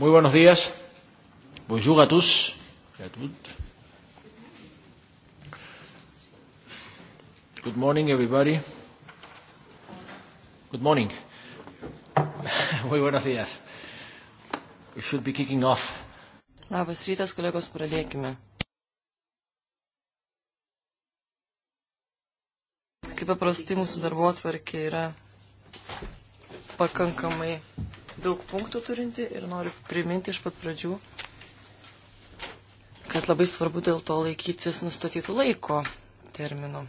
Muy buenos días. Bonjour à tous et à toutes. Good morning, everybody. Good morning. Muy buenos días. We should be kicking off. Labas rytas, kolegos, pradėkime. Kaip paprastai mūsų darbo atvarkė yra pakankamai daug punktų turinti ir noriu priminti iš pat pradžių, kad labai svarbu dėl to laikytis nustatytų laiko terminų.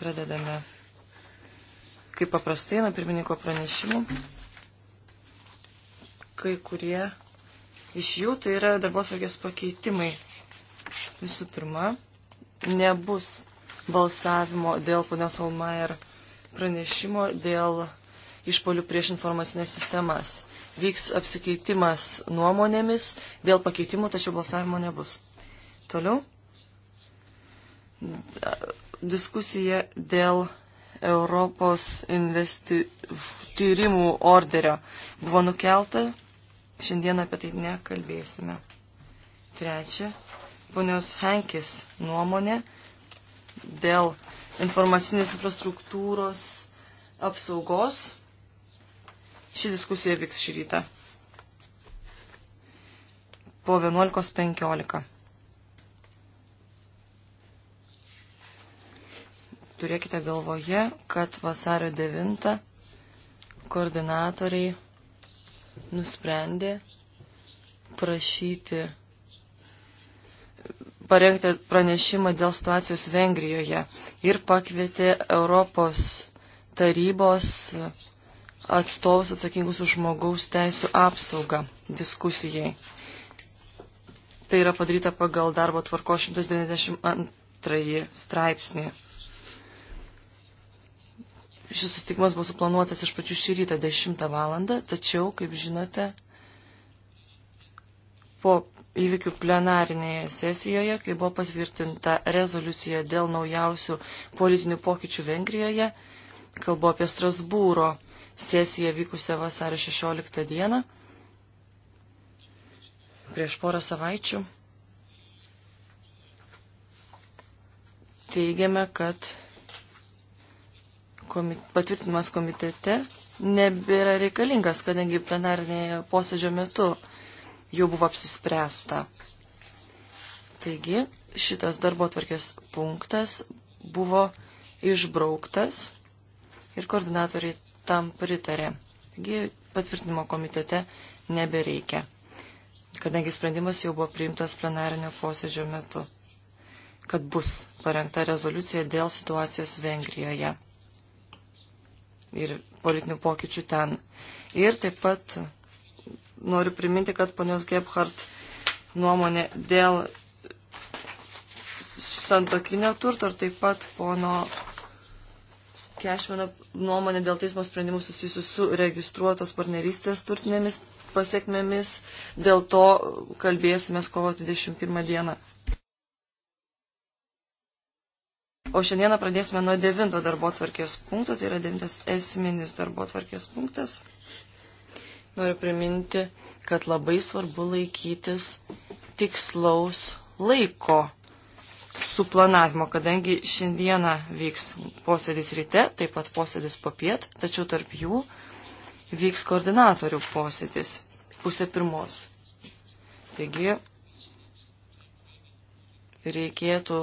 Pradedame, kaip paprastai, nuo pirmininko pranešimų. Kai kurie iš jų tai yra darbosvarkės pakeitimai. Visų pirma, nebus balsavimo dėl ponios Olmaier pranešimo dėl išpolių prieš informacinės sistemas. Vyks apsikeitimas nuomonėmis dėl pakeitimų, tačiau balsavimo nebus. Toliau. Diskusija dėl Europos investi... tyrimų orderio buvo nukelta. Šiandien apie tai nekalbėsime. Trečia. Ponios Henkis nuomonė dėl informacinės infrastruktūros apsaugos Ši diskusija vyks šį rytą po 11.15. Turėkite galvoje, kad vasario 9 koordinatoriai nusprendė prašyti parengti pranešimą dėl situacijos Vengrijoje ir pakvietė Europos tarybos atstovus atsakingus už žmogaus teisų apsaugą diskusijai. Tai yra padaryta pagal darbo tvarko 192 straipsnį. Šis sustikimas buvo suplanuotas iš pačių šį rytą 10 valandą, tačiau, kaip žinote, po įvykių plenarinėje sesijoje, kai buvo patvirtinta rezoliucija dėl naujausių politinių pokyčių Vengrijoje, kalbu apie Strasbūro sesiją vykusią vasario 16 dieną, prieš porą savaičių, teigiame, kad komit patvirtinimas komitete nebėra reikalingas, kadangi plenarnėje posėdžio metu jau buvo apsispręsta. Taigi, šitas darbo tvarkės punktas buvo išbrauktas ir koordinatoriai tam pritarė. Taigi patvirtinimo komitete nebereikia, kadangi sprendimas jau buvo priimtas plenarinio posėdžio metu, kad bus parengta rezoliucija dėl situacijos Vengrijoje ir politinių pokyčių ten. Ir taip pat noriu priminti, kad ponios Gebhardt nuomonė dėl santokinio turto ir taip pat pono Kešmeno nuomonė dėl teismo sprendimų susijusių su registruotos partnerystės turtinėmis pasiekmėmis. Dėl to kalbėsime kovo 21 dieną. O šiandieną pradėsime nuo devinto darbo tvarkės punkto, tai yra devintas esminis darbo tvarkės punktas. Noriu priminti, kad labai svarbu laikytis tikslaus laiko suplanavimo, kadangi šiandieną vyks posėdis ryte, taip pat posėdis popiet, tačiau tarp jų vyks koordinatorių posėdis pusė pirmos. Taigi reikėtų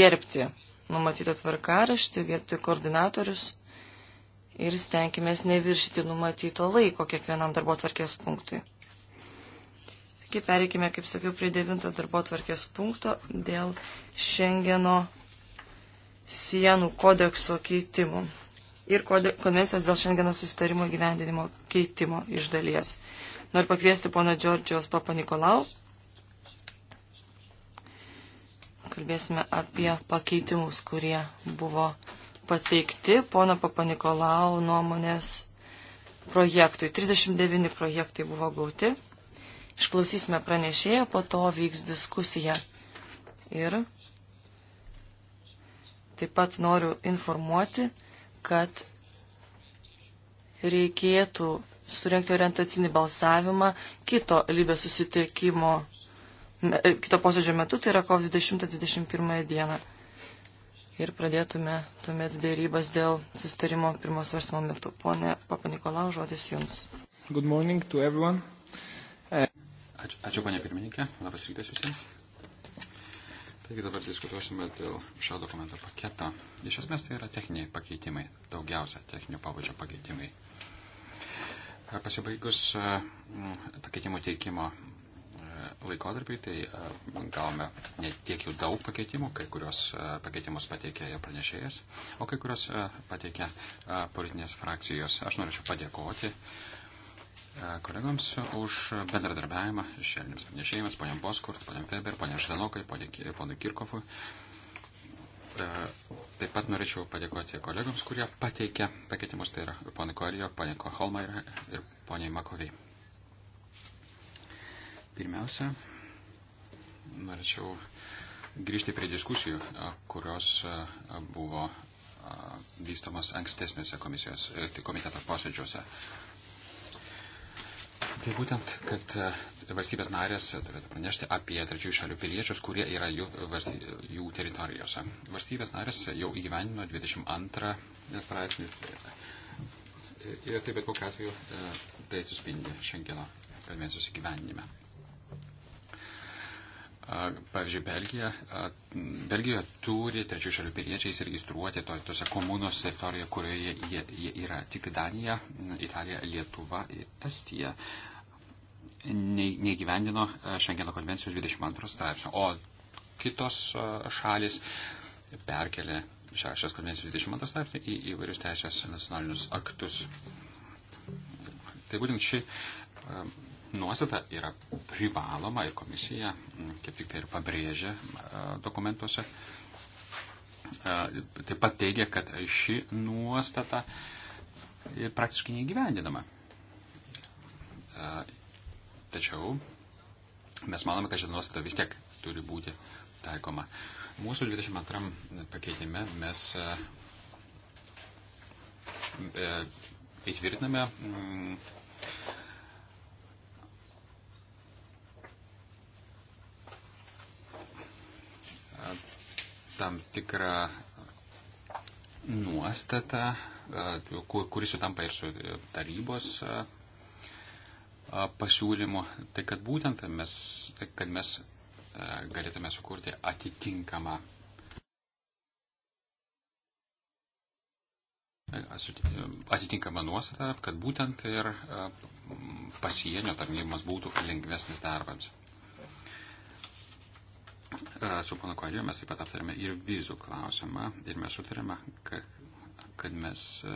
gerbti numatytą tvarkaraštį, gerbti koordinatorius ir stenkimės neviršyti numatyto laiko kiekvienam darbo tvarkės punktui. Taigi pereikime, kaip sakiau, prie devinto darbo tvarkės punkto dėl Šengeno sienų kodekso keitimo ir konvencijos dėl Šengeno susitarimo gyvendinimo keitimo iš dalies. Noriu pakviesti pono Džordžijos Papa Nikolau. Kalbėsime apie pakeitimus, kurie buvo pateikti pono Papa Nikolau nuomonės projektui. 39 projektai buvo gauti. Išklausysime pranešėją, po to vyks diskusija. Ir taip pat noriu informuoti, kad reikėtų surenkti orientacinį balsavimą kito lybės susitikimo, e, kito posėdžio metu, tai yra kovo 20-21 dieną. Ir pradėtume tuomet dėrybas dėl sustarimo pirmos svarstymo metu. Pone Papanikolau, žodis Jums. Good morning to everyone. Uh, Ačiū, ačiū ponė pirmininkė, labas rytas visiems. Taigi dabar diskutuosime dėl šio dokumento paketo. Iš esmės tai yra techniniai pakeitimai, daugiausia techninio pavadžio pakeitimai. E, pasibaigus e, pakeitimų teikimo e, laikotarpiai, tai gavome ne tiek jau daug pakeitimų, kai kurios pakeitimus pateikė jo pranešėjas, o kai kurios pateikė politinės frakcijos. Aš norėčiau padėkoti uh, kolegoms už bendradarbiavimą šešėliniams pranešėjimams, poniam Boskurt, poniam Weber, poniam Švenokai, ponui Kirkovui. Taip pat norėčiau padėkoti kolegoms, kurie pateikė pakeitimus, tai yra ponai Korijo, ponai Koholmaira ir poniai Makoviai. Pirmiausia, norėčiau grįžti prie diskusijų, kurios buvo vystamos ankstesniuose komisijos, tai komiteto posėdžiuose. Tai būtent, kad e, valstybės narės turėtų pranešti apie trečiųjų šalių piliečius, kurie yra jų, jų teritorijose. Valstybės narės jau įgyvenino 22 straipsnį. E, e, ir taip bet kokiu atveju tai atsispindi Šengeno konvencijos įgyvenime. Pavyzdžiui, Belgija, Belgija turi trečių šalių piliečiai įsiregistruoti to, tose komunos teritorijoje, kurioje jie, jie yra tik Danija, Italija, Lietuva ir Estija. Ne, neįgyvendino Šengeno konvencijos 22 straipsnio, o kitos šalis perkelė šios konvencijos 22 straipsnį į įvairius teisės nacionalinius aktus. Tai būtent ši nuostata yra privaloma ir komisija, mm, kaip tik tai ir pabrėžia e, dokumentuose, e, taip pat teigia, kad ši nuostata e, praktiškai neįgyvendinama. Tačiau mes manome, kad ši nuostata vis tiek turi būti taikoma. Mūsų 22 pakeitime mes įtvirtiname mm, tam tikrą nuostatą, e, kuris sutampa ir su tarybos e, e, pasiūlymu, tai kad būtent mes, kad mes galėtume sukurti atitinkamą atitinkamą nuostatą, kad būtent ir pasienio tarnybos būtų lengvesnis darbams. E, su pana Koaliu mes taip pat aptarėme ir vizų klausimą ir mes sutarėme, kad, kad mes e,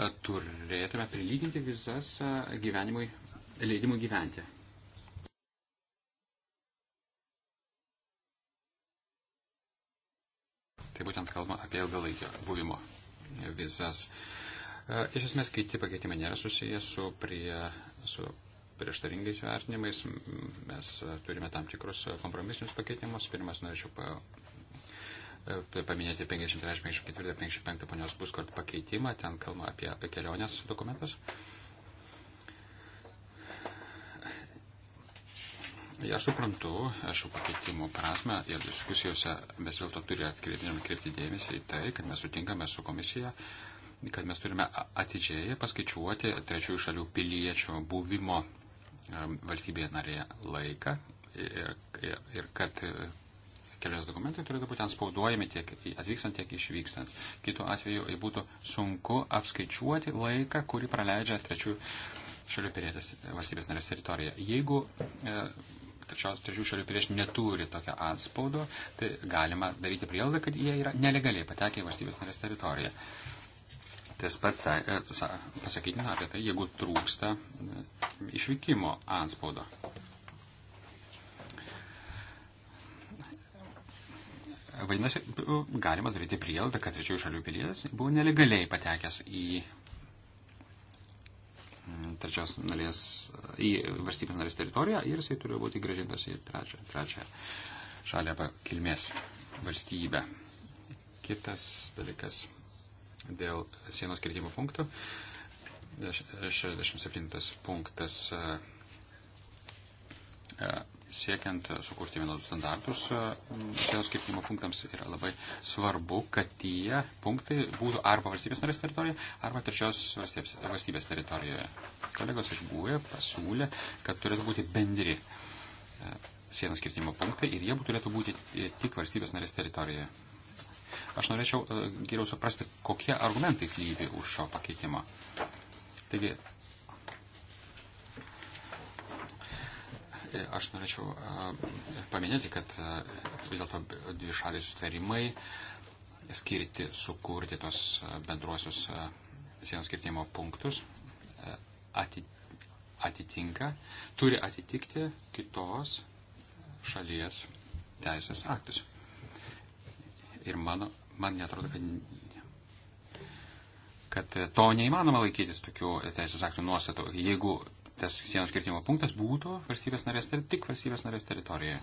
e, turėtume prilyginti vizas gyvenimui, leidimui gyventi. Tai būtent kalba apie ilgalaikio buvimo vizas. Iš esmės, kiti pakeitimai nėra susijęs su, prie, su prieštaringais vertinimais. Mes turime tam tikrus kompromisinius pakeitimus. Pirmas norėčiau pa, e, paminėti 53, 54, 55 ponios Buskort pakeitimą. Ten kalba apie kelionės dokumentus. Ja, aš suprantu šių pakeitimų prasme ir diskusijose mes vėl to turime atkreipti, atkreipti dėmesį į tai, kad mes sutinkame su komisija, kad mes turime atidžiai paskaičiuoti trečiųjų šalių piliečio buvimo Um, valstybėje narėje laiką ir, ir, ir kad e, kelionės dokumentai turėtų būti atspauduojami tiek atvykstant, tiek išvykstant. Kitu atveju būtų sunku apskaičiuoti laiką, kurį praleidžia trečių šalių pilietis valstybės narės teritorijoje. Jeigu e, trečių šalių piliečiai neturi tokio atspaudo, tai galima daryti prielaidą, kad jie yra nelegaliai patekę į valstybės narės teritoriją. E, Tas pats tai, e, pasakytina apie tai, jeigu trūksta e, išvykimo anspaudo. Vadinasi, galima daryti prielaidą, kad trečiųjų šalių pilietis buvo nelegaliai patekęs į mm, trečios narės, į valstybės narės teritoriją ir jisai turėjo būti gražintas į trečią, trečią šalį arba kilmės valstybę. Kitas dalykas dėl sienos kirtimo punktų. 67 punktas e, e, siekiant sukurti vienodus standartus e, sienos kirtimo punktams yra labai svarbu, kad tie punktai būtų arba valstybės narės teritorijoje, arba trečios valstybės, valstybės teritorijoje. Kolegos iš GUE pasiūlė, kad turėtų būti bendri sienos kirtimo punktai ir jie turėtų būti tik valstybės narės teritorijoje. Aš norėčiau e, geriau suprasti, kokie argumentai slypi už šio pakeitimo. Taigi, e, aš norėčiau e, paminėti, kad vis dėlto dvi šaliai sustarimai skirti, sukurti tos bendruosius sienos skirtimo punktus atitinka, turi atitikti kitos šalies teisės aktus. Ir mano man netrodo, kad, kad e, to neįmanoma laikytis tokių teisės aktų nuostatų, jeigu tas sienos kirtimo punktas būtų valstybės narės, tik valstybės narės teritorijoje.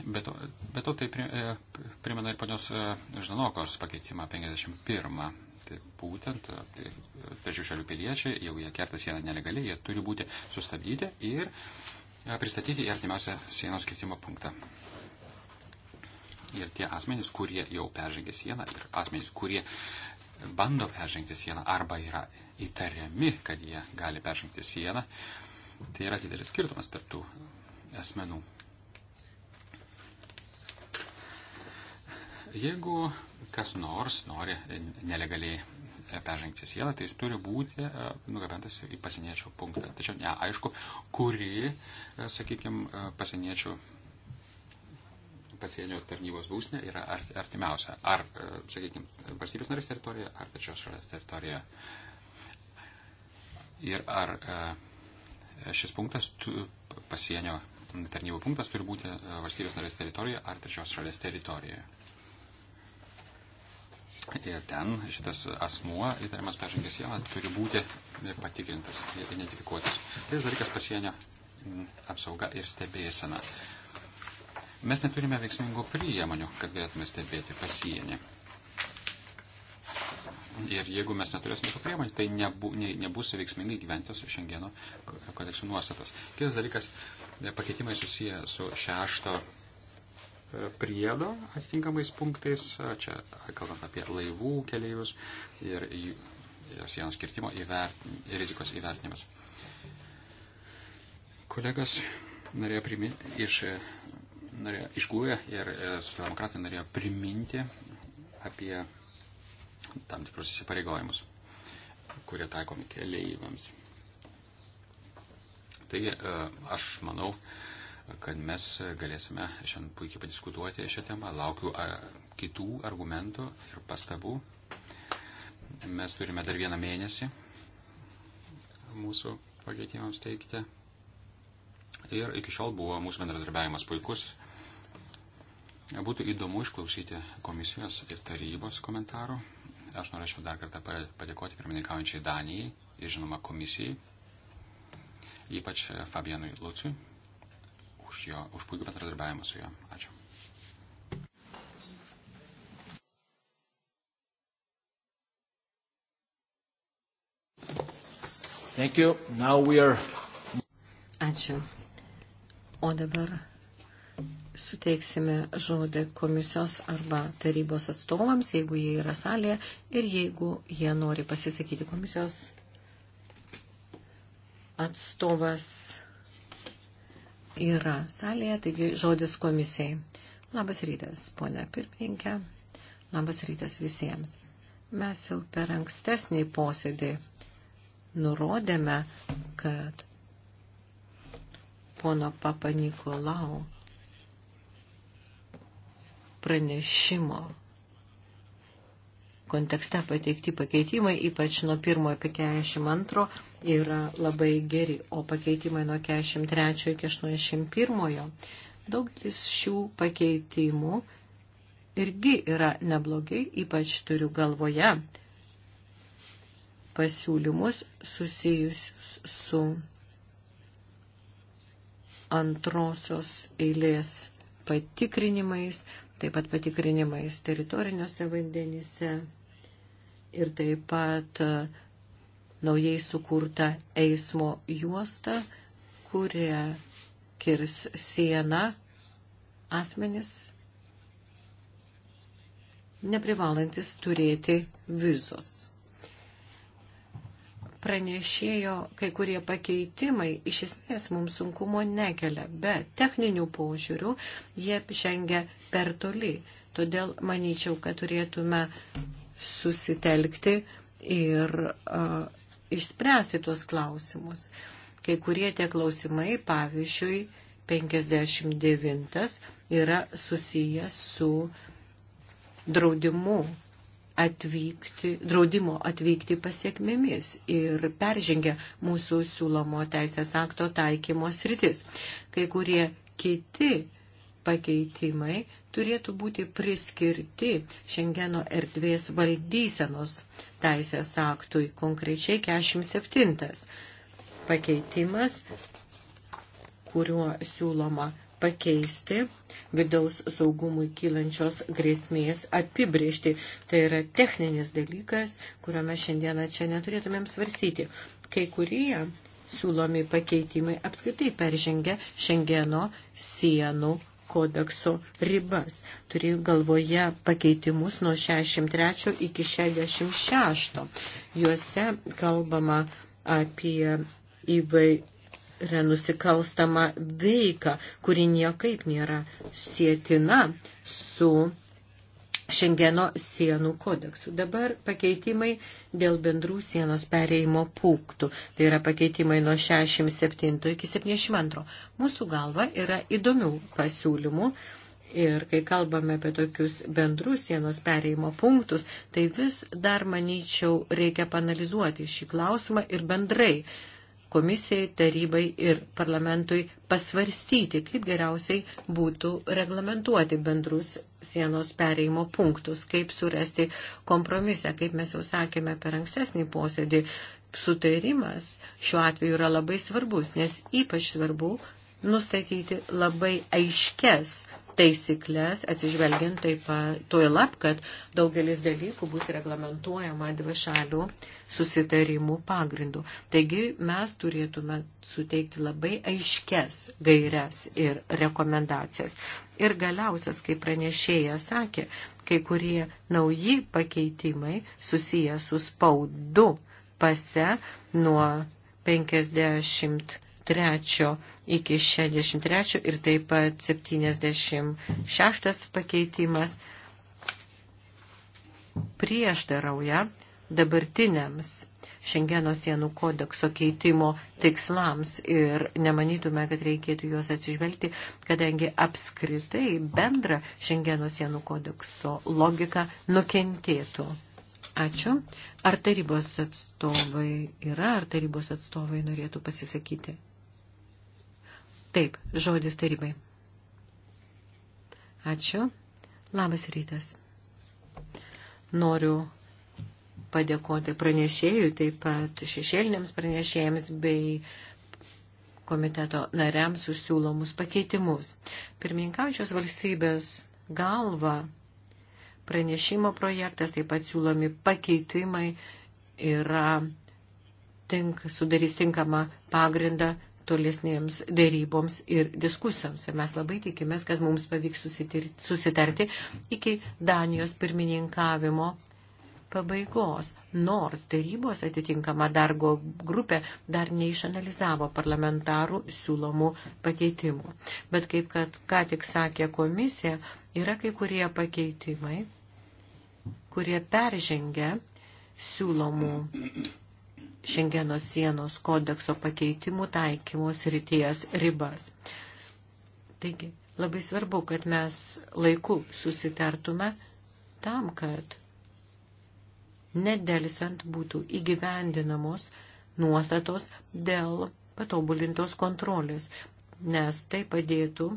Bet to, bet to tai e, primena ir ponios e, Ždanokos pakeitimą 51. Tai būtent tai, trečių šalių piliečiai, jeigu jie kerta sieną nelegaliai, jie turi būti sustabdyti ir pristatyti į artimiausią sienos kirtimo punktą ir tie asmenys, kurie jau peržengė sieną ir asmenys, kurie bando peržengti sieną arba yra įtariami, kad jie gali peržengti sieną, tai yra didelis skirtumas tarptų asmenų. Jeigu kas nors nori nelegaliai peržengti sieną, tai jis turi būti e, nugabentas į pasieniečių punktą. Tačiau neaišku, kuri, e, sakykime, pasieniečių pasienio tarnybos būsnė yra artimiausia. Ar, e, sakykime, valstybės narės teritorija, ar trečios šalies teritorija. Ir ar e, šis punktas pasienio tarnybų punktas turi būti e, valstybės narės teritorija ar trečios šalies teritorijoje. Ir ten šitas asmuo, įtariamas peržengęs sieną, turi būti patikrintas, identifikuotas. Tai dalykas pasienio mm, apsauga ir stebėsena. Mes neturime veiksmingų priemonių, kad galėtume stebėti pasienį. Ir jeigu mes neturėsime tų priemonių, tai nebu, ne, nebus veiksmingai gyventos Šengeno kodeksų nuostatos. Kitas dalykas - pakeitimai susiję su šešto e, priedo atitinkamais punktais, čia kalbant apie laivų keleivius ir, ir sienos kirtimo įvertin, rizikos įvertinimas. Kolegos norėjo priminti iš norėjo, iš GUE ir e, socialdemokratai norėjo priminti apie tam tikrus įsipareigojimus, kurie taikomi keleiviams. Taigi e, aš manau, kad mes galėsime šiandien puikiai padiskutuoti šią temą. Laukiu kitų argumentų ir pastabų. Mes turime dar vieną mėnesį mūsų pakeitimams teikti. Ir iki šiol buvo mūsų bendradarbiavimas puikus. Būtų įdomu išklausyti komisijos ir tarybos komentarų. Aš norėčiau dar kartą padėkoti pirmininkaujančiai Danijai ir žinoma komisijai, ypač Fabianui Luciui, už, jo, už puikų bendradarbiavimą su juo. Ačiū. Thank you. Now we are... Ačiū. O dabar suteiksime žodį komisijos arba tarybos atstovams, jeigu jie yra salėje ir jeigu jie nori pasisakyti komisijos atstovas yra salėje, taigi žodis komisijai. Labas rytas, ponia pirmininkė, labas rytas visiems. Mes jau per ankstesnį posėdį nurodėme, kad pono Papa Nikolau pranešimo kontekste pateikti pakeitimai, ypač nuo 1 iki 42, yra labai geri, o pakeitimai nuo 43 iki 81. Daugelis šių pakeitimų irgi yra neblogai, ypač turiu galvoje pasiūlymus susijusius su antrosios eilės patikrinimais, taip pat patikrinimais teritoriniuose vandenyse ir taip pat e, naujai sukurta eismo juosta, kuria kirs sieną asmenis neprivalantis turėti vizos pranešėjo kai kurie pakeitimai iš esmės mums sunkumo nekelia, bet techninių požiūrių jie žengia per toli. Todėl manyčiau, kad turėtume susitelkti ir uh, išspręsti tuos klausimus. Kai kurie tie klausimai, pavyzdžiui, 59 yra susijęs su draudimu atvykti, draudimo atvykti pasiekmėmis ir peržengia mūsų siūlomo teisės akto taikymo sritis. Kai kurie kiti pakeitimai turėtų būti priskirti Šengeno erdvės valdysenos teisės aktui, konkrečiai 47 pakeitimas, kuriuo siūloma pakeisti vidaus saugumui kylančios grėsmės apibriežti. Tai yra techninis dalykas, kurio mes šiandieną čia neturėtumėm svarstyti. Kai kurie siūlomi pakeitimai apskritai peržengia Šengeno sienų kodekso ribas. Turėjau galvoje pakeitimus nuo 63 iki 66. Juose kalbama apie įvai, yra nusikalstama veika, kuri niekaip nėra sėtina su Šengeno sienų kodeksu. Dabar pakeitimai dėl bendrų sienos pereimo punktų. Tai yra pakeitimai nuo 67 iki 72. Mūsų galva yra įdomių pasiūlymų. Ir kai kalbame apie tokius bendrus sienos pereimo punktus, tai vis dar, manyčiau, reikia panalizuoti šį klausimą ir bendrai komisijai, tarybai ir parlamentui pasvarstyti, kaip geriausiai būtų reglamentuoti bendrus sienos pereimo punktus, kaip surasti kompromisą, kaip mes jau sakėme per ankstesnį posėdį. Sutarimas šiuo atveju yra labai svarbus, nes ypač svarbu nustatyti labai aiškes taisyklės, atsižvelgiant taip pat, tuo lab, kad daugelis dalykų bus reglamentuojama dvi šalių susitarimų pagrindų. Taigi mes turėtume suteikti labai aiškes gairias ir rekomendacijas. Ir galiausias, kaip pranešėjas sakė, kai kurie nauji pakeitimai susiję su spaudu pase nuo 53 iki 63 ir taip pat 76 pakeitimas prieštarauja dabartiniams Šengeno sienų kodekso keitimo tikslams ir nemanytume, kad reikėtų juos atsižvelgti, kadangi apskritai bendra Šengeno sienų kodekso logika nukentėtų. Ačiū. Ar tarybos atstovai yra, ar tarybos atstovai norėtų pasisakyti? Taip, žodis tarybai. Ačiū. Labas rytas. Noriu padėkoti pranešėjui, taip pat šešėliniams pranešėjams bei komiteto nariams už siūlomus pakeitimus. Pirmininkaujančios valstybės galva pranešimo projektas, taip pat siūlomi pakeitimai yra tink, sudarys tinkamą pagrindą tolesnėms dėryboms ir diskusijoms. Ir mes labai tikimės, kad mums pavyks susitarti iki Danijos pirmininkavimo pabaigos, nors tarybos atitinkama darbo grupė dar neišanalizavo parlamentarų siūlomų pakeitimų. Bet kaip kad ką tik sakė komisija, yra kai kurie pakeitimai, kurie peržengia siūlomų Šengeno sienos kodekso pakeitimų taikymos ryties ribas. Taigi, labai svarbu, kad mes laiku susitartume tam, kad nedelsiant būtų įgyvendinamos nuostatos dėl patobulintos kontrolės, nes tai padėtų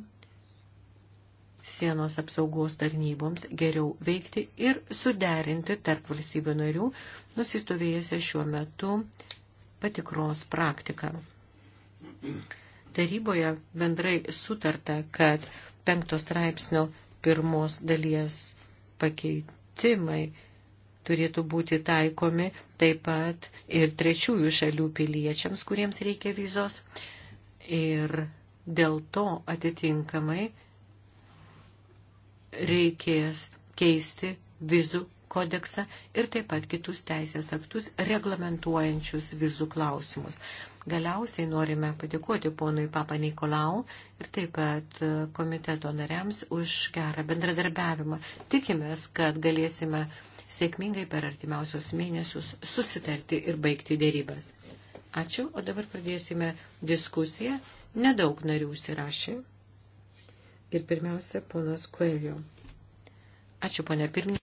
sienos apsaugos tarnyboms geriau veikti ir suderinti tarp valstybių narių nusistovėjęsią šiuo metu patikros praktiką. Taryboje bendrai sutarta, kad penktos straipsnio pirmos dalies pakeitimai turėtų būti taikomi taip pat ir trečiųjų šalių piliečiams, kuriems reikia vizos. Ir dėl to atitinkamai reikės keisti vizų kodeksą ir taip pat kitus teisės aktus reglamentuojančius vizų klausimus. Galiausiai norime padėkoti ponui Papa Nikolau ir taip pat e, komiteto nariams už gerą bendradarbiavimą. Tikimės, kad galėsime uh, sėkmingai per artimiausios mėnesius susitarti ir baigti dėrybas. Ačiū, o dabar pradėsime diskusiją. Nedaug narių užsirašė. Ir pirmiausia, ponas Kuelio. Ačiū, ponė pirmininkė.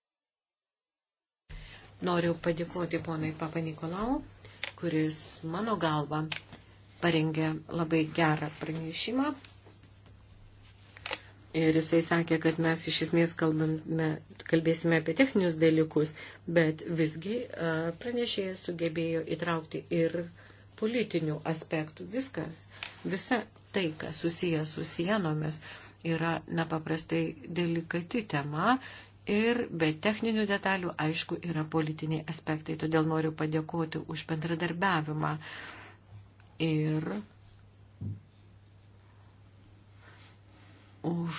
Noriu padėkoti ponai Papa Nikolau, kuris mano galva parengė labai gerą pranešimą Ir jisai sakė, kad mes iš esmės kalbame, kalbėsime apie techninius dalykus, bet visgi pranešėjas sugebėjo įtraukti ir politinių aspektų. Viskas, visa tai, kas susijęs su sienomis, yra nepaprastai delikati tema ir be techninių detalių, aišku, yra politiniai aspektai. Todėl noriu padėkoti už bendradarbiavimą. Ir už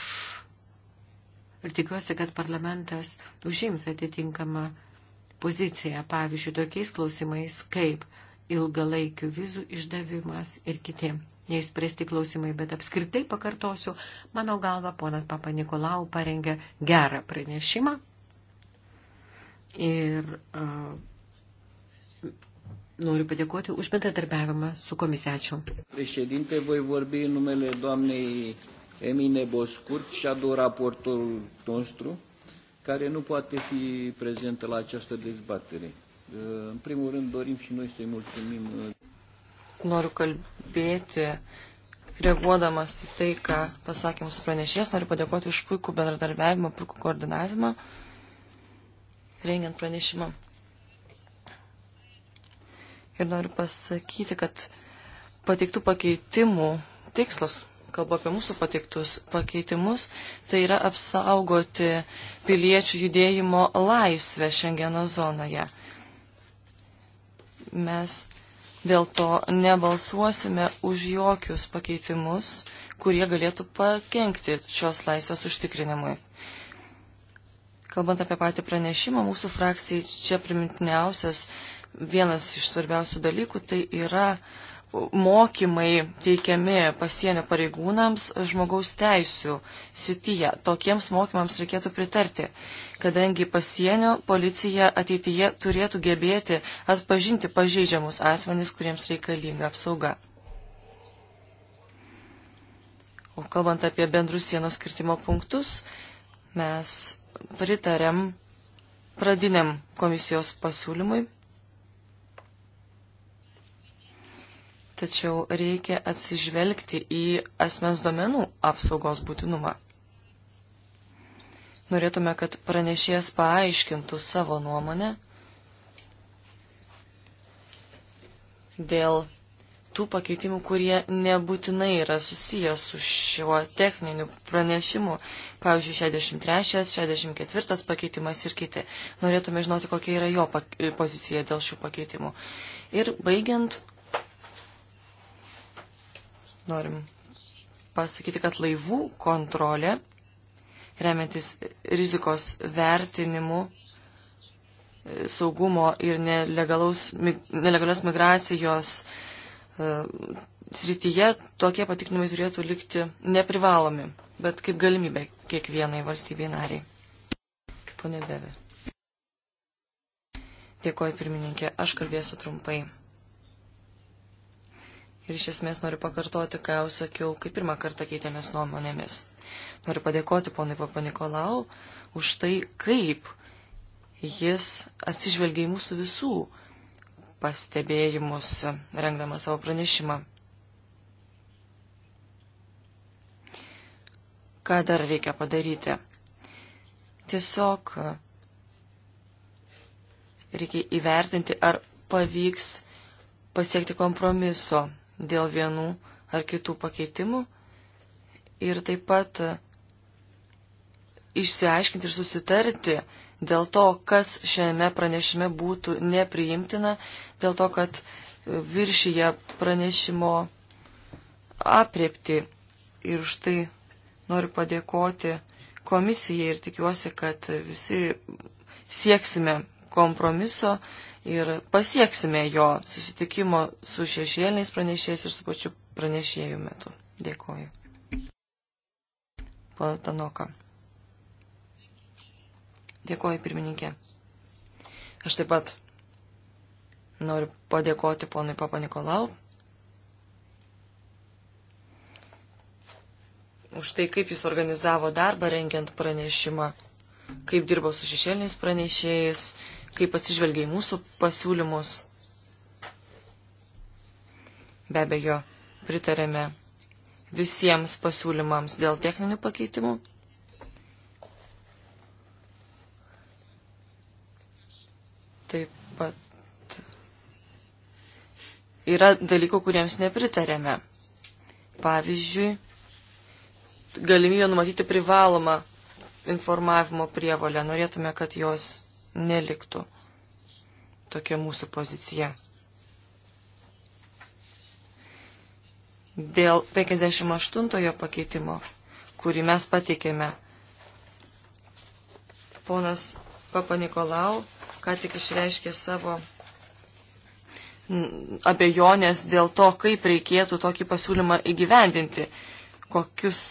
ir tikiuosi, kad parlamentas užims atitinkamą poziciją, pavyzdžiui, tokiais klausimais kaip ilgalaikių vizų išdavimas ir kiti neįspręsti klausimai, bet apskritai pakartosiu, mano galva, ponas Papa Nikolau parengė gerą pranešimą ir uh, noriu padėkoti už bendradarbiavimą su komisiačiu. Președinte, voi vorbi în numele doamnei Emine Boscurt, shadow raportorul nostru, care nu poate fi prezentă la această dezbatere. Uh, în primul rând dorim și noi să-i mulțumim. Uh, noriu kalbėti, reaguodamas į tai, ką pasakė mūsų pranešės, noriu padėkoti už puikų bendradarbiavimą, puikų koordinavimą, rengiant pranešimą. Ir noriu pasakyti, kad pateiktų pakeitimų tikslas kalbu apie mūsų pateiktus pakeitimus, tai yra apsaugoti piliečių judėjimo laisvę Šengeno zonoje. Mes dėl to nebalsuosime už jokius pakeitimus, kurie galėtų pakengti šios laisvės užtikrinimui. Kalbant apie patį pranešimą, mūsų frakcijai čia primintiniausias vienas iš svarbiausių dalykų tai yra uh, mokymai teikiami pasienio pareigūnams žmogaus teisų sityje. Tokiems mokymams reikėtų pritarti, kadangi pasienio policija ateityje turėtų gebėti atpažinti pažeidžiamus asmenys, kuriems reikalinga apsauga. O kalbant apie bendrus sienos skirtimo punktus, mes pritarėm pradiniam komisijos pasiūlymui tačiau reikia atsižvelgti į asmens duomenų apsaugos būtinumą. Norėtume, kad pranešėjas paaiškintų savo nuomonę dėl tų pakeitimų, kurie nebūtinai yra susijęs su šiuo techniniu pranešimu. Pavyzdžiui, 63, 64 pakeitimas ir kiti. Norėtume žinoti, kokia yra jo pozicija dėl šių pakeitimų. Ir baigiant, norim pasakyti, kad laivų kontrolė, remiantis rizikos vertinimu, e, saugumo ir nelegalios migracijos e, srityje, tokie patikrinimai turėtų likti neprivalomi, bet kaip galimybė kiekvienai valstybei nariai. Pone Beve. Dėkoju pirmininkė, aš kalbėsiu trumpai ir iš esmės noriu pakartoti, ką jau sakiau, kai pirmą kartą keitėmės nuomonėmis. Noriu padėkoti ponui Papa Nikolau už tai, kaip jis atsižvelgia į mūsų visų pastebėjimus, rengdama savo pranešimą. Ką dar reikia padaryti? Tiesiog reikia įvertinti, ar pavyks pasiekti kompromiso dėl vienų ar kitų pakeitimų ir taip pat išsiaiškinti ir susitarti dėl to, kas šiame pranešime būtų nepriimtina, dėl to, kad viršyje pranešimo apriepti. Ir štai noriu padėkoti komisijai ir tikiuosi, kad visi sieksime kompromiso ir pasieksime jo susitikimo su šešėliniais pranešėjais ir su pačiu pranešėjų metu. Dėkoju. Pana Tanoka. Dėkoju, pirmininkė. Aš taip pat noriu padėkoti ponui Papa Nikolau už tai, kaip jis organizavo darbą rengiant pranešimą, kaip dirbo su šešėliniais pranešėjais kaip atsižvelgia į mūsų pasiūlymus. Be abejo, pritarėme visiems pasiūlymams dėl techninių pakeitimų. Taip pat yra dalykų, kuriems nepritarėme. Pavyzdžiui, galimybė numatyti privalomą informavimo prievolę. Norėtume, kad jos neliktų. Tokia mūsų pozicija. Dėl 58 pakeitimo, kurį mes patikėme, ponas Papa Nikolau ką tik išreiškė savo abejonės dėl to, kaip reikėtų tokį pasiūlymą įgyvendinti, kokius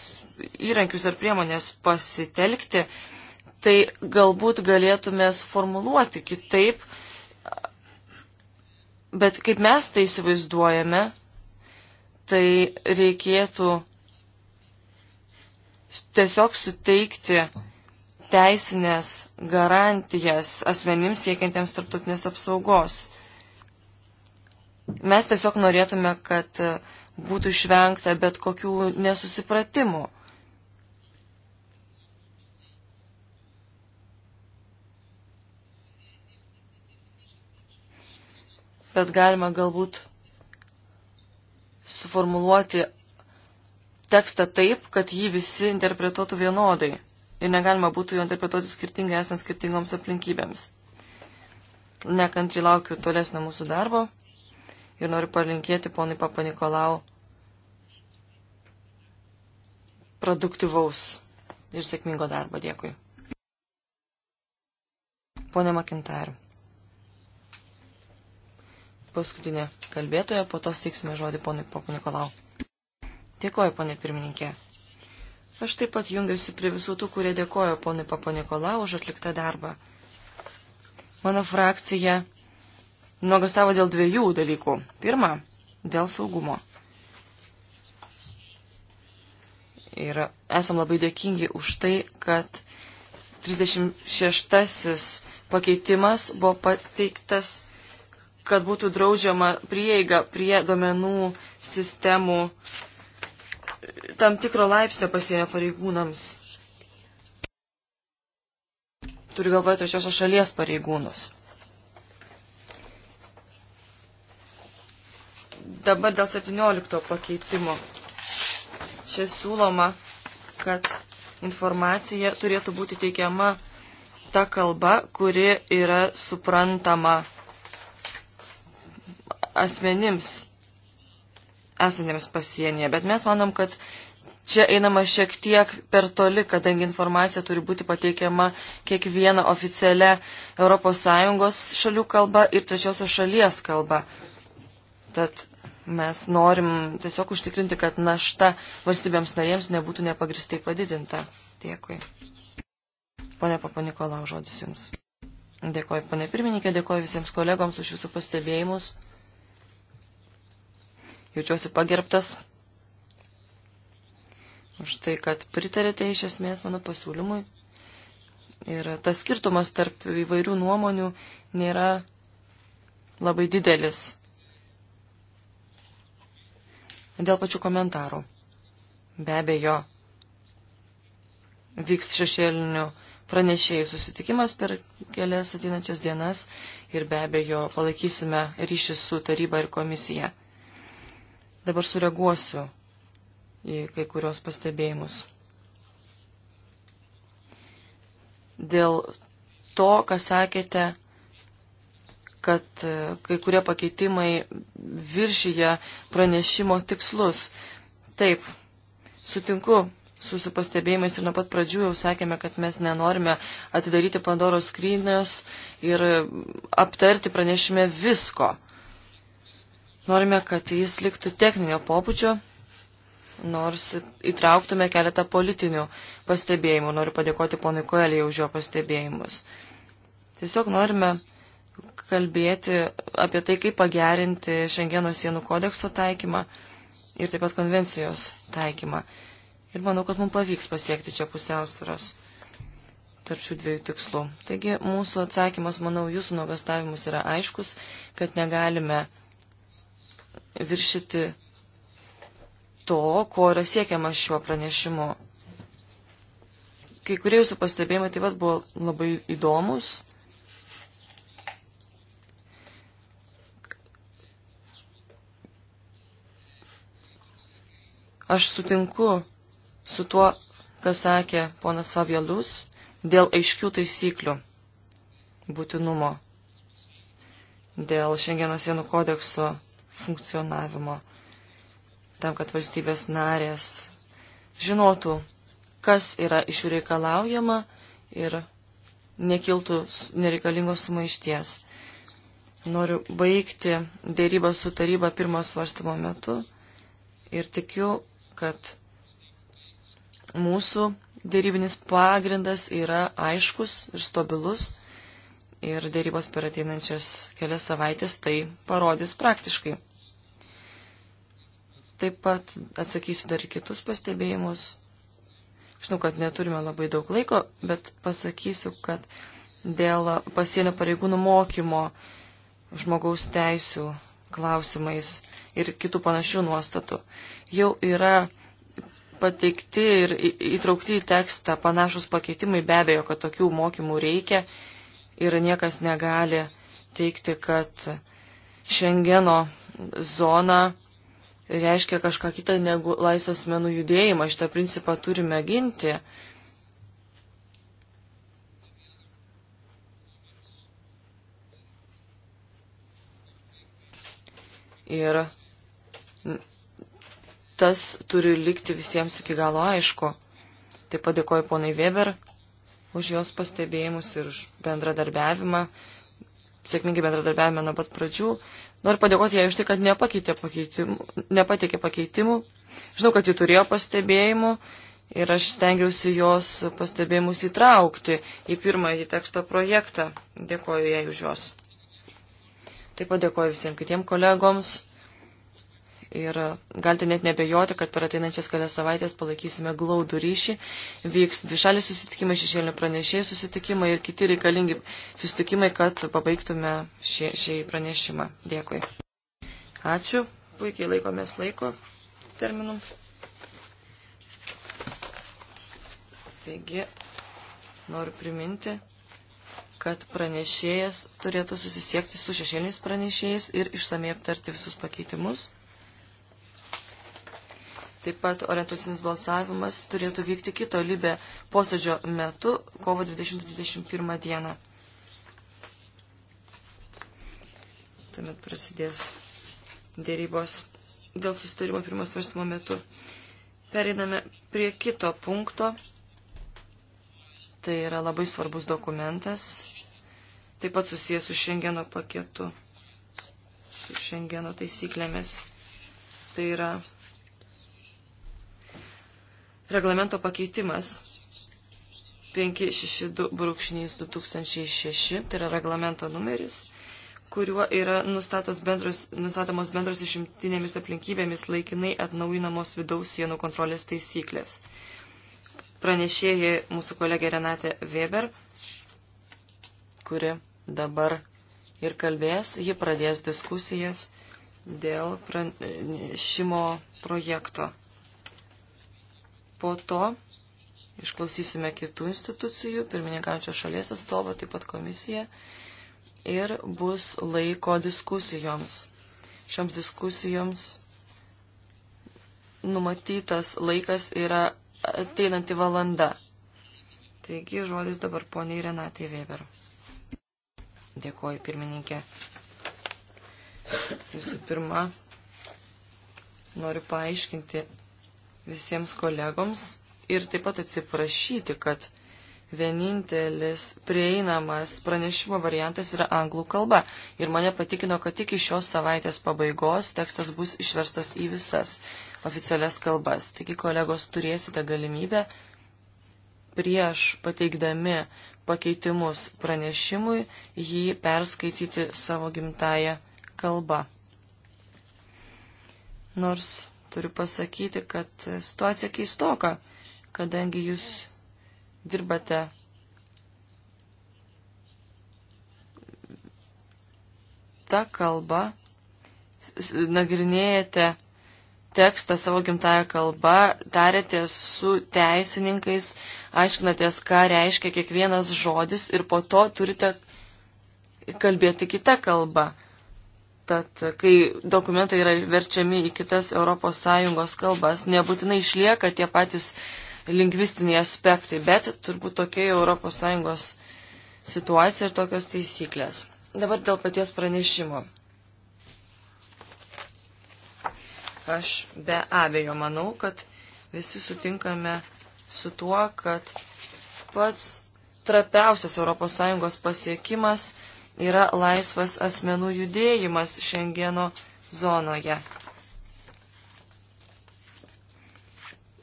įrankius ar priemonės pasitelkti, tai galbūt galėtume suformuluoti kitaip, bet kaip mes tai įsivaizduojame, tai reikėtų tiesiog suteikti teisinės garantijas asmenims siekiantiems tarptautinės apsaugos. Mes tiesiog norėtume, kad būtų išvengta bet kokių nesusipratimų. bet galima galbūt suformuluoti tekstą taip, kad jį visi interpretuotų vienodai ir negalima būtų jo interpretuoti skirtingai esant skirtingoms aplinkybėms. Nekantri laukiu tolesnio mūsų darbo ir noriu palinkėti ponui Papa Nikolau produktyvaus ir sėkmingo darbo. Dėkui. Pone Makintar paskutinė kalbėtoja, po to steiksime žodį ponui Popu Nikolau. Dėkoju, ponė pirmininkė. Aš taip pat jungiuosi prie visų tų, kurie dėkojo ponui Popu Nikolau už atliktą darbą. Mano frakcija nuogastavo dėl dviejų dalykų. Pirma, dėl saugumo. Ir esam labai dėkingi už tai, kad 36 pakeitimas buvo pateiktas kad būtų draudžiama prieiga prie domenų sistemų tam tikro laipsnio pasienio pareigūnams. Turiu galvoje trečiosios šalies pareigūnus. Dabar dėl 17 pakeitimo. Čia siūloma, kad informacija turėtų būti teikiama ta kalba, kuri yra suprantama asmenims esantiems pasienyje, bet mes manom, kad čia einama šiek tiek per toli, kadangi informacija turi būti pateikiama kiekviena oficialia ES šalių kalba ir trečiosios šalies kalba. Tad mes norim tiesiog užtikrinti, kad našta valstybėms narėms nebūtų nepagristai padidinta. Dėkui. Pone Papanikolau, žodis Jums. Dėkoju, pane pirmininkė, dėkoju visiems kolegoms už Jūsų pastebėjimus jaučiuosi pagerbtas už tai, kad pritarėte iš esmės mano pasiūlymui. Ir tas skirtumas tarp įvairių nuomonių nėra labai didelis. Dėl pačių komentarų. Be abejo, vyks šešėlinių pranešėjų susitikimas per kelias ateinančias dienas ir be abejo palaikysime ryšį su taryba ir komisija. Dabar sureaguosiu į kai kurios pastebėjimus. Dėl to, ką sakėte, kad e, kai kurie pakeitimai viršyje pranešimo tikslus. Taip, sutinku su supastebėjimais ir nuo pat pradžių jau sakėme, kad mes nenorime atidaryti Pandoros skrynios ir aptarti pranešime visko. Norime, kad jis liktų techninio popučio, nors įtrauktume keletą politinių pastebėjimų. Noriu padėkoti ponui Koelijai už jo pastebėjimus. Tiesiog norime kalbėti apie tai, kaip pagerinti Šengeno sienų kodekso taikymą ir taip pat konvencijos taikymą. Ir manau, kad mums pavyks pasiekti čia pusiausvėros tarp šių dviejų tikslų. Taigi mūsų atsakymas, manau, jūsų nuogastavimus yra aiškus, kad negalime viršyti to, ko yra siekiama šiuo pranešimu. Kai kurie jūsų pastebėjimai taip pat buvo labai įdomus. Aš sutinku su tuo, ką sakė ponas Fabiolus dėl aiškių taisyklių būtinumo, dėl šiandienos sienų kodekso funkcionavimo, tam, kad valstybės narės žinotų, kas yra iš jų reikalaujama ir nekiltų nereikalingos sumaišties. Noriu baigti dėrybą su taryba pirmo svarstymo metu ir tikiu, kad mūsų dėrybinis pagrindas yra aiškus ir stabilus ir dėrybos per ateinančias kelias savaitės tai parodys praktiškai. Taip pat atsakysiu dar kitus pastebėjimus. Žinau, kad neturime labai daug laiko, bet pasakysiu, kad dėl pasienio pareigūnų mokymo žmogaus teisų klausimais ir kitų panašių nuostatų jau yra pateikti ir įtraukti į tekstą panašus pakeitimai, be abejo, kad tokių mokymų reikia ir niekas negali teikti, kad Šengeno zona reiškia kažką kitą negu laisvas menų judėjimą. Šitą principą turime ginti. Ir tas turi likti visiems iki galo aišku. Taip pat dėkoju ponai Weber už jos pastebėjimus ir už bendradarbiavimą sėkmingai bendradarbiavime nuo pat pradžių. Noriu padėkoti jai už tai, kad nepakeitė pakeitimų, nepateikė pakeitimų. Žinau, kad ji turėjo pastebėjimų ir aš stengiausi jos pastebėjimus įtraukti į pirmąjį teksto projektą. Dėkoju jai už juos. Taip pat dėkoju visiems kitiems kolegoms Ir galite net nebejoti, kad per ateinančias kelias savaitės palaikysime glaudų ryšį. Vyks dvišaliai susitikimai, šešėlinio pranešėjų susitikimai ir kiti reikalingi susitikimai, kad pabaigtume šį, šį pranešimą. Dėkui. Ačiū. Puikiai laikomės laiko terminų. Taigi, noriu priminti kad pranešėjas turėtų susisiekti su šešėliniais pranešėjais ir išsamei aptarti visus pakeitimus. Taip pat orientacinis balsavimas turėtų vykti kito libė posėdžio metu, kovo 20-21 dieną. Tuomet prasidės dėrybos dėl susitarimo pirmo svarstymo metu. Pereiname prie kito punkto. Tai yra labai svarbus dokumentas, taip pat susijęs su Šengeno paketu, su Šengeno taisyklėmis. Tai yra reglamento pakeitimas 562-2006, tai yra reglamento numeris, kuriuo yra bendros, nustatomos bendros išimtinėmis aplinkybėmis laikinai atnaujinamos vidaus sienų kontrolės taisyklės. Pranešėjai mūsų kolegė Renate Weber, kuri dabar ir kalbės, ji pradės diskusijas dėl pranešimo projekto. Po to išklausysime kitų institucijų, pirmininkančio šalies atstovą, taip pat komisiją ir bus laiko diskusijoms. Šioms diskusijoms numatytas laikas yra ateinanti valanda. Taigi žodis dabar poniai Renatai Weber. Dėkuoju pirmininkė. Visų pirma, noriu paaiškinti visiems kolegoms ir taip pat atsiprašyti, kad vienintelis prieinamas pranešimo variantas yra anglų kalba. Ir mane patikino, kad iki šios savaitės pabaigos tekstas bus išverstas į visas oficialias kalbas. Taigi, kolegos, turėsite galimybę prieš pateikdami pakeitimus pranešimui jį perskaityti savo gimtają kalbą. Nors Turiu pasakyti, kad situacija keistoka, kadangi jūs dirbate tą kalbą, nagrinėjate tekstą savo gimtają kalbą, tarėtės su teisininkais, aiškinatės, ką reiškia kiekvienas žodis ir po to turite kalbėti kitą kalbą. Tad, kai dokumentai yra verčiami į kitas ES kalbas, nebūtinai išlieka tie patys lingvistiniai aspektai, bet turbūt tokia ES situacija ir tokios taisyklės. Dabar dėl paties pranešimo. Aš be abejo manau, kad visi sutinkame su tuo, kad pats trapiausias ES pasiekimas yra laisvas asmenų judėjimas Šengeno zonoje.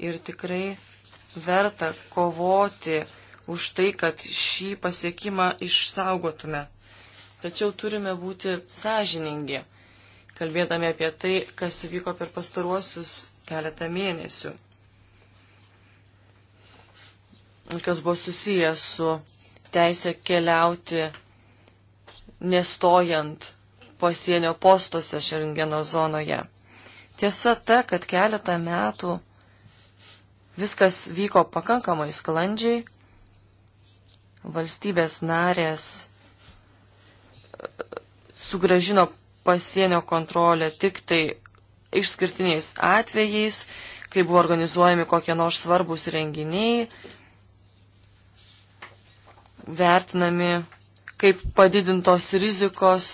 Ir tikrai verta kovoti už tai, kad šį pasiekimą išsaugotume. Tačiau turime būti sąžiningi, kalbėdami apie tai, kas vyko per pastaruosius keletą mėnesių. Ir kas buvo susijęs su teisė keliauti nestojant pasienio postuose Šengeno zonoje. Tiesa ta, kad keletą metų viskas vyko pakankamai sklandžiai, valstybės narės e, sugražino pasienio kontrolę tik tai išskirtiniais atvejais, kai buvo organizuojami kokie nors svarbus renginiai, vertinami kaip padidintos rizikos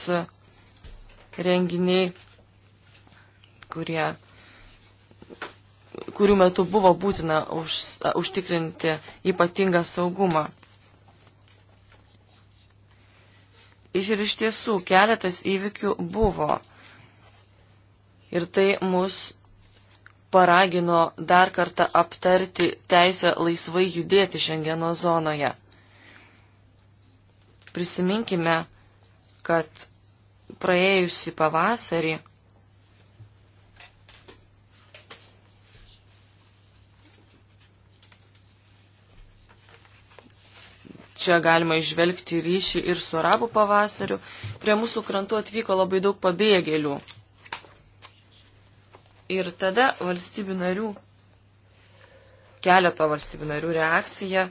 renginiai, kurie, kurių metu buvo būtina už, užtikrinti ypatingą saugumą. Ir iš tiesų keletas įvykių buvo. Ir tai mus paragino dar kartą aptarti teisę laisvai judėti Šengeno zonoje. Prisiminkime, kad praėjusi pavasarį Čia galima išvelgti ryšį ir su arabų pavasariu. Prie mūsų krantų atvyko labai daug pabėgėlių. Ir tada valstybių narių, keleto valstybių narių reakcija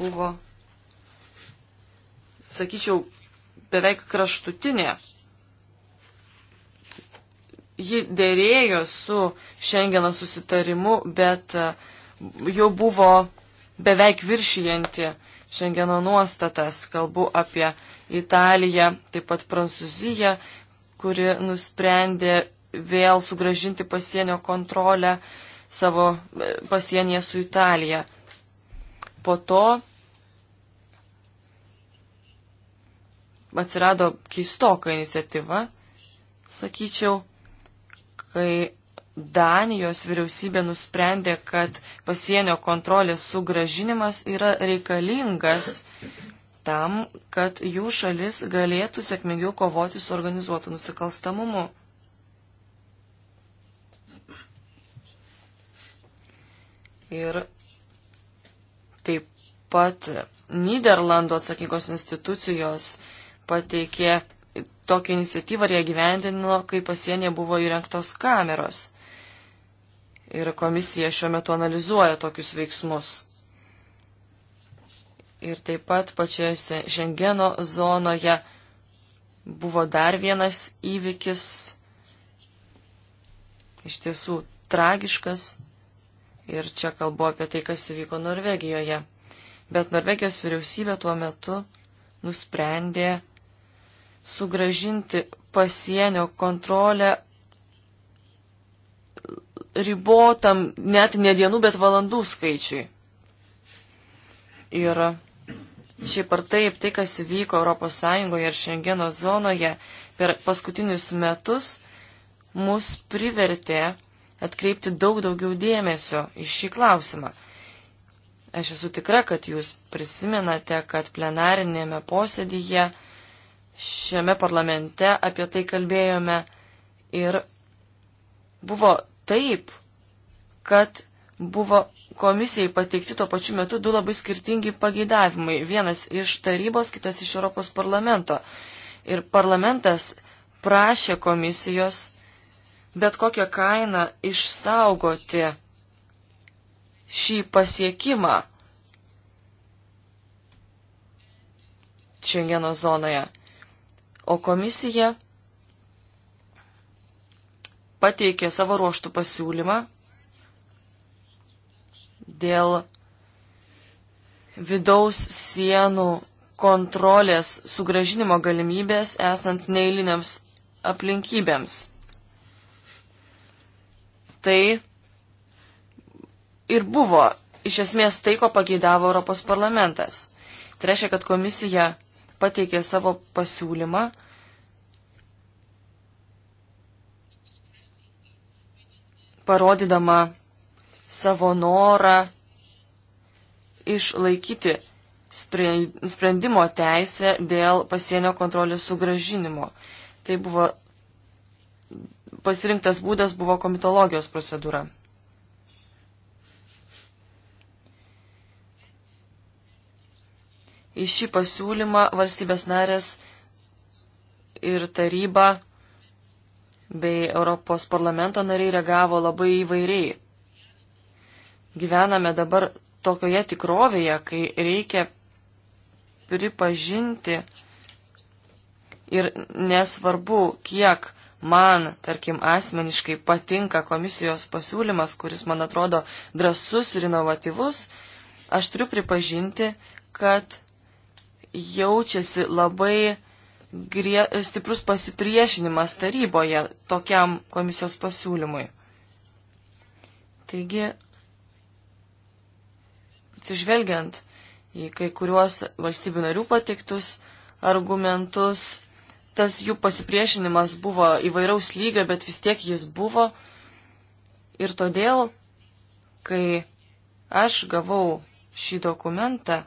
buvo sakyčiau, beveik kraštutinė. Ji dėrėjo su Šengeno susitarimu, bet e, jau buvo beveik viršijanti Šengeno nuostatas. Kalbu apie Italiją, taip pat Prancūziją, kuri nusprendė vėl sugražinti pasienio kontrolę savo e, pasienyje su Italija. Po to atsirado keistoka iniciatyva, sakyčiau, kai Danijos vyriausybė nusprendė, kad pasienio kontrolės sugražinimas yra reikalingas tam, kad jų šalis galėtų sėkmingiau kovoti su organizuotu nusikalstamumu. Ir taip pat Niderlandų atsakingos institucijos pateikė tokią iniciatyvą ir ją gyvendino, kai pasienė buvo įrengtos kameros. Ir komisija šiuo metu analizuoja tokius veiksmus. Ir taip pat pačioje Šengeno zonoje buvo dar vienas įvykis, iš tiesų tragiškas. Ir čia kalbu apie tai, kas įvyko Norvegijoje. Bet Norvegijos vyriausybė tuo metu nusprendė sugražinti pasienio kontrolę ribotam net ne dienų, bet valandų skaičiui. Ir šiaip ar taip, tai kas vyko ES ir Šengeno zonoje per paskutinius metus, mus privertė atkreipti daug daugiau dėmesio į šį klausimą. Aš esu tikra, kad jūs prisimenate, kad plenarinėme posėdyje šiame parlamente apie tai kalbėjome ir buvo taip, kad buvo komisijai pateikti tuo pačiu metu du labai skirtingi pageidavimai. Vienas iš tarybos, kitas iš Europos parlamento. Ir parlamentas prašė komisijos bet kokią kainą išsaugoti šį pasiekimą Čengeno zonoje o komisija pateikė savo ruoštų pasiūlymą dėl vidaus sienų kontrolės sugražinimo galimybės esant neįliniams aplinkybėms. Tai ir buvo iš esmės tai, ko pageidavo Europos parlamentas. Tai reiškia, kad komisija pateikė savo pasiūlymą. Parodydama savo norą išlaikyti sprendimo teisę dėl pasienio kontrolės sugražinimo. Tai buvo pasirinktas būdas buvo komitologijos procedūra. į šį pasiūlymą valstybės narės ir taryba bei Europos parlamento nariai reagavo labai įvairiai. Gyvename dabar tokioje tikrovėje, kai reikia pripažinti ir nesvarbu, kiek man, tarkim, asmeniškai patinka komisijos pasiūlymas, kuris man atrodo drasus ir inovatyvus, aš turiu pripažinti, kad jaučiasi labai grie, stiprus pasipriešinimas taryboje tokiam komisijos pasiūlymui. Taigi, atsižvelgiant į kai kuriuos valstybių narių pateiktus argumentus, tas jų pasipriešinimas buvo įvairaus lygio, bet vis tiek jis buvo. Ir todėl, kai aš gavau šį dokumentą,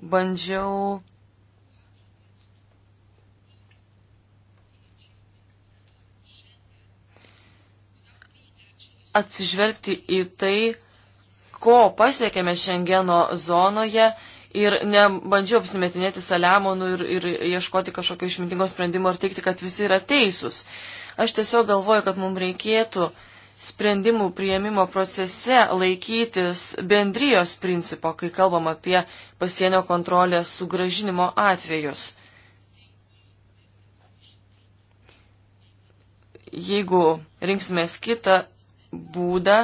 bandžiau atsižvelgti į tai, ko pasiekėme Šengeno zonoje ir nebandžiau apsimetinėti saliamonų ir, ir ieškoti kažkokio išmintingo sprendimo ir teikti, kad visi yra teisūs. Aš tiesiog galvoju, kad mums reikėtų uh, sprendimų prieimimo procese laikytis bendrijos principo, kai kalbam apie pasienio kontrolės sugražinimo atvejus. Jeigu rinksimės kitą būdą,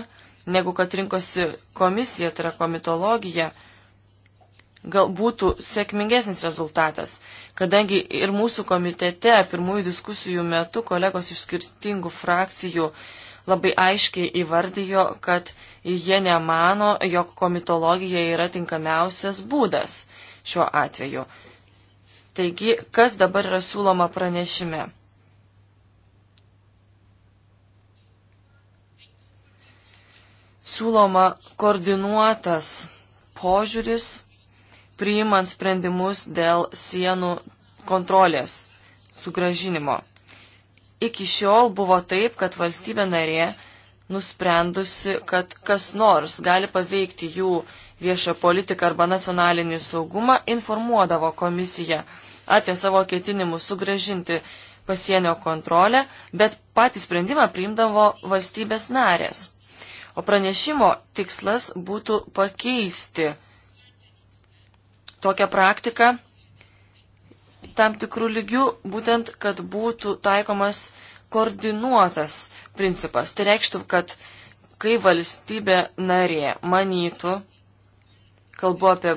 negu kad rinkosi komisija, tai yra komitologija, gal būtų sėkmingesnis rezultatas, kadangi ir mūsų komitete pirmųjų diskusijų metu kolegos iš skirtingų frakcijų uh, labai aiškiai įvardijo, kad jie nemano, jog komitologija yra tinkamiausias būdas šiuo atveju. Taigi, kas dabar yra siūloma pranešime? Siūloma koordinuotas požiūris, priimant sprendimus dėl sienų kontrolės sugražinimo iki šiol buvo taip, kad valstybė narė nusprendusi, kad kas nors gali paveikti jų viešą politiką arba nacionalinį saugumą, informuodavo komisiją apie savo ketinimus sugražinti pasienio kontrolę, bet patį sprendimą priimdavo valstybės narės. O pranešimo tikslas būtų pakeisti tokią praktiką tam tikrų lygių, būtent, kad būtų taikomas koordinuotas principas. Tai reikštų, kad kai valstybė narė manytų, kalbu apie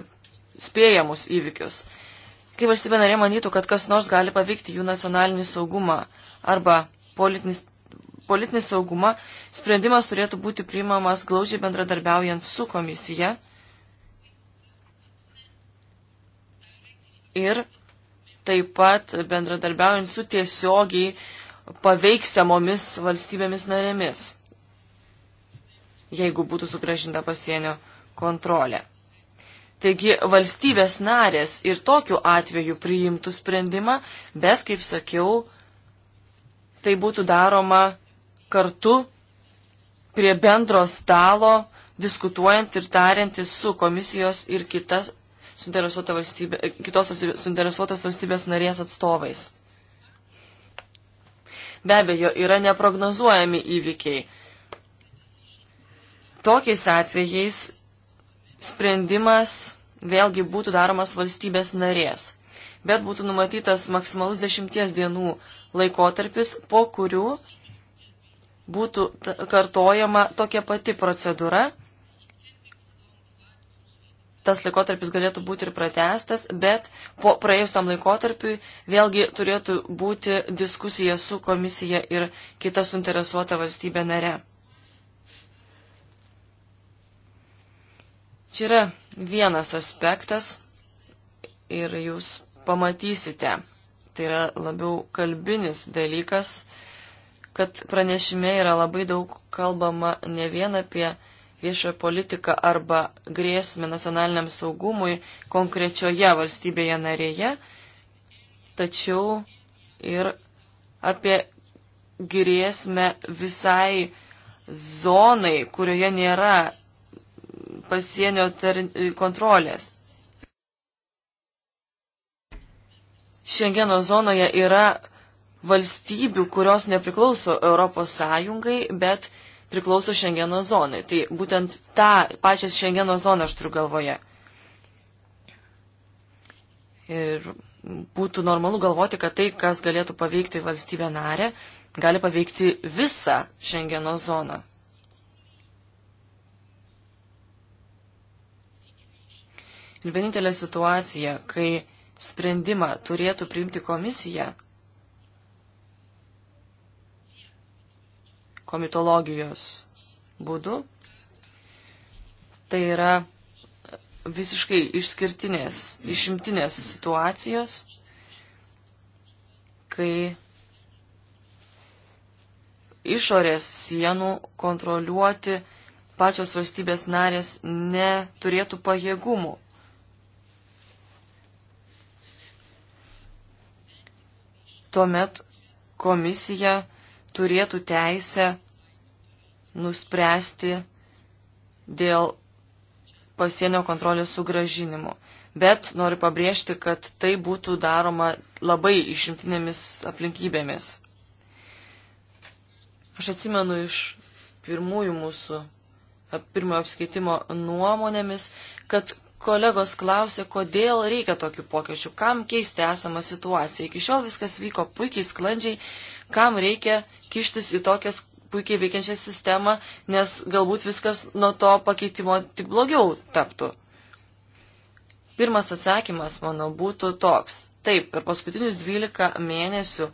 spėjamus įvykius, kai valstybė narė manytų, kad kas nors gali paveikti jų nacionalinį saugumą arba politinis, politinį saugumą, sprendimas turėtų būti priimamas glaužiai bendradarbiaujant su komisija ir taip pat bendradarbiaujant su tiesiogiai paveiksiamomis valstybėmis narėmis, jeigu būtų sugražinta pasienio kontrolė. Taigi valstybės narės ir tokiu atveju priimtų sprendimą, bet, kaip sakiau, tai būtų daroma kartu prie bendro stalo, diskutuojant ir tariantis su komisijos ir kitas suinteresuota valstybė, kitos valstybės, suinteresuotas valstybės narės atstovais. Be abejo, yra neprognozuojami įvykiai. Tokiais atvejais sprendimas vėlgi būtų daromas valstybės narės, bet būtų numatytas maksimalus dešimties dienų laikotarpis, po kurių būtų kartojama tokia pati procedūra tas laikotarpis galėtų būti ir pratestas, bet po praėjus tam laikotarpiui vėlgi turėtų būti diskusija su komisija ir kita suinteresuota valstybė nare. Čia yra vienas aspektas ir jūs pamatysite, tai yra labiau kalbinis dalykas, kad pranešime yra labai daug kalbama ne vien apie viešą politiką arba grėsmę nacionaliniam saugumui konkrečioje valstybėje narėje, tačiau ir apie grėsmę visai zonai, kurioje nėra pasienio kontrolės. Šengeno zonoje yra valstybių, kurios nepriklauso Europos Sąjungai, bet priklauso Šengeno zonai. Tai būtent tą pačią Šengeno zoną aš turiu galvoje. Ir būtų normalu galvoti, kad tai, kas galėtų paveikti valstybę narę, gali paveikti visą Šengeno zoną. Ir vienintelė situacija, kai sprendimą turėtų priimti komisija, komitologijos būdu. Tai yra visiškai išskirtinės, išimtinės situacijos, kai išorės sienų kontroliuoti pačios valstybės narės neturėtų pajėgumų. Tuomet komisija turėtų teisę nuspręsti dėl pasienio kontrolės sugražinimo. Bet noriu pabrėžti, kad tai būtų daroma labai išimtinėmis aplinkybėmis. Aš atsimenu iš pirmųjų mūsų pirmojo apskaitimo nuomonėmis, kad kolegos klausė, kodėl reikia tokių pokyčių, kam keisti esamą situaciją. Iki šiol viskas vyko puikiai sklandžiai, kam reikia kištis į tokias puikiai veikiančią sistemą, nes galbūt viskas nuo to pakeitimo tik blogiau taptų. Pirmas atsakymas, manau, būtų toks. Taip, per paskutinius 12 mėnesių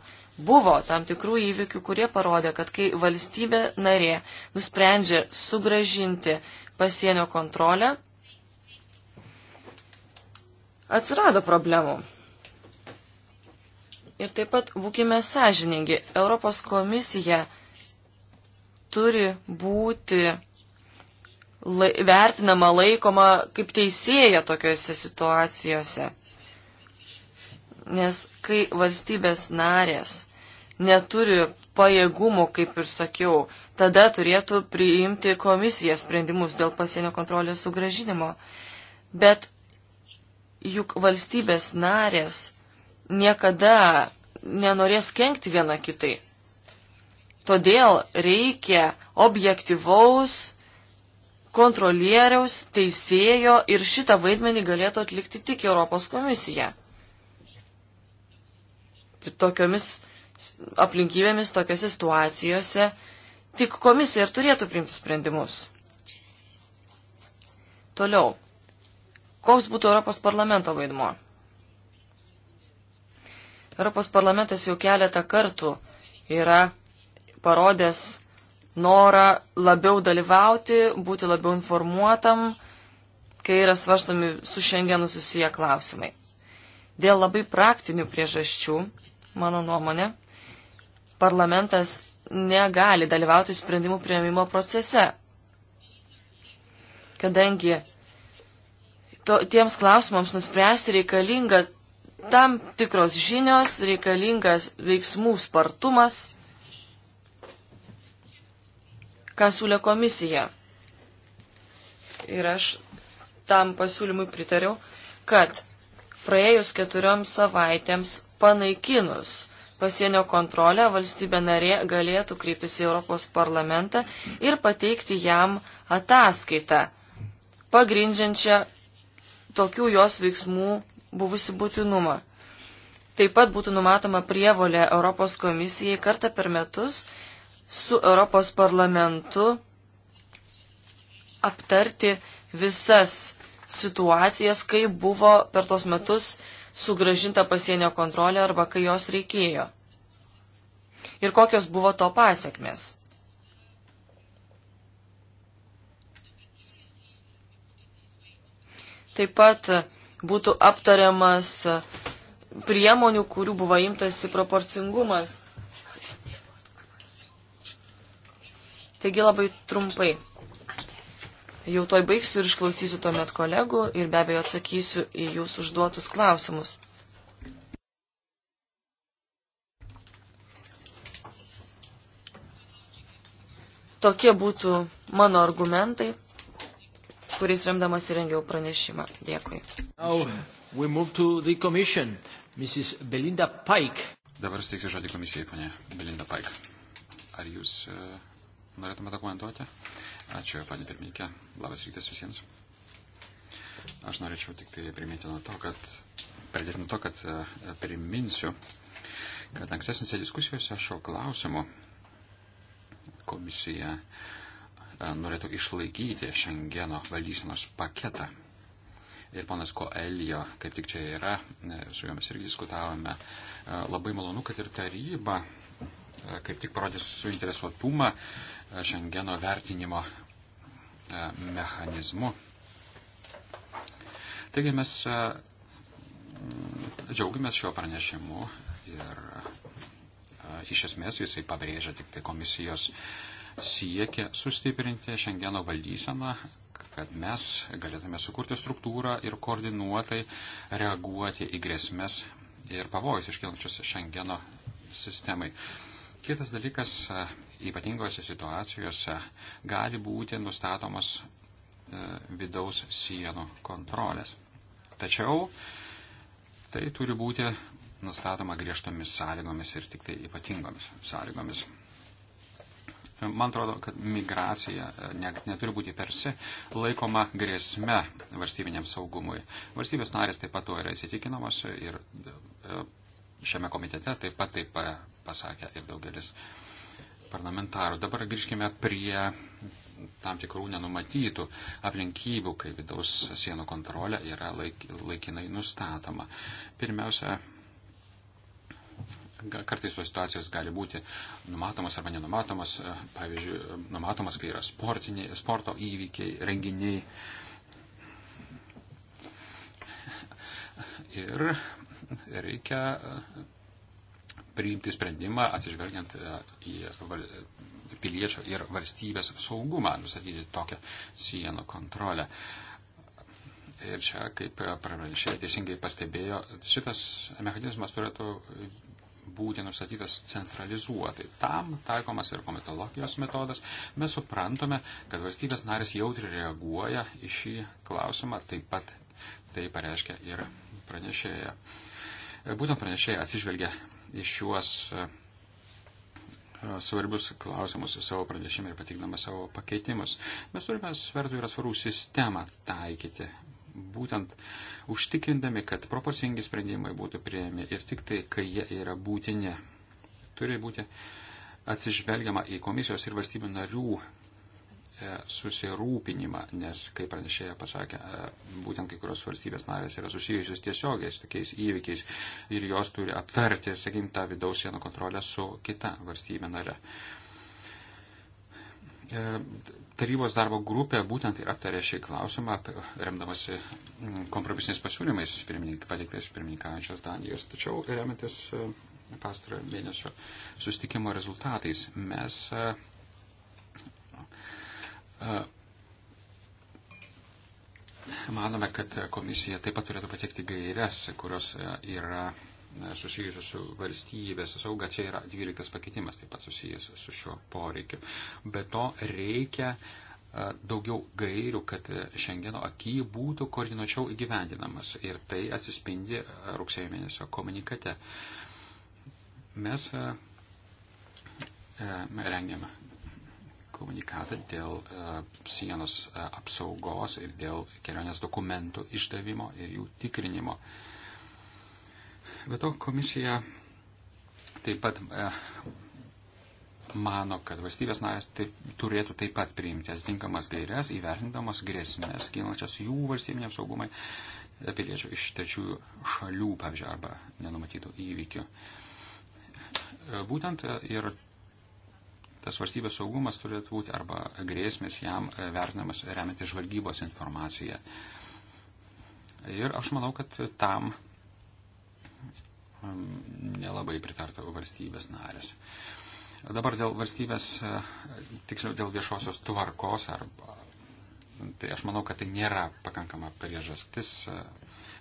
buvo tam tikrų įvykių, kurie parodė, kad kai valstybė narė nusprendžia sugražinti pasienio kontrolę, atsirado problemų. Ir taip pat būkime sąžiningi, Europos komisija turi būti lai, vertinama, laikoma kaip teisėja tokiuose situacijose. Nes kai valstybės narės neturi pajėgumų, kaip ir sakiau, tada turėtų priimti komisija sprendimus dėl pasienio kontrolės sugražinimo. Bet juk valstybės narės niekada nenorės kenkti viena kitai. Todėl reikia objektivaus kontrolieriaus, teisėjo ir šitą vaidmenį galėtų atlikti tik Europos komisija. Tokiomis aplinkybėmis, tokiose situacijose tik komisija ir turėtų priimti sprendimus. Toliau. Koks būtų Europos parlamento vaidmo? Europos parlamentas jau keletą kartų yra parodęs norą labiau dalyvauti, būti labiau informuotam, kai yra svarstami su šiandienu susiję klausimai. Dėl labai praktinių priežasčių, mano nuomonė, parlamentas negali dalyvauti sprendimų prieimimo procese, kadangi to, tiems klausimams nuspręsti reikalinga tam tikros žinios, reikalingas veiksmų spartumas, ką siūlė komisija. Ir aš tam pasiūlymui pritariau, kad praėjus keturioms savaitėms panaikinus pasienio kontrolę valstybė narė galėtų kreiptis į Europos parlamentą ir pateikti jam ataskaitą, pagrindžiančią tokių jos veiksmų buvusi būtinumą. Taip pat būtų numatoma prievolė Europos komisijai kartą per metus su Europos parlamentu aptarti visas situacijas, kai buvo per tos metus sugražinta pasienio kontrolė arba kai jos reikėjo. Ir kokios buvo to pasiekmes. Taip pat būtų aptariamas priemonių, kurių buvo imtasi proporcingumas. Taigi labai trumpai. Jau toj baigsiu ir išklausysiu tuomet kolegų ir be abejo atsakysiu į jūsų užduotus klausimus. Tokie būtų mano argumentai kuriais remdamas įrengiau pranešimą. Dėkui. Dabar steiksiu žodį komisijai, ponė Belinda Paik. Ar jūs e, norėtumėte komentuoti? Ačiū, panė pirmininkė. Labas rytas visiems. Aš norėčiau tik tai priminti nuo to, kad, pradėti nuo to, kad e, priminsiu, kad ankstesnėse diskusijose šio klausimu komisija e, E, norėtų išlaikyti Šengeno valdysenos paketą. Ir panas Koelio, kaip tik čia yra, e, su juomis irgi diskutavome, e, labai malonu, kad ir taryba kaip tik parodė suinteresuotumą Šengeno vertinimo mechanizmu. Taigi mes džiaugiamės šio pranešimu ir iš esmės jisai pabrėžia tik tai komisijos uh, siekia sustiprinti Šengeno valdyseną, kad mes galėtume sukurti struktūrą ir koordinuotai reaguoti į grėsmės ir pavojus iškilančius Šengeno sistemai. Kitas dalykas, ypatingose situacijose gali būti nustatomas e, vidaus sienų kontrolės. Tačiau tai turi būti nustatoma griežtomis sąlygomis ir tik tai ypatingomis sąlygomis. Man atrodo, kad migracija e, neturi būti persi laikoma grėsme valstybiniam saugumui. Valstybės narės taip pat to yra įsitikinamas ir e, šiame komitete taip pat taip e, pasakė ir daugelis parlamentarų. Dabar grįžkime prie tam tikrų nenumatytų aplinkybių, kai vidaus sienų kontrolė yra laik, laikinai nustatoma. Pirmiausia, Kartais tos situacijos gali būti numatomos arba nenumatomos, e, pavyzdžiui, numatomos, kai yra sporto įvykiai, renginiai. Ir reikia priimti sprendimą atsižvelgiant e, į piliečio ir valstybės saugumą, nustatyti tokią sienų kontrolę. Ir čia, kaip pranešėjai teisingai pastebėjo, šitas mechanizmas turėtų būti nustatytas centralizuotai. Tam taikomas ir komitologijos metodas. Mes suprantame, kad valstybės narės jautri reaguoja į šį klausimą, taip pat tai pareiškia ir pranešėja. Būtent pranešėja atsižvelgia į šiuos e, svarbius klausimus savo pranešimą ir patikdama savo pakeitimus. Mes turime svertų ir atsvarų sistemą taikyti būtent užtikrindami, kad proporcingi sprendimai būtų prieimi ir tik tai, kai jie yra būtini. Turi būti atsižvelgiama į komisijos ir valstybių narių e, susirūpinimą, nes, kaip pranešėja pasakė, e, būtent kai kurios valstybės narės yra susijusios tiesiogiai su tokiais įvykiais ir jos turi aptarti, sakykim, tą vidaus sienų kontrolę su kita valstybė nare. E, Tarybos darbo grupė būtent ir aptarė šį klausimą, remdamasi mm, kompromisiniais pasiūlymais pirmininkai, pateiktais pirmininkaujančios Danijos. Tačiau remiantis e, pastarojo mėnesio sustikimo rezultatais mes e, e, manome, kad komisija taip pat turėtų patekti gairias, kurios yra susijusios su valstybės sauga. Čia yra 12 pakeitimas taip pat susijęs su šiuo poreikiu. Be to reikia daugiau gairių, kad e, Šengeno aky būtų koordinuočiau įgyvendinamas. Ir tai atsispindi rugsėjo mėnesio komunikate. Mes rengiame komunikatą dėl sienos apsaugos ir dėl kelionės dokumentų išdavimo ir jų tikrinimo. Uh, Bet to komisija taip pat e, mano, kad valstybės narės taip, turėtų taip pat priimti atitinkamas gairias, įvertindamas grėsmės, kylančias jų valstybiniam saugumai e, piliečių iš trečiųjų šalių, pavyzdžiui, arba nenumatytų įvykių. E, būtent ir tas valstybės saugumas turėtų būti arba grėsmės jam vertinamas remiantis žvalgybos informaciją. Ir aš manau, kad tam nelabai pritartų valstybės narės. Dabar dėl valstybės, e, tiksliau dėl viešosios tvarkos, arba, tai aš manau, kad tai nėra pakankama priežastis e,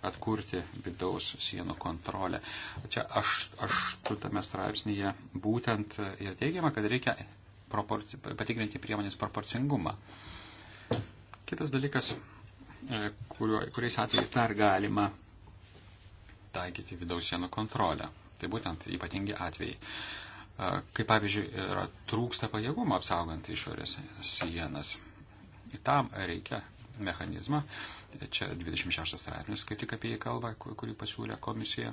atkurti vidaus sienų kontrolę. Čia aš, aštuntame straipsnėje būtent e, ir teigiama, kad reikia proporci, patikrinti priemonės proporcingumą. Kitas dalykas, kuriuo, kuriais atvejais dar galima taikyti vidaus sienų kontrolę. Tai būtent ypatingi atvejai. Kaip pavyzdžiui, yra trūksta pajėgumo apsaugant išorės sienas. Tam reikia mechanizmą. Čia 26 straipsnis, kaip tik apie jį kalba, kurį pasiūlė komisija.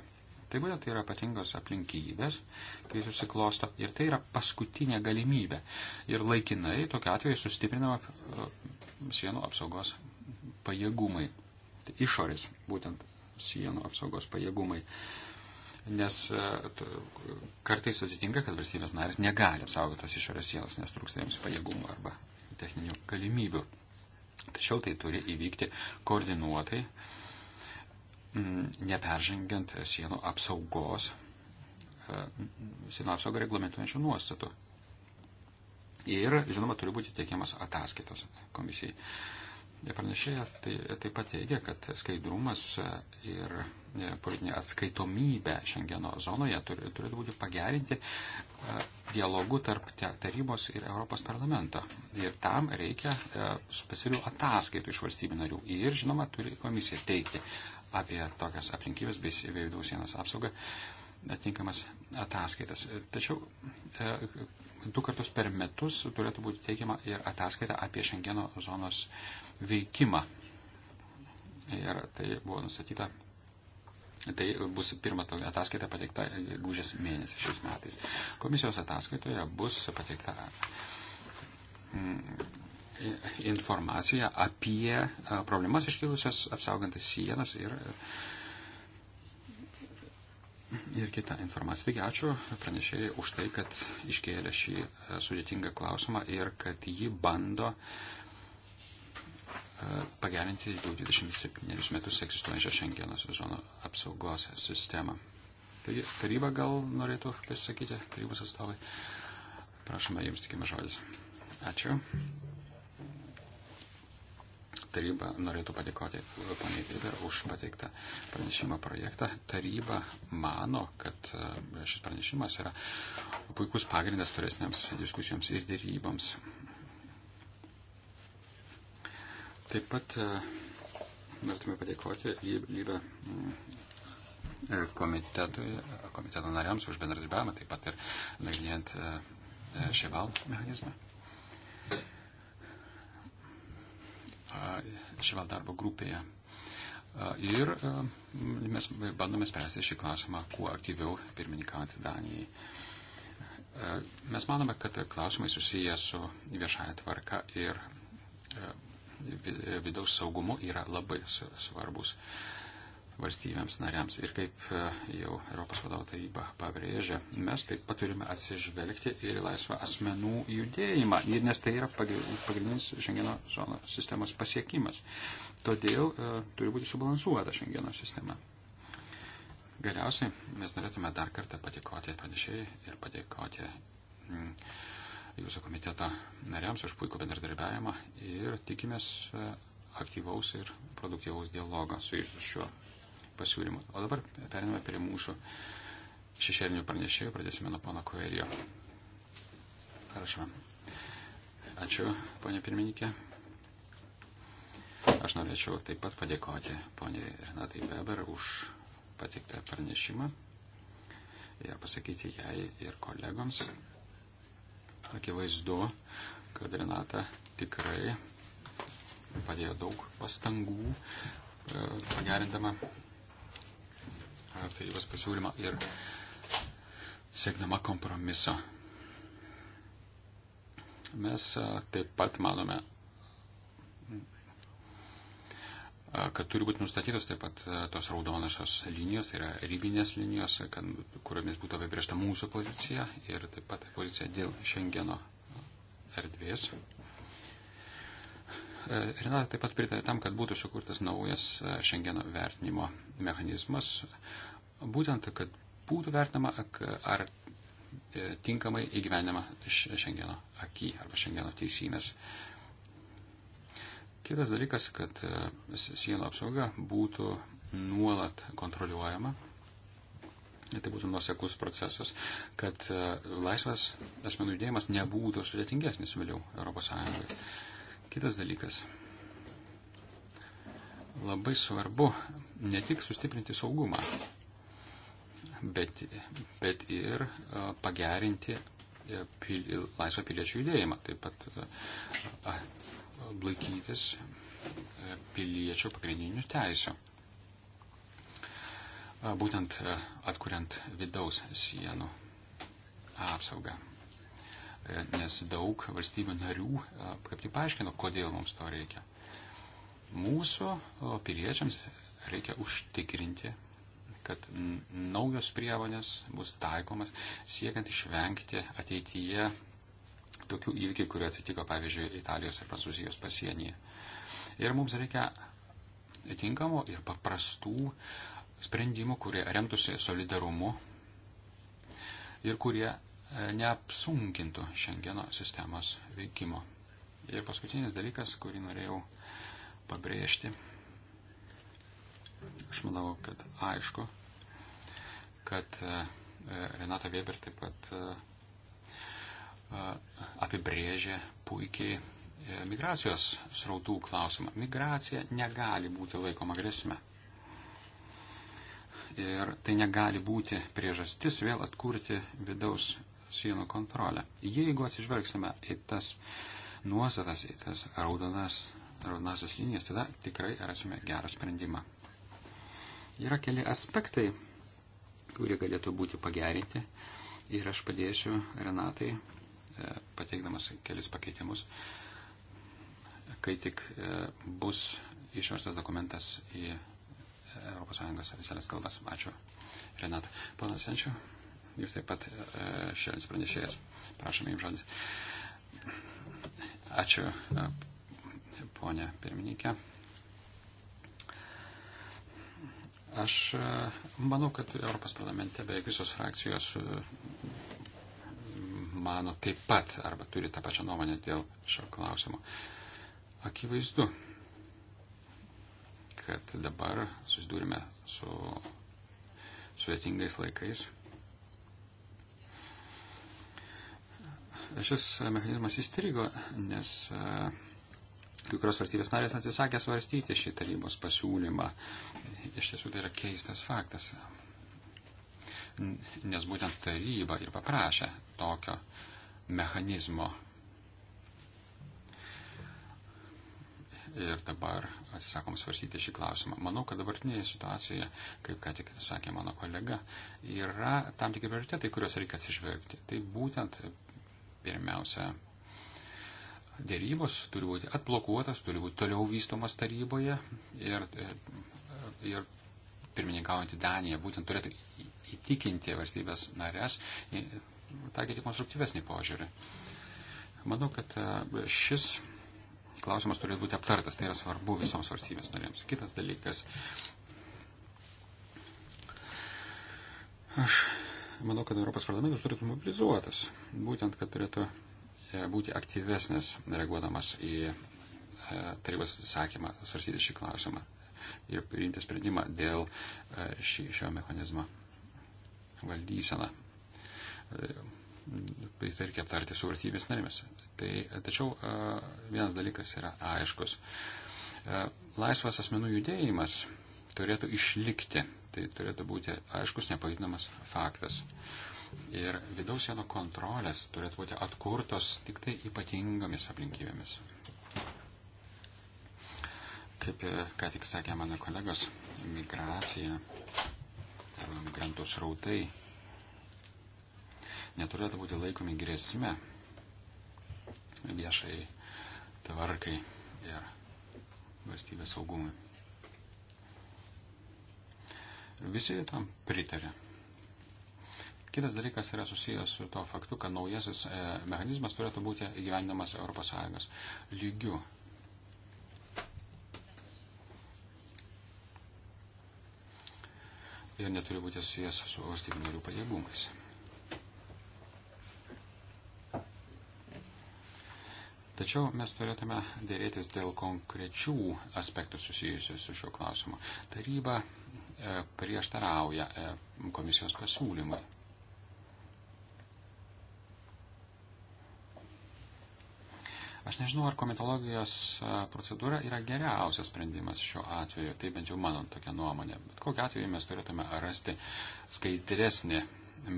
Tai būtent tai yra ypatingos aplinkybės, kai susiklosto. Ir tai yra paskutinė galimybė. Ir laikinai tokia atveju sustiprinama sienų apsaugos pajėgumai. Tai išorės būtent sienų apsaugos pajėgumai. Nes e, kartais atsitinka, kad valstybės narės negali apsaugoti tos išorės sienos, nes trūksta jiems pajėgumų arba techninių galimybių. Tačiau tai turi įvykti koordinuotai, neperžengiant sienų apsaugos, e, sienų apsaugą reglamentuojančių nuostatų. Ir, žinoma, turi būti teikiamas ataskaitos komisijai. Pranešėja tai, taip pat teigia, kad skaidrumas ir e, politinė atskaitomybė Šengeno zonoje turi, turėtų būti pagerinti e, dialogų tarp tarybos ir Europos parlamento. Ir tam reikia e, specialių ataskaitų iš valstybių narių. Ir, žinoma, turi komisija teikti apie tokias aplinkybės bei vidaus sienos apsaugą atinkamas ataskaitas. Tačiau du kartus per metus turėtų būti teikiama ir ataskaita apie Šengeno zonos veikimą. Ir tai buvo nustatyta. Tai bus pirmas ataskaita pateikta gūžės mėnesį šiais metais. Komisijos ataskaitoje bus pateikta mm, informacija apie problemas iškilusias apsaugantis sienas ir, ir kitą informaciją. Taigi ačiū pranešėjai už tai, kad iškėlė šį sudėtingą klausimą ir kad jį bando uh, pagerinti jau 27 metus egzistuojančią Šengenos zono apsaugos sistemą. Taigi taryba gal norėtų pasisakyti, tarybos atstovai. Prašome, jums tikime žodis. Ačiū. Taryba norėtų padėkoti poniai Weber už pateiktą pranešimą projektą. Taryba mano, kad e, šis pranešimas yra puikus pagrindas tolesniams diskusijoms ir dėryboms Taip pat e, norėtume padėkoti Lybę mm, e, komitetui, e, komiteto nariams už bendradarbiavimą, taip pat ir nagrinėjant ševal mechanizmą. Ševal darbo grupėje. Ir mes bandome spręsti šį klausimą kuo aktyviau pirmininkauti Danijai. Mes manome, kad klausimai susiję su viešaja tvarka ir vidaus saugumu yra labai svarbus valstybėms nariams. Ir kaip e, jau Europos vadovo taryba pabrėžia, mes taip pat turime atsižvelgti ir laisvą asmenų judėjimą, nes tai yra pagrindinis Šengeno zonos sistemos pasiekimas. Todėl e, turi būti subalansuota Šengeno sistema. Galiausiai mes norėtume dar kartą padėkoti pranešėjai ir padėkoti. Mm, jūsų komiteto nariams už puikų bendradarbiavimą ir tikimės e, aktyvaus ir produktyvaus dialogo su jūsų šiuo pasiūlymu. O dabar periname prie mūsų šešėlinių pranešėjų, pradėsime nuo pono Koerijo. Prašom. Ačiū, ponė pirmininkė. Aš norėčiau taip pat padėkoti poniai Renatai Weber už patiktą pranešimą ir pasakyti jai ir kolegoms, Akivaizdu, kad Renata tikrai padėjo daug pastangų e, pagerindama e, tarybos pasiūlymą ir siekdama kompromiso. Mes e, taip pat manome, kad turi būti nustatytos taip pat tos raudonosios linijos, tai yra rybinės linijos, kad, kuriomis būtų apibriešta mūsų pozicija ir taip pat pozicija dėl Šengeno erdvės. Renata taip pat pritarė tam, kad būtų sukurtas naujas Šengeno vertinimo mechanizmas, būtent, kad būtų vertinama, ar e, tinkamai įgyvenama Šengeno aky arba Šengeno teisynas. Kitas dalykas, kad e, sienų apsauga būtų nuolat kontroliuojama. Tai būtų nuoseklus procesas, kad e, laisvas asmenų judėjimas nebūtų sudėtingesnis vėliau ES. Kitas dalykas. Labai svarbu ne tik sustiprinti saugumą, bet, bet ir e, pagerinti pil, laisvą piliečių judėjimą, taip pat laikytis e, piliečių pagrindinių teisų. E, būtent e, atkuriant vidaus sienų apsaugą. Nes daug valstybių narių kaip tik paaiškino, kodėl mums to reikia. Mūsų piliečiams reikia užtikrinti, kad naujos priemonės bus taikomas siekiant išvengti ateityje tokių įvykių, kurie atsitiko, pavyzdžiui, Italijos ir Prancūzijos pasienyje. Ir mums reikia tinkamų ir paprastų sprendimų, kurie remtųsi solidarumu ir kurie e, neapsunkintų šiandieno sistemos veikimo. Ir paskutinis dalykas, kurį norėjau pabrėžti, aš manau, kad aišku, kad e, Renata Weber taip pat e, apibrėžia puikiai e, migracijos srautų klausimą. Migracija negali būti laikoma grėsme. Ir tai negali būti priežastis vėl atkurti vidaus sienų kontrolę. Jeigu atsižvelgsime į tas nuostatas, į tas raudonas, raudonasias linijas, tada tikrai rasime gerą sprendimą. Yra keli aspektai, kurie galėtų būti pagerinti ir aš padėsiu Renatai E, pateikdamas kelis pakeitimus. Kai tik e, bus išverstas dokumentas į ES oficialias kalbas. Ačiū, Renata. Ponas Senčiu, jūs taip pat e, šiandien pranešėjas. Prašome jums žodis. Ačiū, ponė pirmininkė. Aš manau, kad Europos parlamente beveik visos frakcijos mano taip pat arba turi tą pačią nuomonę dėl šio klausimo. Akivaizdu, kad dabar susidūrime su sudėtingais laikais. Šis mechanizmas įstrigo, nes e, kai kurios valstybės narės atsisakė svarstyti šį tarybos pasiūlymą. Iš tiesų tai yra keistas faktas nes būtent taryba ir paprašė tokio mechanizmo. Ir dabar atsisakom svarstyti šį klausimą. Manau, kad dabartinėje situacijoje, kaip ką tik sakė mano kolega, yra tam tikri prioritetai, kuriuos reikia atsižvelgti. Tai būtent pirmiausia, dėrybos turi būti atblokuotas, turi būti toliau vystomas taryboje ir, ir pirmininkaujantį Daniją būtent turėtų įtikinti valstybės narės taikyti konstruktyvesnį požiūrį. Manau, kad e, šis klausimas turėtų būti aptartas, tai yra svarbu visoms valstybės narėms. Kitas dalykas. Aš manau, kad Europos parlamentas turėtų mobilizuotas, būtent, kad turėtų e, būti aktyvesnis, reaguodamas į e, tarybos atsisakymą svarstyti šį klausimą ir priimti sprendimą dėl šį, šio mechanizmo valdyseną. Tai tai reikia aptarti su valstybės narėmis. Tai, tačiau vienas dalykas yra aiškus. Laisvas asmenų judėjimas turėtų išlikti. Tai turėtų būti aiškus, nepajudinamas faktas. Ir vidaus sienų kontrolės turėtų būti atkurtos tik tai ypatingomis aplinkybėmis. Kaip e, ką tik sakė mano kolegos, migracija migrantų srautai neturėtų būti laikomi grėsme viešai tvarkai ir valstybės saugumui. Visi tam pritarė. Kitas dalykas yra susijęs su to faktu, kad naujasis e, mechanizmas turėtų būti įgyvendinamas ES lygių. ir neturi būti susijęs su valstybių narių pajėgumais. Tačiau mes turėtume dėrėtis dėl konkrečių aspektų susijusių su šiuo klausimu. Taryba e, prieštarauja e, komisijos pasiūlymui Aš nežinau, ar komitologijos e, procedūra yra geriausias sprendimas šiuo atveju, tai bent jau mano tokia nuomonė. Bet kokiu atveju mes turėtume rasti skaidresnį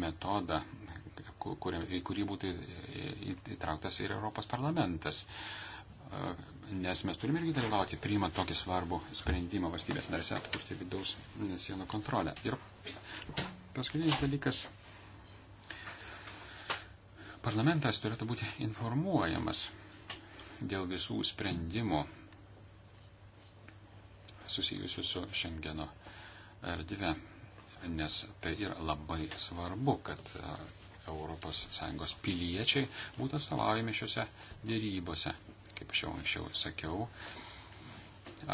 metodą, kurį, į kurį būtų įtrauktas ir Europos parlamentas. E, nes mes turime irgi dalyvauti, priimant tokį svarbų sprendimą valstybės narėse atkurti vidaus sienų kontrolę. Ir paskutinis dalykas. Parlamentas turėtų būti informuojamas dėl visų sprendimų susijusių su Šengeno erdvė, nes tai yra labai svarbu, kad ES piliečiai būtų atstovaujami šiuose dėrybose. Kaip aš jau anksčiau sakiau,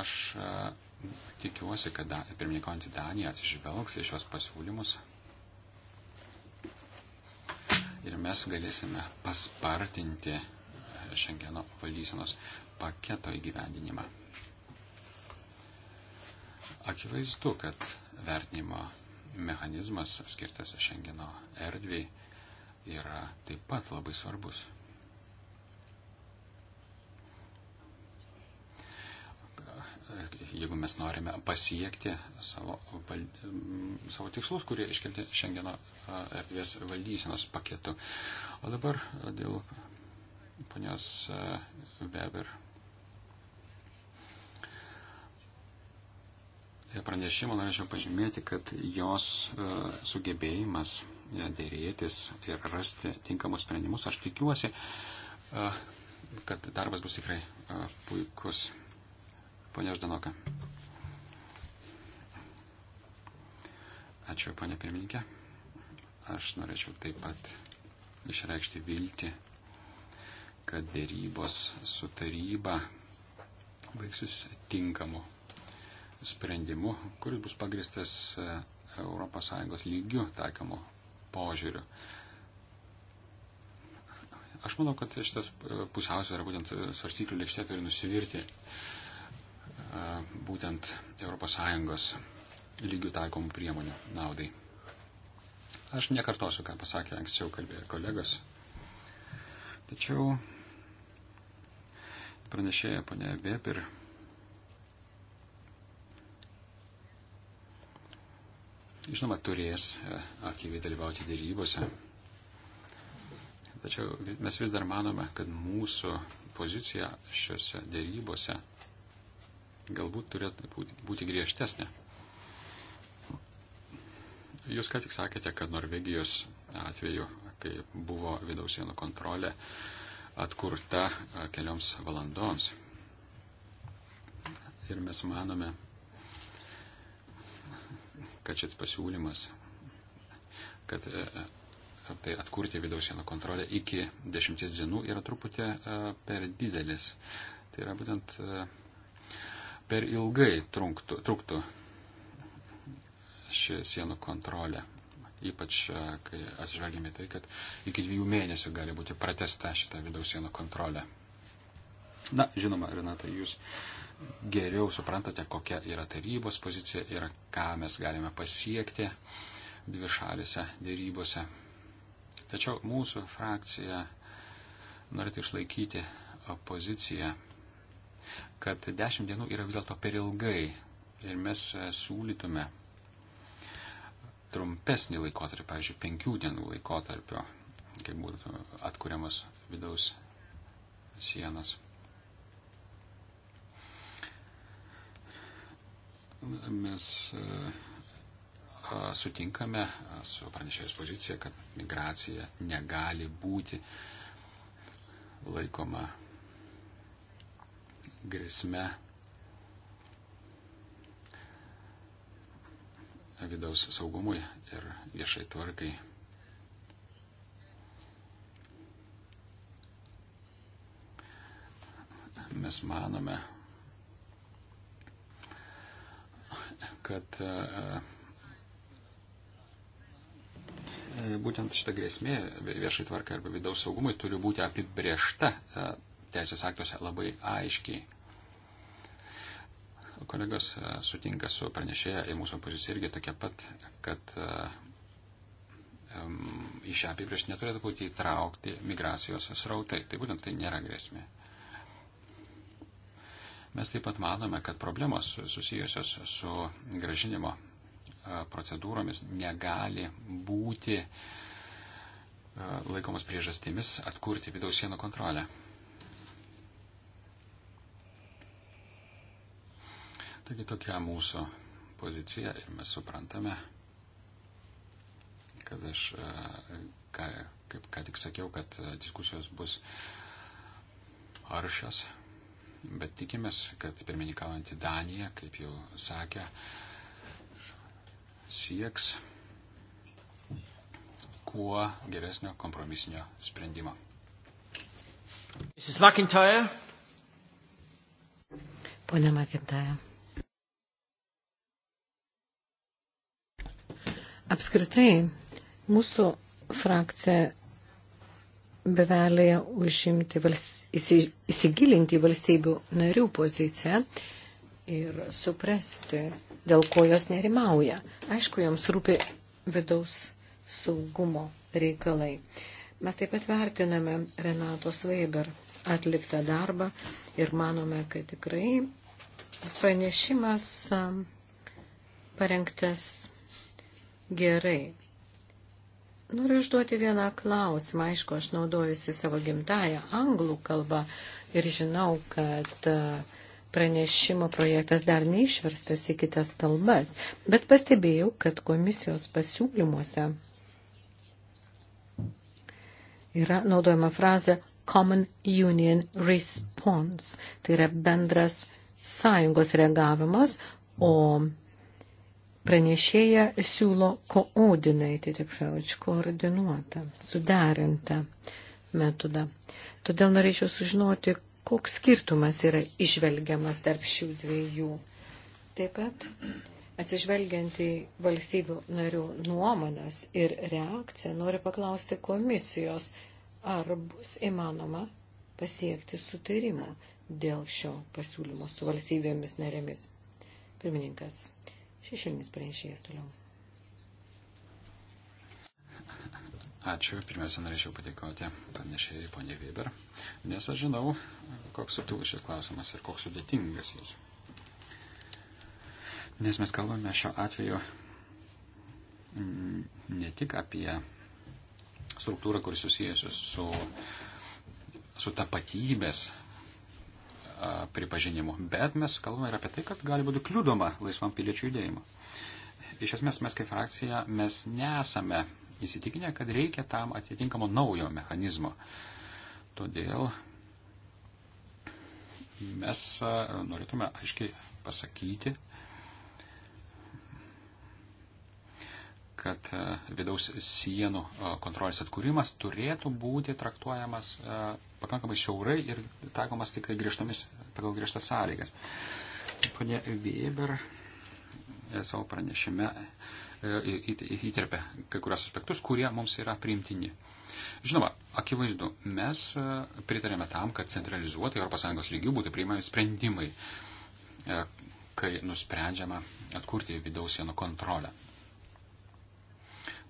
aš e, tikiuosi, kad pirmininkaujantį Daniją atsižvelgs į šios pasiūlymus ir mes galėsime paspartinti Šengeno valdysenos paketo įgyvendinimą. Akivaizdu, kad vertinimo mechanizmas skirtas Šengeno erdviai yra taip pat labai svarbus. Jeigu mes norime pasiekti savo, val, savo tikslus, kurie iškelti Šengeno erdvės valdysenos paketu. O dabar dėl ponios e, Weber. Pranešimą norėčiau pažymėti, kad jos e, sugebėjimas e, dėrėtis ir rasti tinkamus sprendimus, aš tikiuosi, kad darbas bus tikrai puikus. Pone Ždanoka. Ačiū, ponė pirmininkė. Aš norėčiau taip pat išreikšti viltį kad dėrybos su taryba baigsis tinkamu sprendimu, kuris bus pagristas ES lygių taikomu požiūriu. Aš manau, kad šitas e, pusiausvėra būtent svarstyklių lėkštė turi nusivirti e, būtent ES lygių taikomų priemonių naudai. Aš nekartosiu, ką pasakė anksčiau kalbėjo kolegos, Tačiau pranešėja ponė Weber žinoma turės e, aktyviai dalyvauti dėrybose. Tačiau mes vis dar manome, kad mūsų pozicija šiuose dėrybose galbūt turėtų būti, būti griežtesnė. Jūs ką tik sakėte, kad Norvegijos atveju kai buvo vidaus sienų kontrolė atkurta kelioms valandoms. Ir mes manome, kad šis pasiūlymas, kad e, e, tai atkurti vidaus sienų kontrolę iki dešimties dienų yra truputį per didelis. Tai yra būtent per ilgai trunktų, truktų ši sienų kontrolė ypač e, kai atsižvelgėme tai, kad iki dviejų mėnesių gali būti pratesta šita vidaus sienų kontrolė. Na, žinoma, Renata, jūs geriau suprantate, kokia yra tarybos pozicija ir ką mes galime pasiekti dvišalėse dėrybose. Tačiau mūsų frakcija norėtų išlaikyti poziciją, kad dešimt dienų yra vis dėlto per ilgai ir mes e, siūlytume trumpesnį laikotarpį, pavyzdžiui, penkių dienų laikotarpio, kai būtų atkuriamas vidaus sienas. Mes e, sutinkame su pranešėjus pozicija, kad migracija negali būti laikoma grėsme vidaus saugumui ir viešai tvarkai. Mes manome, kad e, e, būtent šita grėsmė viešai tvarkai arba vidaus saugumui turi būti apibriešta e, teisės aktuose labai aiškiai kolegos e, sutinka su pranešėja ir mūsų pozicija irgi tokia pat, kad e, į šią apibrėžtį neturėtų būti įtraukti migracijos srautai. Tai būtent tai nėra grėsmė. Mes taip pat manome, kad problemos susijusios su gražinimo e, procedūromis negali būti laikomas priežastimis atkurti vidaus sienų kontrolę. Taigi tokia mūsų pozicija ir mes suprantame, kad aš, e, ką, kaip ką tik sakiau, kad e, diskusijos bus aršios, bet tikimės, kad pirmininkaujantį Daniją, kaip jau sakė, sieks kuo geresnio kompromisinio sprendimo. Mrs. McIntyre. Pone McIntyre. Apskritai, mūsų frakcija bevelėje užimti, įsigilinti į valstybių narių poziciją ir suprasti, dėl ko jos nerimauja. Aišku, joms rūpi vidaus saugumo reikalai. Mes taip pat vertiname Renato Sveiber atliktą darbą ir manome, kad tikrai pranešimas parengtas Gerai. Noriu užduoti vieną klausimą. Aišku, aš naudojusi savo gimtają anglų kalbą ir žinau, kad e, pranešimo projektas dar neišverstas į kitas kalbas, bet pastebėjau, kad komisijos pasiūlymuose yra naudojama frazė Common Union Response, tai yra bendras sąjungos reagavimas, o pranešėja siūlo coordinated approach, koordinuotą, suderintą metodą. Todėl norėčiau sužinoti, koks skirtumas yra išvelgiamas tarp šių dviejų. Taip pat, atsižvelgiant į valstybių narių nuomonės ir reakciją, noriu paklausti komisijos, ar bus įmanoma pasiekti sutarimo dėl šio pasiūlymo su valstybėmis narėmis. Pirmininkas šešėlinis pranešėjas toliau. Ačiū. Pirmiausia, norėčiau padėkoti pranešėjai ponė Weber, nes aš žinau, koks subtilus šis klausimas ir koks sudėtingas jis. Nes mes kalbame šiuo atveju mm, ne tik apie struktūrą, kuris susijusius su, su tapatybės pripažinimu, bet mes kalbame ir apie tai, kad gali būti kliūdoma laisvam piliečių judėjimu. Iš esmės mes kaip frakcija mes nesame įsitikinę, kad reikia tam atitinkamo naujo mechanizmo. Todėl mes norėtume aiškiai pasakyti, kad vidaus sienų kontrolės atkūrimas turėtų būti traktuojamas pakankamai siaurai ir taikomas tik tai griežtomis, pagal griežtas sąlygas. Pane Weber e, savo pranešime e, įterpia kai kurios aspektus, kurie mums yra priimtini. Žinoma, akivaizdu, mes e, pritarėme tam, kad centralizuotai ES lygių būtų priimami sprendimai, kai nusprendžiama atkurti vidaus sienų kontrolę.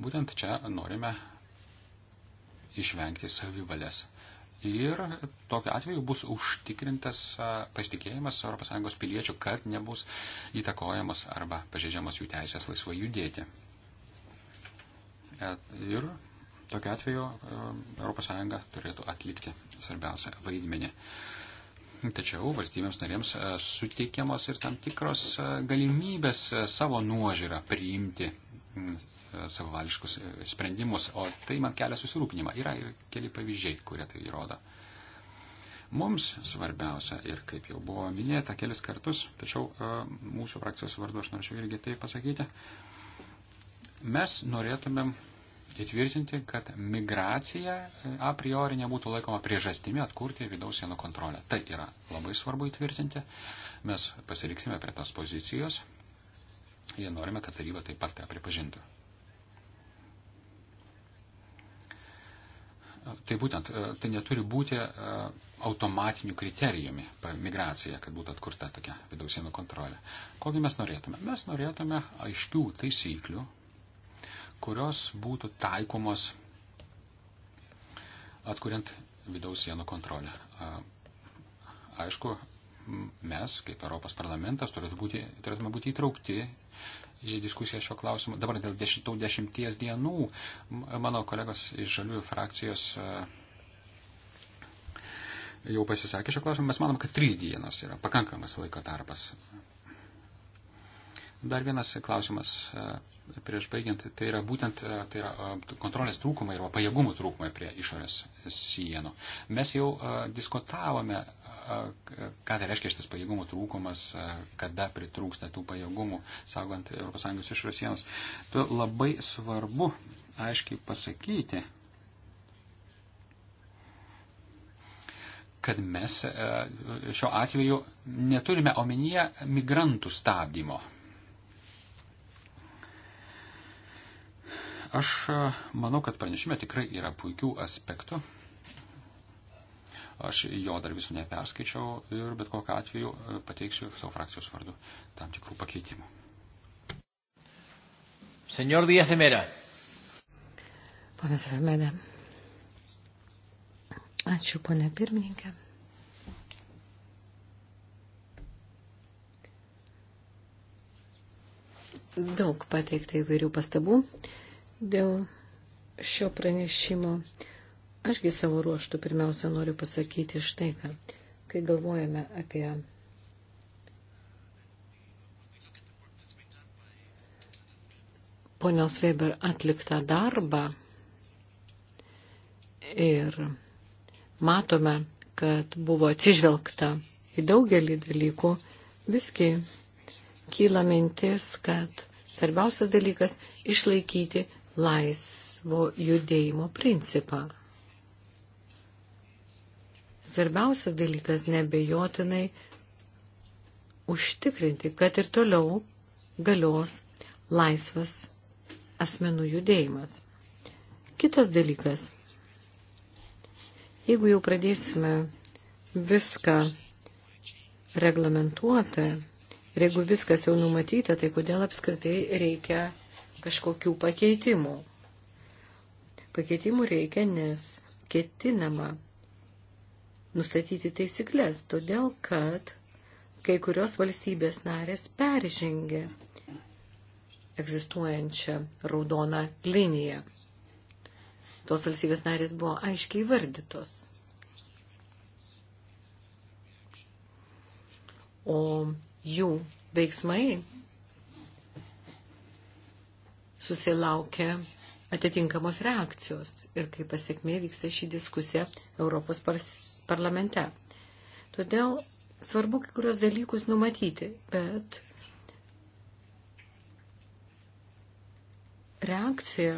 Būtent čia norime išvengti savivalės Ir tokiu atveju bus užtikrintas pasitikėjimas ES piliečių, kad nebus įtakojamos arba pažeidžiamos jų teisės laisvai judėti. Ir tokiu atveju ES turėtų atlikti svarbiausią vaidmenį. Tačiau valstybėms narėms suteikiamos ir tam tikros galimybės savo nuožiūrą priimti savališkus sprendimus, o tai man kelia susirūpinimą. Yra ir keli pavyzdžiai, kurie tai įrodo. Mums svarbiausia ir kaip jau buvo minėta kelis kartus, tačiau e, mūsų frakcijos vardu aš norėčiau irgi tai pasakyti, mes norėtumėm įtvirtinti, kad migracija e, a priori nebūtų laikoma priežastimi atkurti vidaus sienų kontrolę. Tai yra labai svarbu įtvirtinti. Mes pasiliksime prie tos pozicijos ir norime, kad taryba taip pat tą pripažintų. Tai būtent, e, tai neturi būti e, automatiniu kriterijumi migracija, kad būtų atkurta tokia vidaus sienų kontrolė. Kogi mes norėtume? Mes norėtume aiškių taisyklių, kurios būtų taikomos atkuriant vidaus sienų kontrolę. Aišku, mes, kaip Europos parlamentas, turėtume būti, turėtume būti įtraukti diskusiją šio klausimu. Dabar dėl dešimtų dešimties dienų mano kolegos iš žaliųjų frakcijos e, jau pasisakė šio klausimu. Mes manom, kad trys dienos yra pakankamas laiko tarpas. Dar vienas klausimas e, prieš baigiant, tai yra būtent e, tai yra kontrolės trūkumai arba pajėgumų trūkumai prie išorės sienų. Mes jau diskutavome ką tai reiškia šitas pajėgumų trūkumas, kada pritrūksta tų pajėgumų, saugant ES išorės sienos. Tu labai svarbu aiškiai pasakyti, kad mes šiuo atveju neturime omenyje migrantų stabdymo. Aš manau, kad pranešime tikrai yra puikių aspektų Aš jo dar visų neperskaičiau ir bet kokiu atveju e, pateiksiu savo frakcijos vardu tam tikrų pakeitimų. Senor Díaz de Mera. Ponas Vermedė. Ačiū, ponė pirmininkė. Daug pateikta įvairių pastabų dėl šio pranešimo. Ašgi savo ruoštų pirmiausia noriu pasakyti štai ką. Kai galvojame apie ponios Weber atliktą darbą ir matome, kad buvo atsižvelgta į daugelį dalykų, visgi kyla mintis, kad svarbiausias dalykas - išlaikyti laisvo judėjimo principą. Svarbiausias dalykas nebejotinai užtikrinti, kad ir toliau galios laisvas asmenų judėjimas. Kitas dalykas. Jeigu jau pradėsime viską reglamentuoti ir jeigu viskas jau numatyta, tai kodėl apskritai reikia kažkokių pakeitimų? Pakeitimų reikia, nes ketinama nustatyti taisyklės, todėl kad kai kurios valstybės narės peržengė egzistuojančią raudoną liniją. Tos valstybės narės buvo aiškiai vardytos. O jų veiksmai susilaukia atitinkamos reakcijos ir kaip pasiekmė vyksta šį diskusiją Europos pars parlamente. Todėl svarbu kai kurios dalykus numatyti, bet reakcija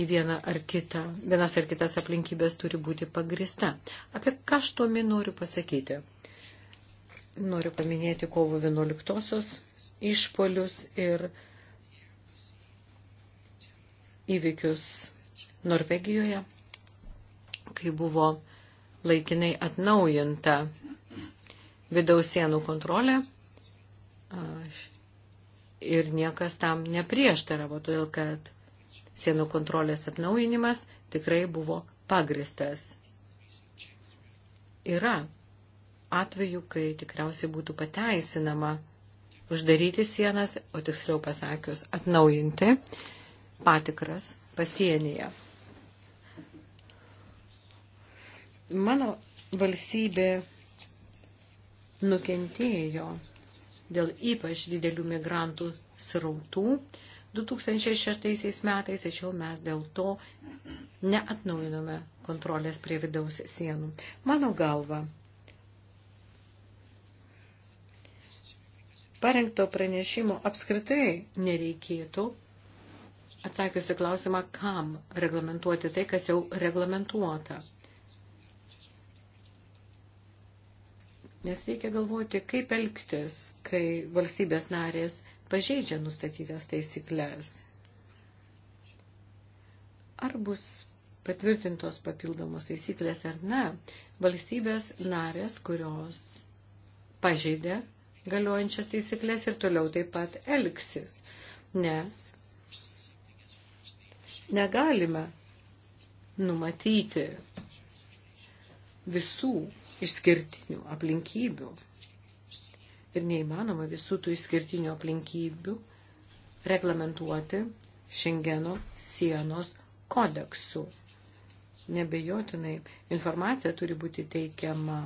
į vieną ar kitą, vienas ar kitas aplinkybės turi būti pagrista. Apie ką aš tuomi noriu pasakyti? Noriu paminėti kovo 11-osios išpolius ir įvykius Norvegijoje, kai buvo laikinai atnaujinta vidaus sienų kontrolė ir niekas tam neprieštaravo, todėl kad sienų kontrolės atnaujinimas tikrai buvo pagristas. Yra atveju, kai tikriausiai būtų pateisinama uždaryti sienas, o tiksliau pasakius atnaujinti patikras pasienyje. Mano valstybė nukentėjo dėl ypač didelių migrantų srautų 2006 metais, tačiau mes dėl to neatnaujinome kontrolės prie vidaus sienų. Mano galva, parengto pranešimo apskritai nereikėtų, atsakiusi klausimą, kam reglamentuoti tai, kas jau reglamentuota. Nes reikia galvoti, kaip elgtis, kai valstybės narės pažeidžia nustatytas taisyklės. Ar bus patvirtintos papildomos taisyklės ar ne, valstybės narės, kurios pažeidė galiojančias taisyklės ir toliau taip pat elgsis, nes negalime numatyti visų išskirtinių aplinkybių. Ir neįmanoma visų tų išskirtinių aplinkybių reglamentuoti Šengeno sienos kodeksu. Nebejotinai informacija turi būti teikiama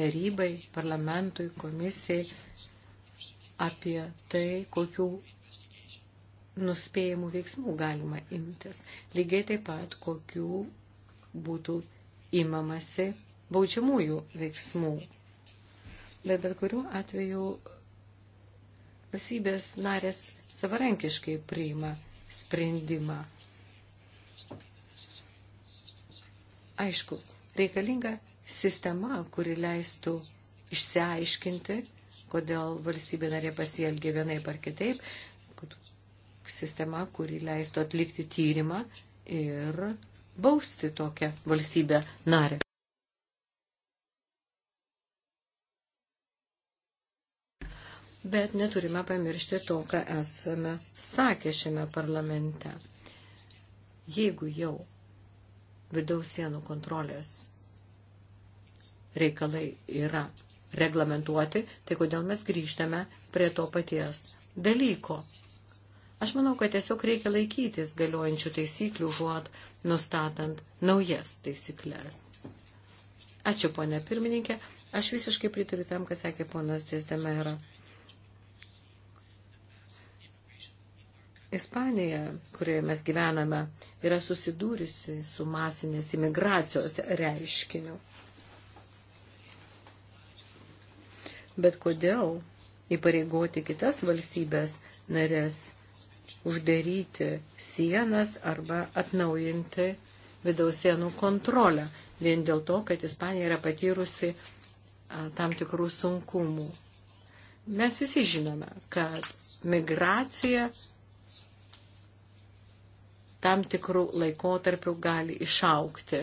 tarybai, parlamentui, komisijai apie tai, kokių nuspėjimų veiksmų galima imtis. Lygiai taip pat, kokių būtų imamasi baudžiamųjų veiksmų. Bet bet kuriuo atveju valstybės narės savarankiškai priima sprendimą. Aišku, reikalinga sistema, kuri leistų išsiaiškinti, kodėl valstybė narė pasielgė vienaip ar kitaip, sistema, kuri leistų atlikti tyrimą ir bausti tokią valstybę narę. bet neturime pamiršti to, ką esame sakę šiame parlamente. Jeigu jau vidaus sienų kontrolės reikalai yra reglamentuoti, tai kodėl mes grįžtame prie to paties dalyko. Aš manau, kad tiesiog reikia laikytis galiojančių taisyklių žuot, nustatant naujas taisyklės. Ačiū, ponė pirmininkė. Aš visiškai pritariu tam, kas sakė ponas Dėsdemera. Ispanija, kurioje mes gyvename, yra susidūrusi su masinės imigracijos reiškiniu. Bet kodėl įpareigoti kitas valstybės narės uždaryti sienas arba atnaujinti vidaus sienų kontrolę, vien dėl to, kad Ispanija yra patyrusi tam tikrų sunkumų. Mes visi žinome, kad migracija tam tikrų laikotarpių gali išaukti.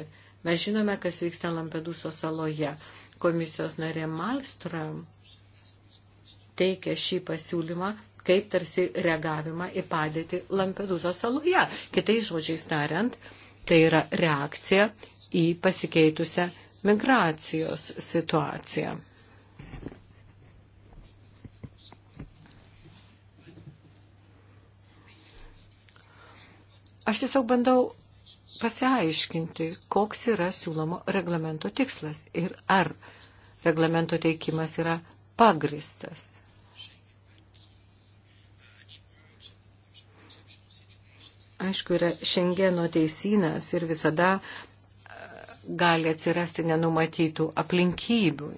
Mes žinome, kas vyksta Lampeduso saloje. Komisijos narė Malstram teikia šį pasiūlymą kaip tarsi reagavimą į padėtį Lampeduso saloje. Kitais žodžiais tariant, tai yra reakcija į pasikeitusią migracijos situaciją. Aš tiesiog bandau pasiaiškinti, koks yra siūlomo reglamento tikslas ir ar reglamento teikimas yra pagristas. Aišku, yra šengeno teisynas ir visada gali atsirasti nenumatytų aplinkybių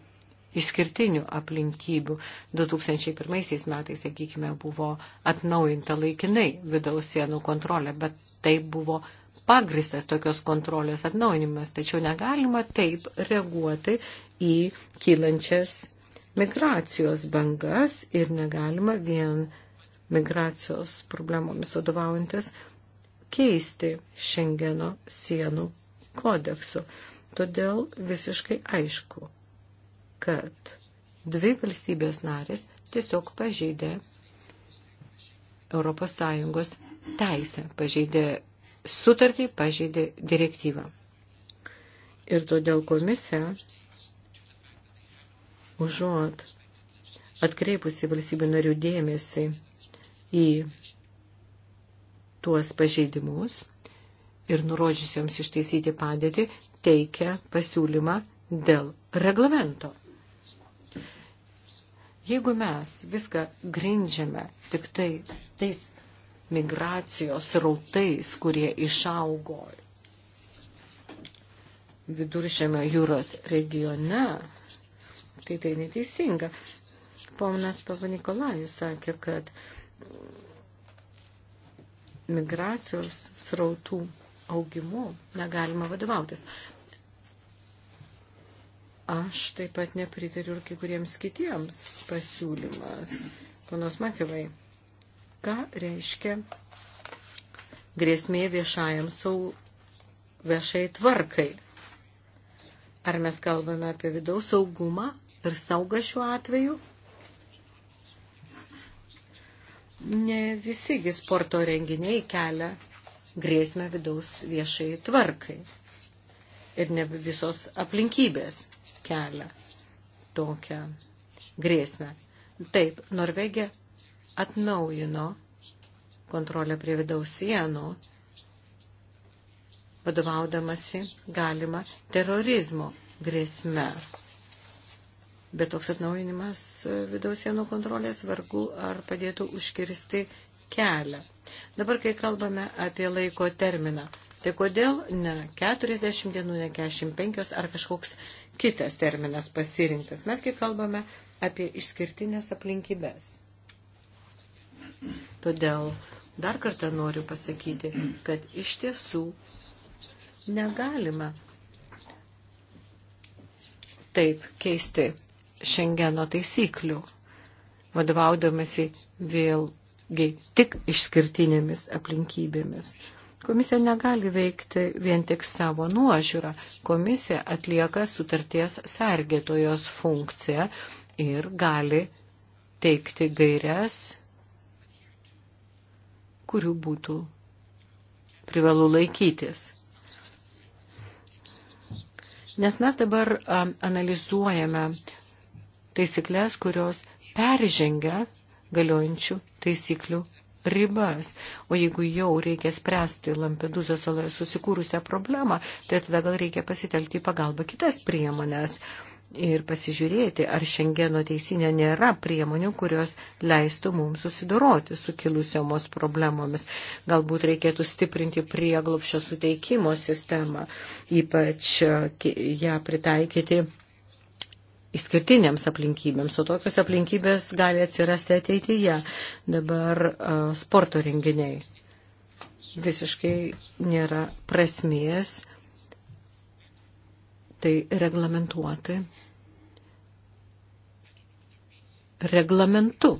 išskirtinių aplinkybių. 2001 metais, sakykime, buvo atnaujinta laikinai vidaus sienų kontrolė, bet tai buvo pagristas tokios kontrolės atnaujinimas. Tačiau negalima taip reaguoti į kylančias migracijos bangas ir negalima vien migracijos problemomis vadovaujantis keisti Šengeno sienų kodeksu. Todėl visiškai aišku, kad dvi valstybės narės tiesiog pažeidė Europos Sąjungos teisę, pažeidė sutartį, pažeidė direktyvą. Ir todėl komisija užuot atkreipusi valstybių narių dėmesį į tuos pažeidimus ir nurodžiusioms ištaisyti padėtį, teikia pasiūlymą dėl reglamento. Jeigu mes viską grindžiame tik tai tais migracijos rautais, kurie išaugo viduršėme jūros regione, tai tai neteisinga. Paunas Pavanikolajus sakė, kad migracijos srautų augimu negalima vadovautis. Aš taip pat nepritariu ir kai kuriems kitiems pasiūlymas. Panos Makivai, ką reiškia grėsmė viešajam sau viešai tvarkai? Ar mes kalbame apie vidaus saugumą ir saugą šiuo atveju? Ne visigi sporto renginiai kelia grėsmę vidaus viešai tvarkai ir ne visos aplinkybės kelia tokią grėsmę. Taip, Norvegija atnaujino kontrolę prie vidaus sienų, vadovaudamasi galima terorizmo grėsme. Bet toks atnaujinimas e, vidaus sienų kontrolės vargu ar padėtų užkirsti kelią. Dabar, kai kalbame apie laiko terminą, tai kodėl ne 40 dienų, ne 45 ar kažkoks kitas terminas pasirinktas. Mesgi kalbame apie išskirtinės aplinkybės. Todėl dar kartą noriu pasakyti, kad iš tiesų negalima taip keisti Šengeno taisyklių, vadovaudamasi vėlgi tik išskirtinėmis aplinkybėmis. Komisija negali veikti vien tik savo nuožiūrą. Komisija atlieka sutarties sergėtojos funkciją ir gali teikti gairias, kurių būtų privalu laikytis. Nes mes dabar analizuojame taisyklės, kurios peržengia galiojančių taisyklių ribas. O jeigu jau reikia spręsti Lampedūzos saloje susikūrusią problemą, tai tada gal reikia pasitelkti į pagalbą kitas priemonės ir pasižiūrėti, ar šengeno teisinė nėra priemonių, kurios leistų mums susidoroti su kilusiomos problemomis. Galbūt reikėtų stiprinti prieglopščio suteikimo sistemą, ypač e, ją pritaikyti išskirtinėms aplinkybėms, o tokios aplinkybės gali atsirasti ateityje. Dabar sporto renginiai visiškai nėra prasmės tai reglamentuoti reglamentu.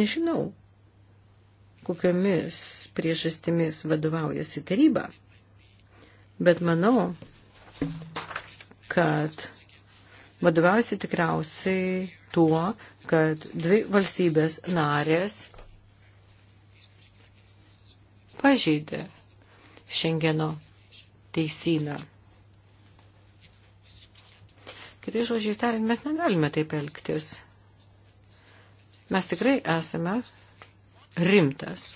Nežinau, kokiomis priežastimis vadovaujasi taryba, bet manau, kad vadovaujasi tikriausiai tuo, kad dvi valstybės narės pažeidė Šengeno teisyną. Kitai žodžiai tariant, mes negalime taip elgtis. Mes tikrai esame rimtas,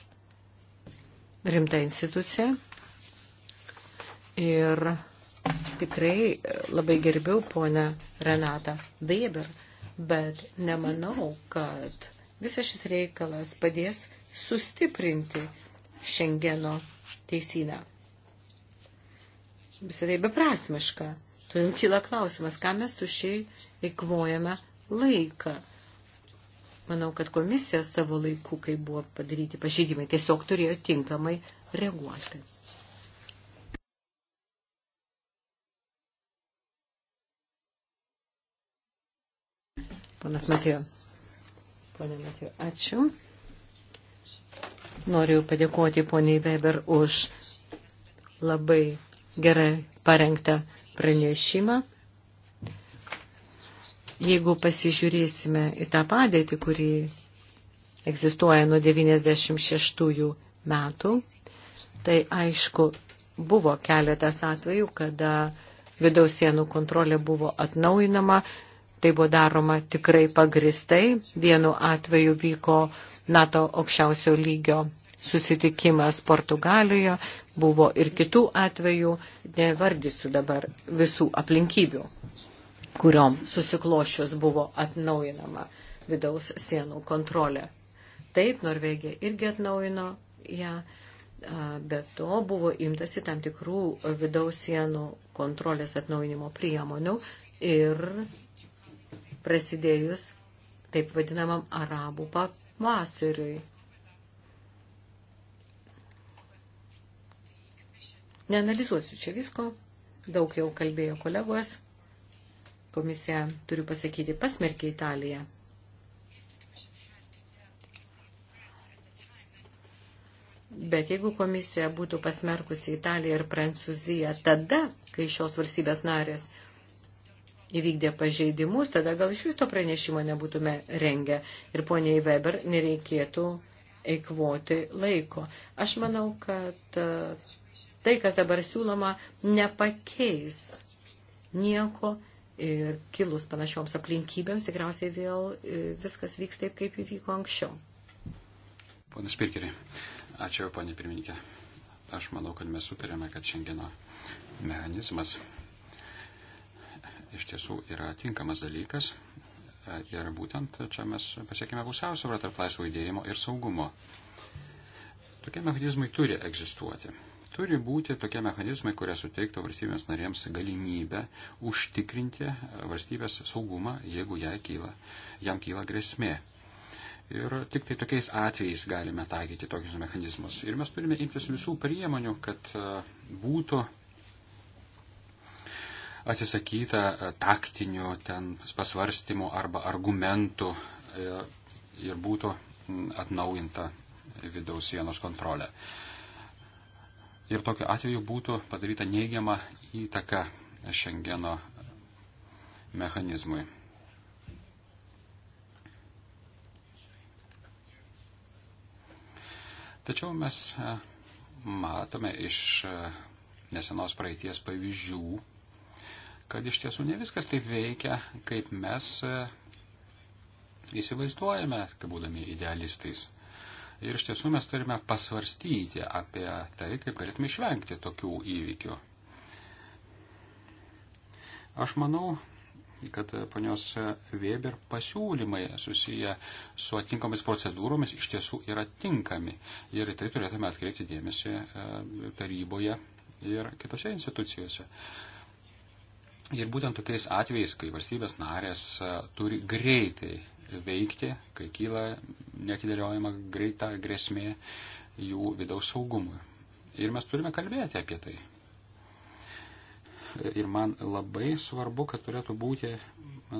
rimta institucija ir tikrai e, labai gerbiau ponę Renatą Weber, bet nemanau, kad visas šis reikalas padės sustiprinti Šengeno teisyną. Visą tai beprasmiška. Todėl kyla klausimas, ką mes tušiai eikvojame laiką. Manau, kad komisija savo laiku, kai buvo padaryti pažydimai, tiesiog turėjo tinkamai reaguoti. Ponas Matijo. Pone Matijo, ačiū. Noriu padėkoti poniai Weber už labai gerai parengtą pranešimą. Jeigu pasižiūrėsime į tą padėtį, kuri egzistuoja nuo 96 metų, tai aišku, buvo keletas atvejų, kada vidaus sienų kontrolė buvo atnaujinama, Tai buvo daroma tikrai pagristai. Vienu atveju vyko NATO aukščiausio lygio susitikimas Portugalijoje, buvo ir kitų atvejų, nevardysiu dabar visų aplinkybių, kuriom susiklošius buvo atnaujinama vidaus sienų kontrolė. Taip, Norvegija irgi atnaujino ją, bet to buvo imtasi tam tikrų vidaus sienų kontrolės atnaujinimo priemonių ir prasidėjus taip vadinamam arabų pavasariui. Neanalizuosiu čia visko, daug jau kalbėjo kolegos. Komisija, turiu pasakyti, pasmerkė Italiją. Bet jeigu komisija būtų pasmerkusi Italiją ir Prancūziją tada, kai šios valstybės narės įvykdė pažeidimus, tada gal iš viso pranešimo nebūtume rengę ir poniai Weber nereikėtų eikvoti laiko. Aš manau, kad e, tai, kas dabar siūloma, nepakeis nieko ir kilus panašioms aplinkybėms, tikriausiai vėl e, viskas vyks taip, kaip įvyko anksčiau. Pana Spirkerį, ačiū, ponė pirmininkė. Aš manau, kad mes sutarėme, kad šiandieno mechanizmas iš tiesų yra tinkamas dalykas. Ir būtent čia mes pasiekime pusiausvyrą tarp laisvo judėjimo ir saugumo. Tokie mechanizmai turi egzistuoti. Turi būti tokie mechanizmai, kurie suteiktų valstybėms narėms galimybę užtikrinti valstybės saugumą, jeigu kyla, jam kyla grėsmė. Ir tik tai tokiais atvejais galime taikyti tokius mechanizmus. Ir mes turime imtis visų priemonių, kad būtų atsisakyta e, taktinių ten pasvarstymų arba argumentų e, ir būtų atnaujinta vidaus sienos kontrolė. Ir tokiu atveju būtų padaryta neigiama įtaka Šengeno mechanizmui. Tačiau mes e, matome iš nesenos praeities pavyzdžių, kad iš tiesų ne viskas taip veikia, kaip mes e, įsivaizduojame, kaip būdami idealistais. Ir iš tiesų mes turime pasvarstyti apie tai, kaip galėtume išvengti tokių įvykių. Aš manau, kad ponios Weber pasiūlymai susiję su atinkamais procedūromis iš tiesų yra tinkami. Ir tai turėtume atkreipti dėmesį e, taryboje ir kitose institucijose. Ir būtent tokiais atvejais, kai valstybės narės e, turi greitai veikti, kai kyla netidėliojama greita grėsmė jų vidaus saugumui. Ir mes turime kalbėti apie tai. Ir man labai svarbu, kad turėtų būti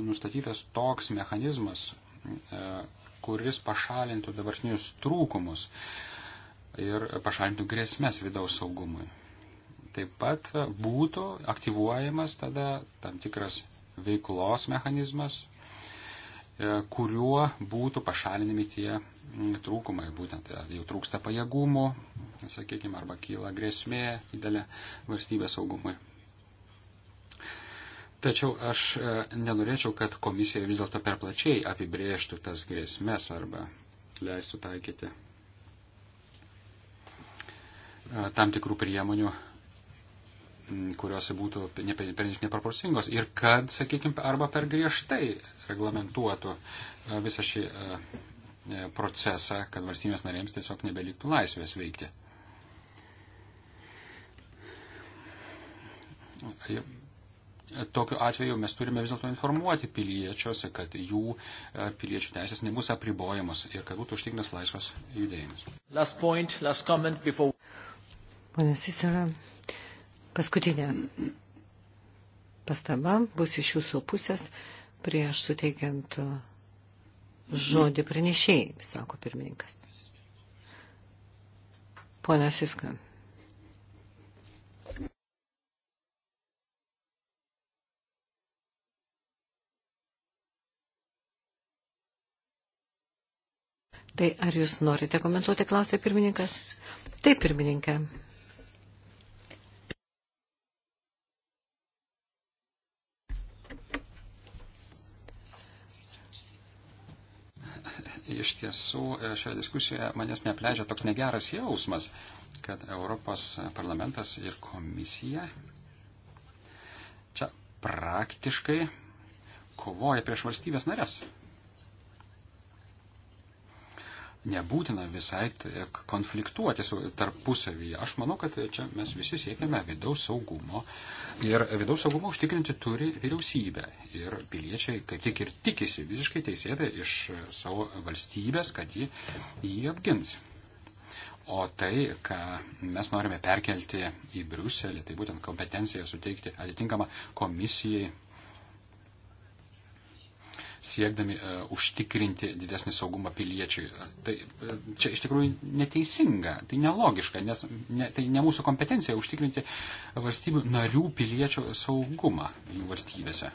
nustatytas toks mechanizmas, e, kuris pašalintų dabartinius trūkumus ir pašalintų grėsmės vidaus saugumui taip pat būtų aktyvuojamas tada tam tikras veiklos mechanizmas, e, kuriuo būtų pašalinami tie trūkumai, būtent e, jau trūksta pajėgumų, sakykime, arba kyla grėsmė didelė valstybės saugumui. Tačiau aš e, nenorėčiau, kad komisija vis dėlto per plačiai apibrėžtų tas grėsmės arba leistų taikyti tam tikrų priemonių kurios būtų nepernešk neproporcingos ir kad, sakykime, arba per griežtai reglamentuotų e, visą šį e, e, procesą, kad valstybės narėms tiesiog nebeliktų laisvės veikti. Tokiu atveju mes turime vis dėlto informuoti piliečiuose, kad jų piliečių teisės nebus apribojamos ir kad būtų užtikrintas laisvas judėjimas. Last point, last comment before... Pane Sisara, Paskutinė pastaba bus iš jūsų pusės prieš suteikiant uh, žodį pranešėjai, sako pirmininkas. Pone Siska. Tai ar jūs norite komentuoti, klausė pirmininkas? Taip, pirmininkė. iš tiesų e, šioje diskusijoje manęs neapleidžia toks negeras jausmas, kad Europos parlamentas ir komisija čia praktiškai kovoja prieš valstybės narės. nebūtina visai konfliktuoti su, tarpusavyje. Aš manau, kad čia mes visi siekiame vidaus saugumo ir vidaus saugumo užtikrinti turi vyriausybė. Ir piliečiai, kaip tik ir tikisi visiškai teisėtai iš savo valstybės, kad ji jį apgins. O tai, ką mes norime perkelti į Briuselį, tai būtent kompetenciją suteikti atitinkamą komisijai siekdami uh, užtikrinti didesnį saugumą piliečiui. Tai uh, čia iš tikrųjų neteisinga, tai nelogiška, nes ne, tai ne mūsų kompetencija užtikrinti valstybių narių piliečių saugumą jų valstybėse.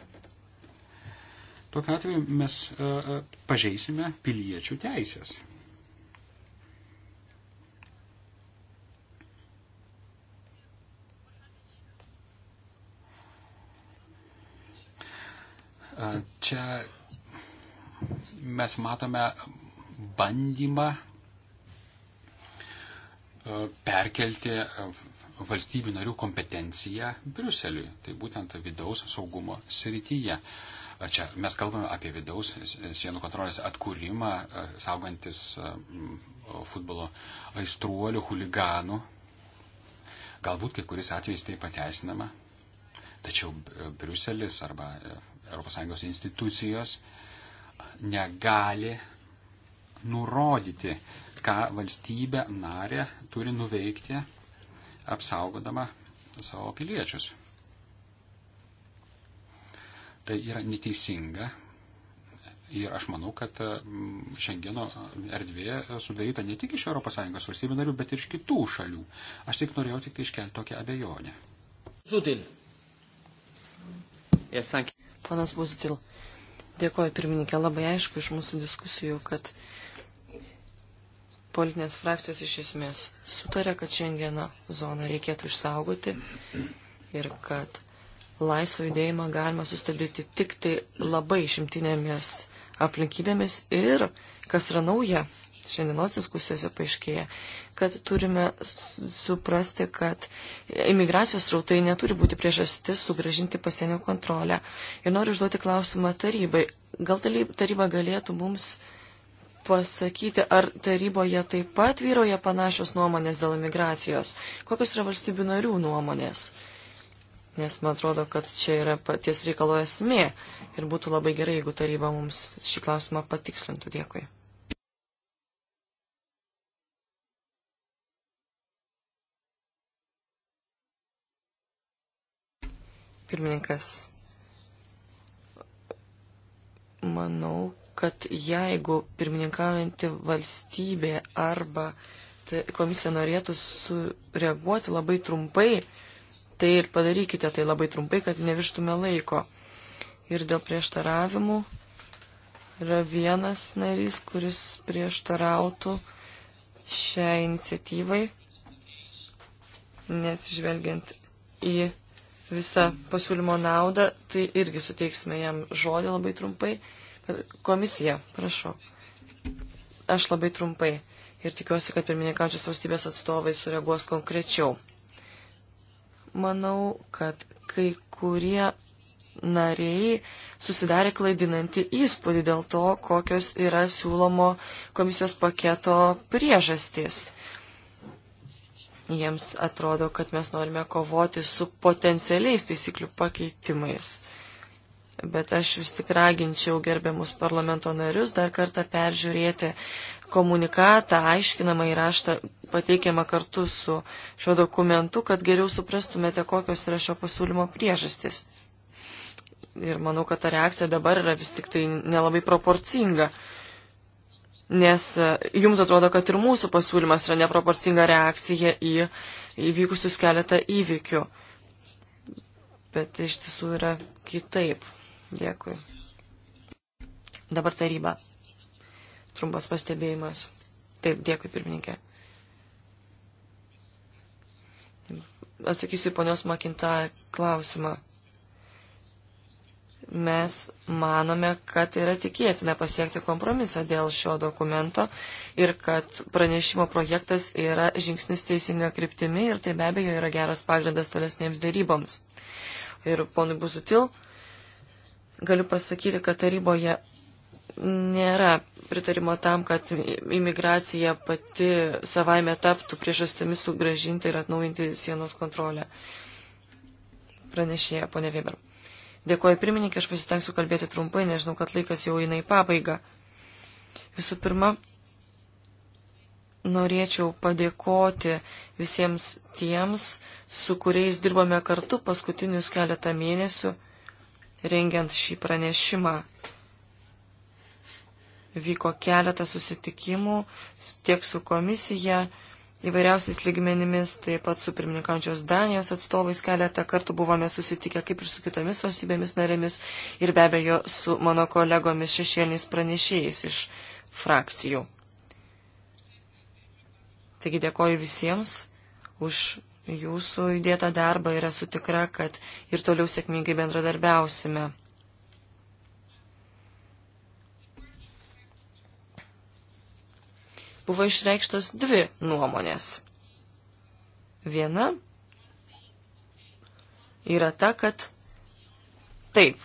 Tokiu atveju mes uh, pažeisime piliečių teisės. čia mes matome bandymą e, perkelti e, valstybių narių kompetenciją Briuseliui, tai būtent vidaus saugumo srityje. E, čia mes kalbame apie vidaus sienų kontrolės atkūrimą, saugantis futbolo aistruolių, huliganų. Galbūt kai kuris atvejais tai pateisinama, tačiau Briuselis arba ES institucijos uh, negali nurodyti, ką valstybė narė turi nuveikti, apsaugodama savo piliečius. Tai yra neteisinga ir aš manau, kad mm, šiandieno erdvė sudaryta ne tik iš ES valstybių narių, bet ir iš kitų šalių. Aš tik norėjau tik tai iškelti tokią abejonę. Zutil. Yes, Ponas Buzutil. Dėkoju pirmininkė, labai aišku iš mūsų diskusijų, kad politinės frakcijos iš esmės sutarė, kad šiandieną zoną reikėtų išsaugoti ir kad laisvą judėjimą galima sustabdyti tik tai labai šimtinėmis aplinkybėmis ir, kas yra nauja, šiandienos diskusijose paaiškėja, kad turime suprasti, kad imigracijos rautai neturi būti priežastis sugražinti pasienio kontrolę. Ir noriu užduoti klausimą tarybai. Gal taryba galėtų mums pasakyti, ar taryboje taip pat vyroja panašios nuomonės dėl imigracijos? Kokios yra valstybių narių nuomonės? Nes man atrodo, kad čia yra paties reikalo esmė ir būtų labai gerai, jeigu taryba mums šį klausimą patikslintų. Dėkui. pirmininkas. Manau, kad jeigu pirmininkaujanti valstybė arba komisija norėtų sureaguoti labai trumpai, tai ir padarykite tai labai trumpai, kad nevištume laiko. Ir dėl prieštaravimų yra vienas narys, kuris prieštarautų šią iniciatyvai, neatsižvelgiant į visą pasiūlymo naudą, tai irgi suteiksime jam žodį labai trumpai. Komisija, prašau. Aš labai trumpai ir tikiuosi, kad pirmininkančios valstybės atstovai sureaguos konkrečiau. Manau, kad kai kurie nariai susidarė klaidinantį įspūdį dėl to, kokios yra siūlomo komisijos paketo priežastys. Jiems atrodo, kad mes norime kovoti su potencialiais taisyklių pakeitimais. Bet aš vis tik raginčiau gerbiamus parlamento narius dar kartą peržiūrėti komunikatą, aiškinamą įraštą pateikiamą kartu su šiuo dokumentu, kad geriau suprastumėte, kokios yra šio pasiūlymo priežastis. Ir manau, kad ta reakcija dabar yra vis tik tai nelabai proporcinga. Uh, nes e, jums atrodo, kad ir mūsų pasiūlymas yra neproporcinga reakcija į įvykusius keletą įvykių. Bet iš tiesų yra kitaip. Dėkui. Dabar taryba. Trumpas pastebėjimas. Taip, dėkui, pirmininkė. Atsakysiu ponios Makinta klausimą mes manome, kad yra tikėtina pasiekti kompromisą dėl šio dokumento ir kad pranešimo projektas yra žingsnis teisinga kryptimi ir tai be abejo yra geras pagrindas tolesnėms dėryboms. Ir ponui Buzutil, galiu pasakyti, kad taryboje nėra pritarimo tam, kad imigracija pati savaime taptų priežastimi sugražinti ir atnaujinti sienos kontrolę. Pranešėja, ponė Weber. Dėkuoju pirmininkė, aš pasitengsiu kalbėti trumpai, nežinau, kad laikas jau eina į pabaigą. Visų pirma, norėčiau padėkoti visiems tiems, su kuriais dirbame kartu paskutinius keletą mėnesių, rengiant šį pranešimą. Vyko keletą susitikimų tiek su komisija, įvairiausiais lygmenimis, taip pat su pirmininkančios Danijos atstovais keletą kartų buvome susitikę kaip ir su kitomis valstybėmis narėmis ir be abejo su mano kolegomis šešėliniais pranešėjais iš frakcijų. Taigi dėkoju visiems už jūsų įdėtą darbą ir esu tikra, kad ir toliau sėkmingai bendradarbiausime. buvo išreikštos dvi nuomonės. Viena yra ta, kad taip,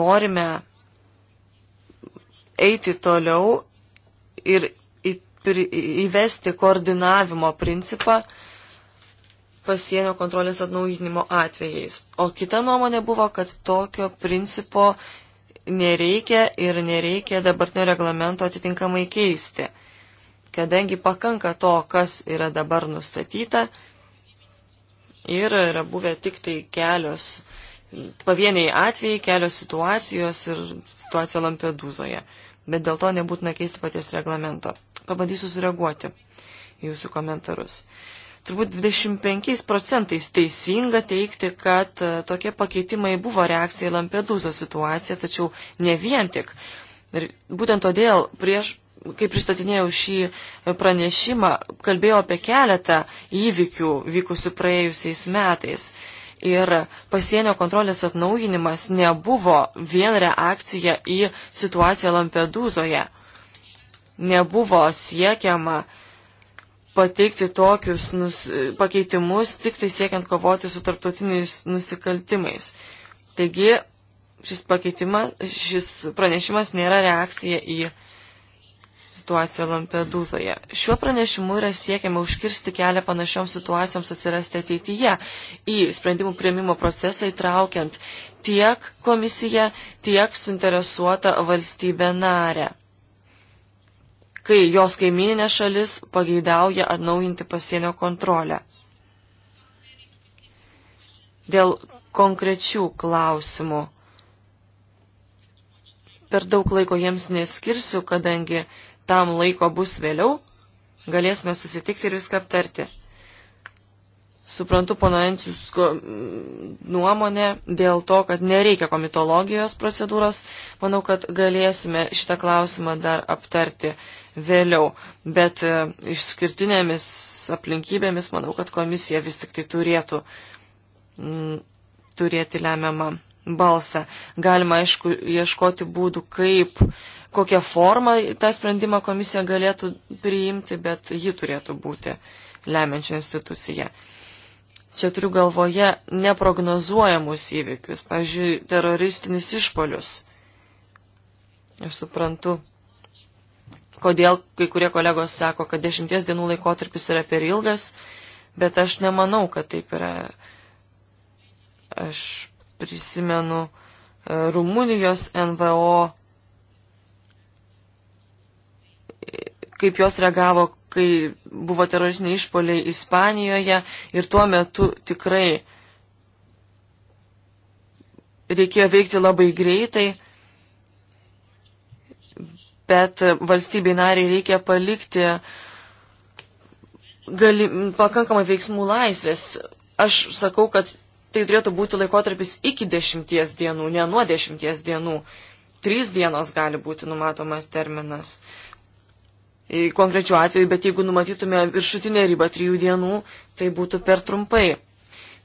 norime eiti toliau ir įvesti koordinavimo principą pasienio kontrolės atnaujinimo atvejais. O kita nuomonė buvo, kad tokio principo nereikia ir nereikia dabartinio reglamento atitinkamai keisti kadangi pakanka to, kas yra dabar nustatyta ir yra buvę tik tai kelios pavieniai atvejai, kelios situacijos ir situacija Lampedūzoje. Bet dėl to nebūtina keisti paties reglamento. Pabandysiu sureaguoti jūsų komentarus. Turbūt 25 procentais teisinga teikti, kad e, tokie pakeitimai buvo reakcija į Lampedūzo situaciją, tačiau ne vien tik. Ir būtent todėl prieš kai pristatinėjau šį pranešimą, kalbėjau apie keletą įvykių vykusių praėjusiais metais. Ir pasienio kontrolės atnaujinimas nebuvo vien reakcija į situaciją Lampedūzoje. Nebuvo siekiama pateikti tokius nus, pakeitimus tik tai siekiant kovoti su tarptautiniais nusikaltimais. Taigi šis pakeitimas, šis pranešimas nėra reakcija į situacija Lampedūzoje. Šiuo pranešimu yra siekiama užkirsti kelią panašioms situacijoms atsirasti ateityje į sprendimų prieimimo procesą įtraukiant tiek komisiją, tiek suinteresuotą valstybę narę kai jos kaimininė šalis pageidauja atnaujinti pasienio kontrolę. Dėl konkrečių klausimų per daug laiko jiems neskirsiu, kadangi tam laiko bus vėliau, galėsime susitikti ir viską aptarti. Suprantu pono Enciusko mm, nuomonę dėl to, kad nereikia komitologijos procedūros. Manau, kad galėsime šitą klausimą dar aptarti vėliau. Bet e, išskirtinėmis aplinkybėmis manau, kad komisija vis tik tai turėtų m, mm, turėti lemiamą balsą. Galima, aišku, ieškoti būdų, kaip kokią formą tą sprendimą komisija galėtų priimti, bet ji turėtų būti lemiančia institucija. Čia turiu galvoje neprognozuojamus įvykius, pavyzdžiui, teroristinius išpolius. Aš suprantu, kodėl kai kurie kolegos sako, kad dešimties dienų laikotarpis yra per ilgas, bet aš nemanau, kad taip yra. Aš prisimenu e, Rumunijos NVO kaip jos reagavo, kai buvo teroristiniai išpoliai Ispanijoje ir tuo metu tikrai reikėjo veikti labai greitai, bet valstybei nariai reikia palikti gali, pakankamai veiksmų laisvės. Aš sakau, kad tai turėtų būti laikotarpis iki dešimties dienų, ne nuo dešimties dienų. Trys dienos gali būti numatomas terminas konkrečiu atveju, bet jeigu numatytume viršutinę ribą trijų dienų, tai būtų per trumpai.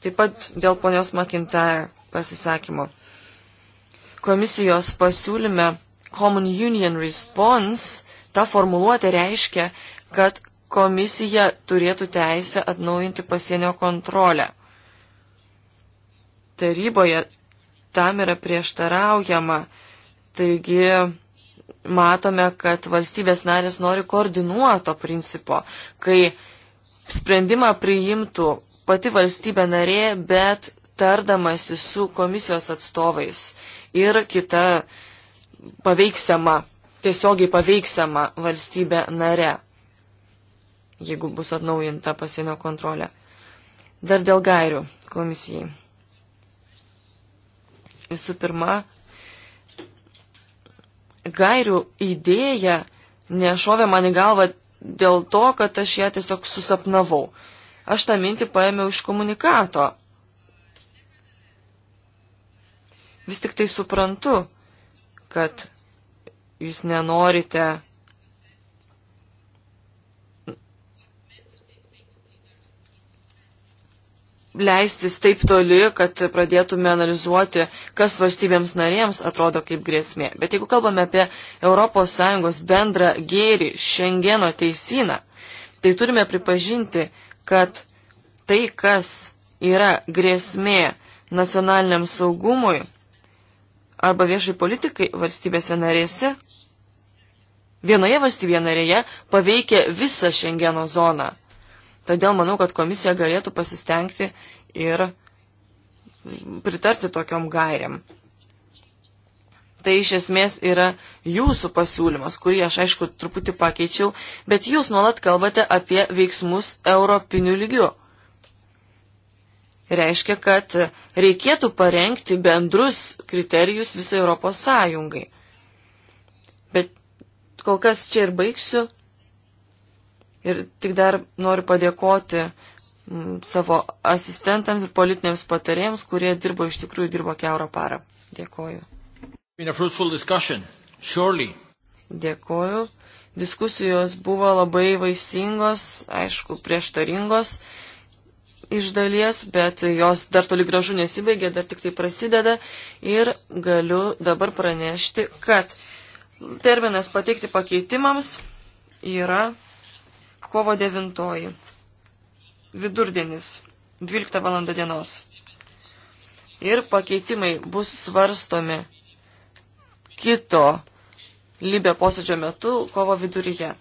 Taip pat dėl ponios Makintaja pasisakymo. Komisijos pasiūlyme Common Union Response ta formuluotė reiškia, kad komisija turėtų teisę atnaujinti pasienio kontrolę. Taryboje tam yra prieštaraujama, taigi matome, kad valstybės narės nori koordinuoto principo, kai sprendimą priimtų pati valstybė narė, bet tardamasi su komisijos atstovais ir kita paveiksama, tiesiogiai paveiksama valstybė narė, jeigu bus atnaujinta pasienio kontrolė. Dar dėl gairių komisijai. Visų pirma, gairių idėja nešovė man į galvą dėl to, kad aš ją tiesiog susapnavau. Aš tą mintį paėmiau iš komunikato. Vis tik tai suprantu, kad jūs nenorite leistis taip toli, kad pradėtume analizuoti, kas valstybėms narėms atrodo kaip grėsmė. Bet jeigu kalbame apie ES bendrą gėrį Šengeno teisiną, tai turime pripažinti, kad tai, kas yra grėsmė nacionaliniam saugumui arba viešai politikai valstybėse narėse, vienoje valstybėje narėje paveikia visą Šengeno zoną. Todėl manau, kad komisija galėtų pasistengti ir pritarti tokiom gairiam. Tai iš esmės yra jūsų pasiūlymas, kurį aš aišku truputį pakeičiau, bet jūs nuolat kalbate apie veiksmus europinių lygių. Reiškia, kad reikėtų parengti bendrus kriterijus visai Europos Sąjungai. Bet kol kas čia ir baigsiu. Ir tik dar noriu padėkoti mm, savo asistentams ir politiniams patarėjams, kurie dirbo iš tikrųjų dirbo keurą parą. Dėkoju. Dėkoju. Diskusijos buvo labai vaisingos, aišku, prieštaringos iš dalies, bet jos dar toli gražu nesibaigė, dar tik tai prasideda ir galiu dabar pranešti, kad terminas pateikti pakeitimams yra kovo 9. Vidurdienis, 12 val. dienos. Ir pakeitimai bus svarstomi kito lybė posėdžio metu kovo viduryje.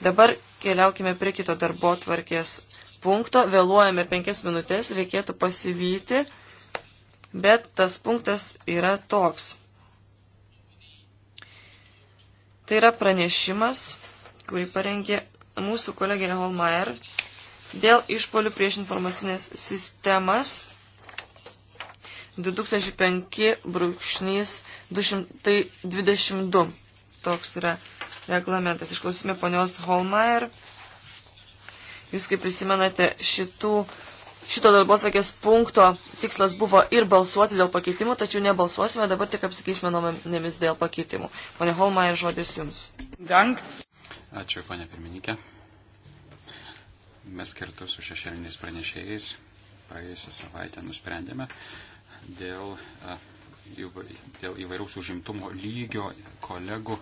Dabar keliaukime prie kito darbo tvarkės punkto, vėluojame penkias minutės, reikėtų pasivyti, bet tas punktas yra toks. Tai yra pranešimas, kurį parengė mūsų kolegė Holmeier dėl išpolių prieš informacinės sistemas 2005-222. Toks yra reglamentas. Išklausime ponios Holmeier. Jūs kaip prisimenate, šitų, šito darbo atvekės punkto tikslas buvo ir balsuoti dėl pakeitimų, tačiau nebalsuosime, dabar tik apsikeisime nuomonėmis dėl pakeitimų. Pone Holmeier, žodis jums. Dank. Ačiū, ponė pirmininkė. Mes kartu su šešėliniais pranešėjais praėjusią savaitę nusprendėme dėl, dėl įvairiaus užimtumo lygio kolegų,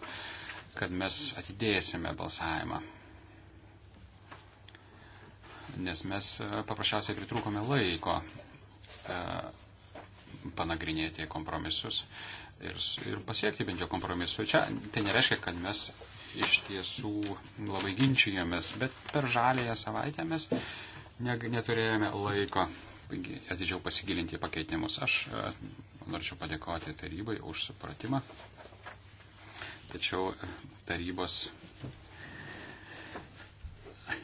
kad mes atidėsime balsavimą. Nes mes paprasčiausiai pritrūkome laiko panagrinėti kompromisus ir, ir pasiekti bent jau kompromisu. Čia tai nereiškia, kad mes iš tiesų labai ginčijomės, bet per žalėją savaitę mes neturėjome laiko atidžiau pasigilinti į pakeitimus. Aš e, norėčiau padėkoti tarybai už supratimą, tačiau e, tarybos e,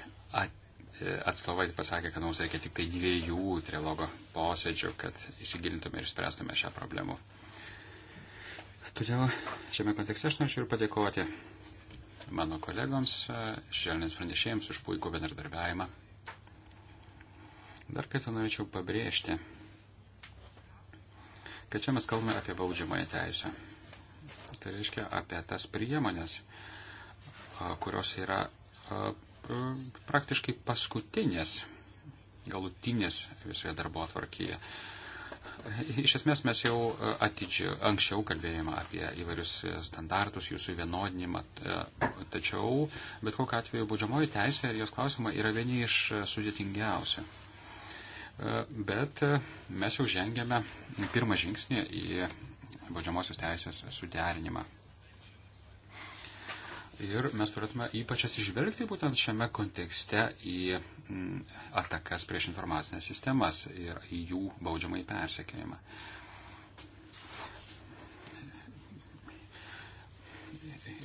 atstovai pasakė, kad mums reikia tik tai dviejų trilogo posėdžių, kad įsigilintume ir spręstume šią problemą. Todėl šiame kontekste aš norėčiau ir padėkoti mano kolegoms, šešėlinės pranešėjams už puikų bendradarbiavimą. Dar kartą norėčiau pabrėžti, kad čia mes kalbame apie baudžiamąją teisę. Tai reiškia apie tas priemonės, kurios yra praktiškai paskutinės, galutinės visoje darbo atvarkyje iš esmės mes jau e, atidžiau, anksčiau kalbėjome apie įvairius e, standartus, jūsų vienodinimą, e, tačiau bet kokiu atveju baudžiamoji teisė ir jos klausimai yra vieni iš sudėtingiausių. Bet mes jau žengėme pirmą žingsnį į baudžiamosios teisės suderinimą. Ir mes turėtume ypač atsižvelgti būtent šiame kontekste į Mm, atakas prieš informacinės sistemas ir jų baudžiamai persekiojimą.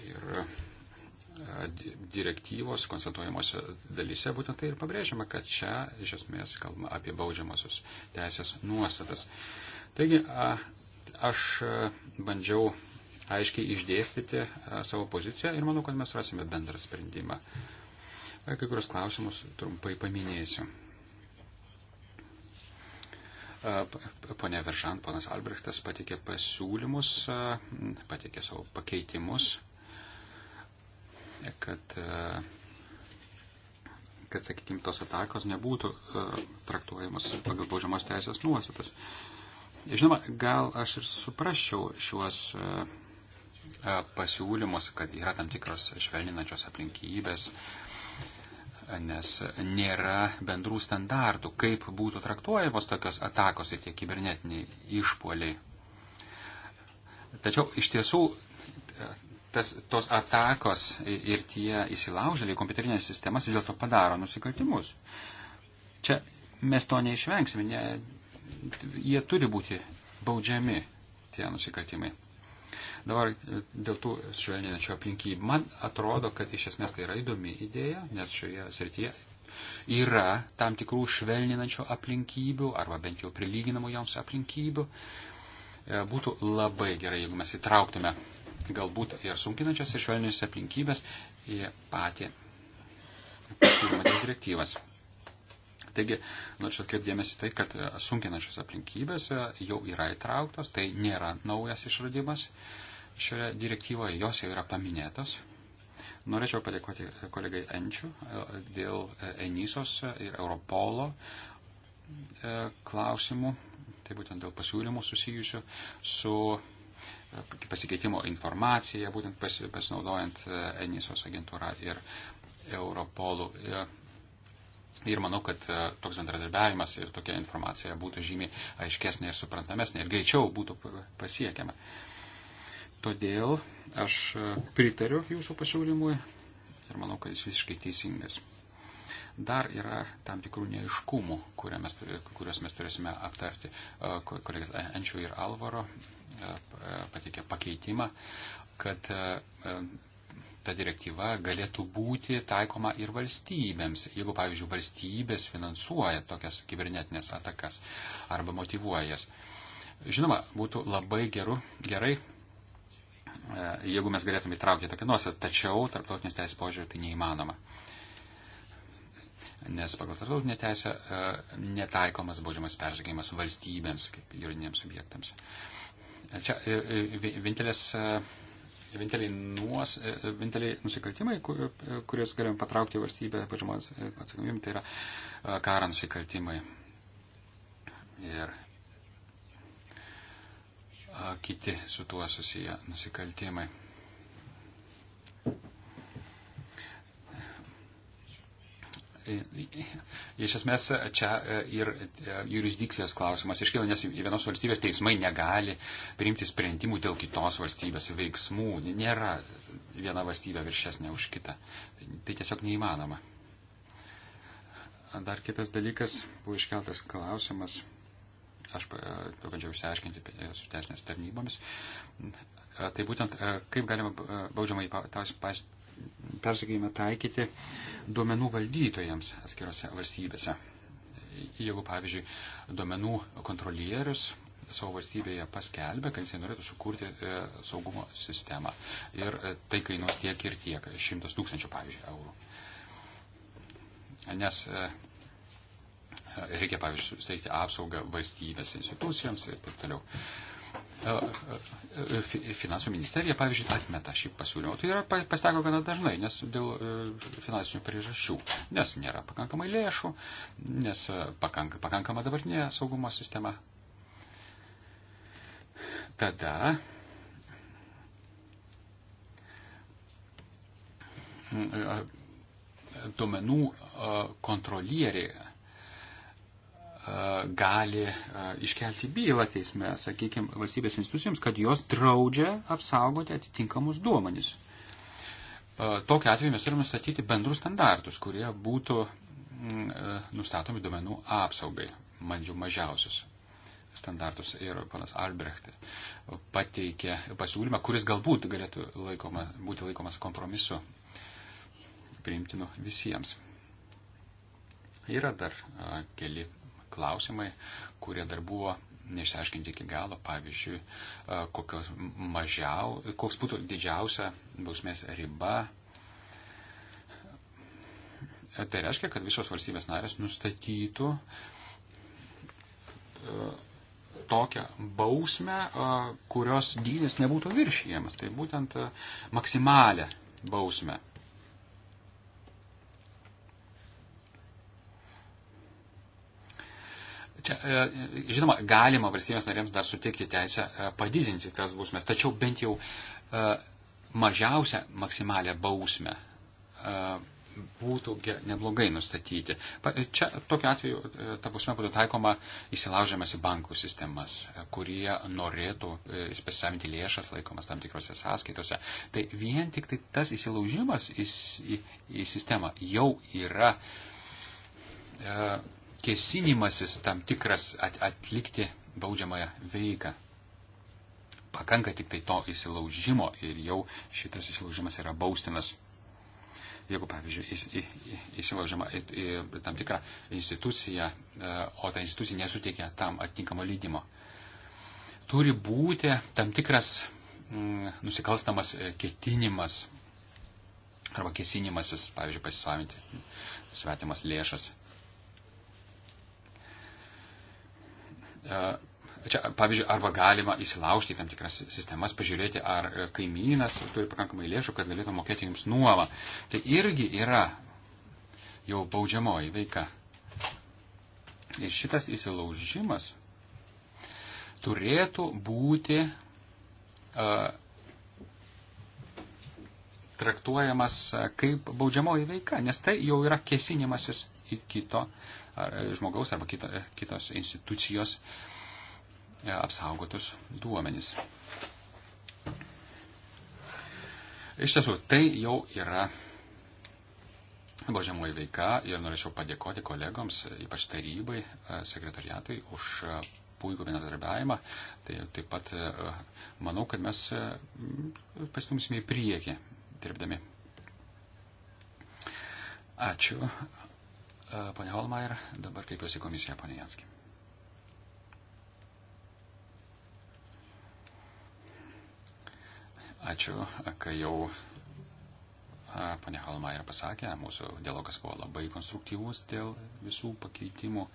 Ir e, direktyvos konstatuojamose dalyse būtent tai ir pabrėžiama, kad čia iš esmės kalbama apie baudžiamosios teisės nuostatas. Taigi aš e, bandžiau aiškiai išdėstyti e, savo poziciją ir manau, kad mes rasime bendrą sprendimą. Mhm Kai kurios klausimus trumpai paminėsiu. Pone Veržan, ponas Albrechtas patikė pasiūlymus, patikė savo pakeitimus, kad, kad sakykime, tos atakos nebūtų traktuojamos pagal baudžiamos teisės nuostatas. Žinoma, gal aš ir suprasčiau šiuos pasiūlymus, kad yra tam tikros švelninančios aplinkybės, nes nėra bendrų standartų, kaip būtų traktuojamos tokios atakos ir tie kibernetiniai išpoliai. Tačiau iš tiesų tas, tos atakos ir tie įsilaužėliai kompiuterinės sistemas dėl to padaro nusikaltimus. Čia mes to neišvengsime, ne, jie turi būti baudžiami tie nusikaltimai. Dabar e, dėl tų švelninančių aplinkybių. Man atrodo, kad iš esmės tai yra įdomi idėja, nes šioje srityje yra tam tikrų švelninančių aplinkybių arba bent jau prilyginamų joms aplinkybių. E, būtų labai gerai, jeigu mes įtrauktume galbūt ir sunkinančias ir švelninančias aplinkybės į patį pasiūlymą dėl direktyvas. Taigi, norėčiau nu, atkreipdėmėsi tai, kad e, sunkinančios aplinkybės jau yra įtrauktos, tai nėra naujas išradimas. Uh, šioje direktyvoje, jos jau yra paminėtos. Norėčiau padėkoti kolegai Enčiu e, dėl e, Enisos ir Europolo e, klausimų, tai būtent dėl pasiūlymų susijusių su pasikeitimo informacija, būtent pasinaudojant Enisos agentūrą ir Europolų. Ir manau, kad toks bendradarbiavimas ir tokia informacija būtų žymiai aiškesnė ir suprantamesnė ir greičiau būtų pasiekiama. Uh, Todėl aš e, pritariu jūsų pasiūlymui ir manau, kad jis visiškai teisingas. Dar yra tam tikrų neaiškumų, mes, kuriuos mes turėsime aptarti. E, Kolegas Ančių ir Alvaro e, patikė pakeitimą, kad ta direktyva galėtų būti taikoma ir valstybėms, jeigu, pavyzdžiui, valstybės finansuoja tokias kibernetinės atakas arba motivuojas. Žinoma, būtų labai geru, gerai, E, jeigu mes galėtume įtraukti tokią nuostatą, tačiau tarptautinės teisės požiūrį tai neįmanoma. Nes pagal tarptautinę teisę e, netaikomas baudžiamas persekėjimas valstybėms, kaip juridiniams subjektams. E, čia vienintelis vieninteliai nusikaltimai, kur, kuriuos galime patraukti į valstybę pažymos atsakomybėm, tai yra karo nusikaltimai. Ir kiti su tuo susiję nusikaltimai. Iš esmės čia e, ir e, jurisdikcijos klausimas iškyla, nes vienos valstybės teismai negali priimti sprendimų dėl kitos valstybės veiksmų. Nėra viena valstybė viršesnė už kitą. Tai tiesiog neįmanoma. Dar kitas dalykas, buvo iškeltas klausimas aš pabandžiau e, išsiaiškinti e, su teisinės tarnybomis. E, tai būtent, kaip galima baudžiamą persikėjimą taikyti duomenų valdytojams atskirose valstybėse. Jeigu, pavyzdžiui, duomenų kontrolierius savo valstybėje paskelbė, kad jisai norėtų sukurti e, saugumo sistemą. Ir e, tai kainuos tiek ir tiek, šimtas tūkstančių, pavyzdžiui, eurų. Nes e, reikia, pavyzdžiui, suteikti apsaugą valstybės institucijoms ir taip toliau. E, e, finansų ministerija, pavyzdžiui, atmeta šį pasiūlymą. Tai yra pasiteko gana dažnai, nes dėl e, finansinių priežasčių. Nes nėra pakankamai lėšų, nes pakank, pakankama dabartinė saugumo sistema. Tada duomenų kontrolieriai gali e, iškelti bylą teisme, sakykime, valstybės institucijoms, kad jos draudžia apsaugoti atitinkamus duomenys. E, tokiu atveju mes turime nustatyti bendrus standartus, kurie būtų mm, e, nustatomi duomenų apsaugai, mandžiau mažiausius standartus. Ir panas Albrecht pateikė pasiūlymą, kuris galbūt galėtų laikoma, būti laikomas kompromisu priimtinu visiems. Yra dar a, keli klausimai, kurie dar buvo neišsiaiškinti iki galo, pavyzdžiui, e, kokios mažiau, koks būtų didžiausia bausmės riba. E, tai reiškia, kad visos valstybės narės nustatytų e, tokią bausmę, kurios dydis nebūtų viršijamas. Tai būtent maksimalę bausmę. Čia, e, žinoma, galima valstybės narėms dar suteikti teisę e, padidinti tas bausmes, tačiau bent jau e, mažiausią maksimalę bausmę būtų neblogai nustatyti. Čia tokiu atveju ta bausmė būtų taikoma įsilaužiamas į bankų sistemas, kurie norėtų pasisavinti lėšas laikomas tam tikrose sąskaitose. Tai vien tik tai tas įsilaužimas į, į, į sistemą jau yra. E, kesinimasis tam tikras at, atlikti baudžiamąją veiką. Pakanka tik tai to įsilaužimo ir jau šitas įsilaužimas yra baustinas. Jeigu, pavyzdžiui, įsilaužiama į, į, į tam tikrą instituciją, e, o ta institucija nesuteikia tam atitinkamo leidimo, turi būti tam tikras m, mm, nusikalstamas e, ketinimas arba kesinimasis, pavyzdžiui, pasisavinti svetimas lėšas E, čia, pavyzdžiui, arba galima įsilaužti į tam tikras sistemas, pažiūrėti, ar e, kaimynas turi pakankamai lėšų, kad galėtų mokėti jums nuomą. Tai irgi yra jau baudžiamoji veika. Ir šitas įsilaužimas turėtų būti uh, traktuojamas kaip baudžiamoji veika, nes tai jau yra kesinimasis į kito uh, ar, žmogaus arba kita, kitos institucijos e, apsaugotus duomenys. Iš tiesų, tai jau yra baudžiamoji veika ir norėčiau padėkoti kolegoms, ypač tarybai, e, sekretariatui už e, puikų bendradarbiavimą. Tai taip pat manau, kad mes pastumsime į priekį dirbdami. Ačiū. E, pane Holmair, dabar kreipiuosi komisiją, pane Janskį. Ačiū, kai jau e, pane Holmair pasakė, mūsų dialogas buvo labai konstruktyvus dėl visų pakeitimų.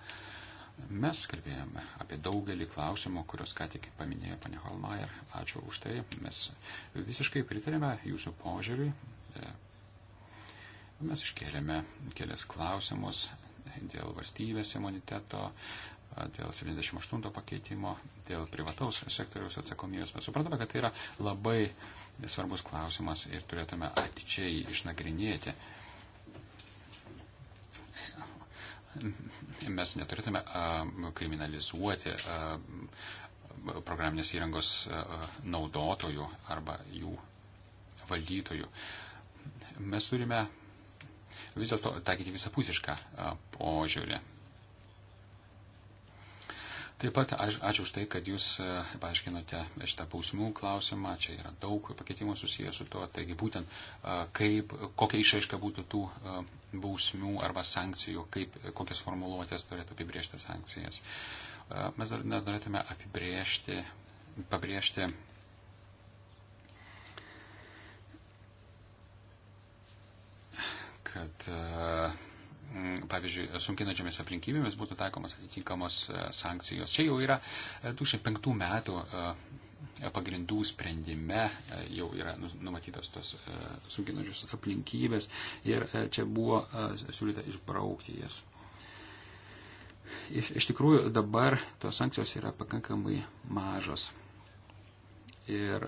Mes kalbėjome apie daugelį klausimų, kuriuos ką tik paminėjo pane Holmair. Ačiū už tai. Mes visiškai pritarėme jūsų požiūriui e, Mes iškėlėme kelias klausimus dėl valstybės imuniteto, dėl 78 pakeitimo, dėl privataus sektoriaus atsakomybės. Mes suprantame, kad tai yra labai svarbus klausimas ir turėtume atidžiai išnagrinėti. Mes neturėtume a, kriminalizuoti a, programinės įrangos a, naudotojų arba jų valdytojų. Mes turime vis dėlto taikyti visapusišką požiūrį. Taip pat aš, ačiū už tai, kad jūs paaiškinote šitą bausmų klausimą, čia yra daug pakeitimų susijęs su tuo, taigi būtent kaip, kokia išaiška būtų tų bausmių arba sankcijų, kaip, kokias formuluotės turėtų apibriežti sankcijas. Mes dar norėtume apibriežti, pabrėžti kad e, pavyzdžiui, sunkinančiamis aplinkybėmis būtų taikomas atitinkamos e, sankcijos. Čia jau yra 2005 e, metų pagrindų sprendime jau yra nu, numatytas tos sunkinančios aplinkybės ir čia buvo siūlyta išbraukti jas. Iš, iš tikrųjų dabar tos sankcijos yra pakankamai mažos. Ir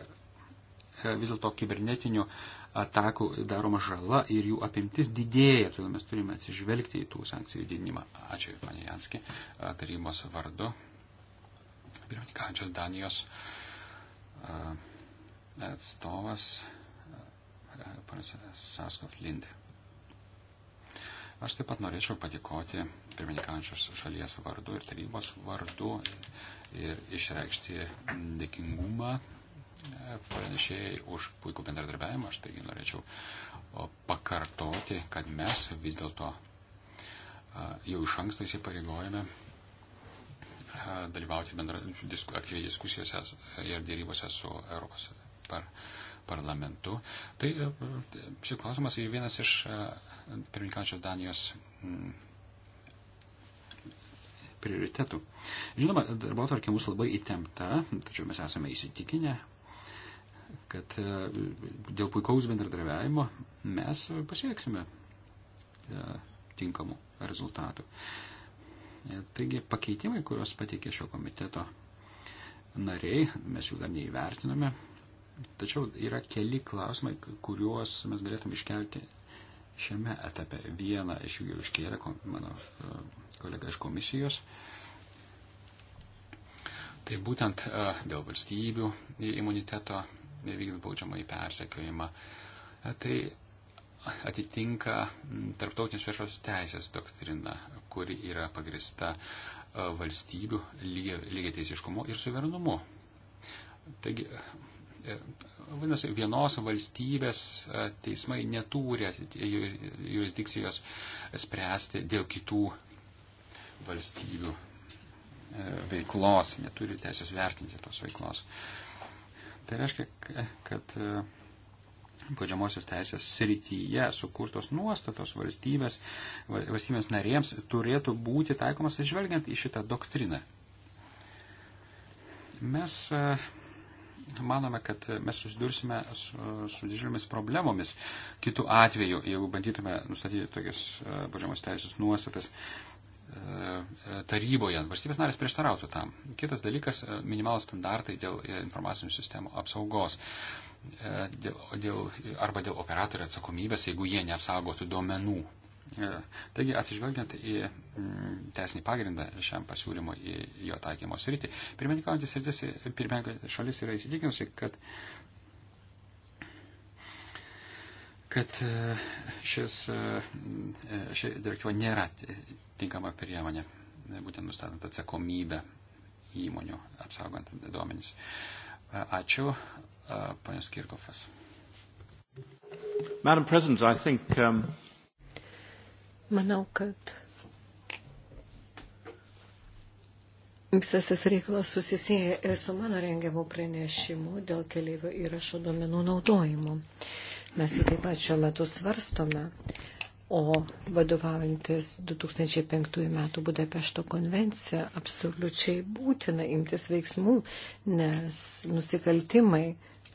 vis dėlto kibernetinių uh, atakų daroma žala ir jų apimtis didėja, todėl mes turime atsižvelgti į tų sankcijų didinimą. Ačiū, panė Janski, tarybos vardu. Pirmininkančios Danijos atstovas, panas Saskov Lindė. Aš taip pat norėčiau padėkoti pirmininkančios šalies vardu ir tarybos vardu ir išreikšti dėkingumą pranešėjai už puikų bendradarbiavimą. Aš taigi norėčiau pakartoti, kad mes vis dėlto jau iš anksto įsipareigojame dalyvauti bendra, disku, aktyviai diskusijose ir dėrybose su Europos par, parlamentu. Tai šis klausimas yra vienas iš pirmininkančios Danijos prioritetų. Žinoma, darbo tvarkė mūsų labai įtempta, tačiau mes esame įsitikinę, kad e, dėl puikaus bendradarbiavimo mes pasieksime e, tinkamų rezultatų. E, taigi pakeitimai, kuriuos pateikė šio komiteto nariai, mes jų dar neįvertinome, tačiau yra keli klausimai, kuriuos mes galėtum iškelti šiame etape. Vieną iš jų jau iškėlė mano kolega iš komisijos. Tai būtent dėl valstybių imuniteto nevykdant baudžiamą į persekiojimą. Tai atitinka tarptautinės viešos teisės doktrina, kuri yra pagrista valstybių lygiai teisiškumu ir suverenumu. Taigi, e, vadinasi, vienos valstybės teismai netūrė jurisdikcijos spręsti dėl kitų valstybių e, veiklos, neturi teisės vertinti tos veiklos. Uh, Tai reiškia, kad e, baudžiamosios teisės srityje sukurtos nuostatos valstybės, valstybės narėms turėtų būti taikomas atsižvelgiant į šitą doktriną. Mes e, manome, kad mes susidursime su, su didžiulėmis problemomis kitų atveju, jeigu bandytume nustatyti tokias e, baudžiamos teisės nuostatas. Uh, E, taryboje. Valstybės narės prieštarautų tam. Kitas dalykas e, - minimalus standartai dėl e, informacinių sistemų apsaugos. Dėl, dėl, arba dėl operatorių atsakomybės, jeigu jie neapsaugotų duomenų. Taigi, atsižvelgiant į mm, teisinį pagrindą šiam pasiūlymui į jo taikymo sritį, pirmininkaujantis šalis yra įsitikinusi, kad uh, kad e, šis, e, e, ši direktyva nėra tinkama priemonė, būtent nustatant atsakomybę įmonių apsaugant duomenys. Ačiū, panas Kirkofas. Madam President, I think. Um... Manau, kad Visas tas reikalas susisėja ir su mano rengiamu pranešimu dėl keliaivio įrašo duomenų naudojimo. Uh, Mes jį taip pat šiuo metu svarstome, o vadovaujantis 2005 metų Budapešto konvencija absoliučiai būtina imtis veiksmų, nes nusikaltimai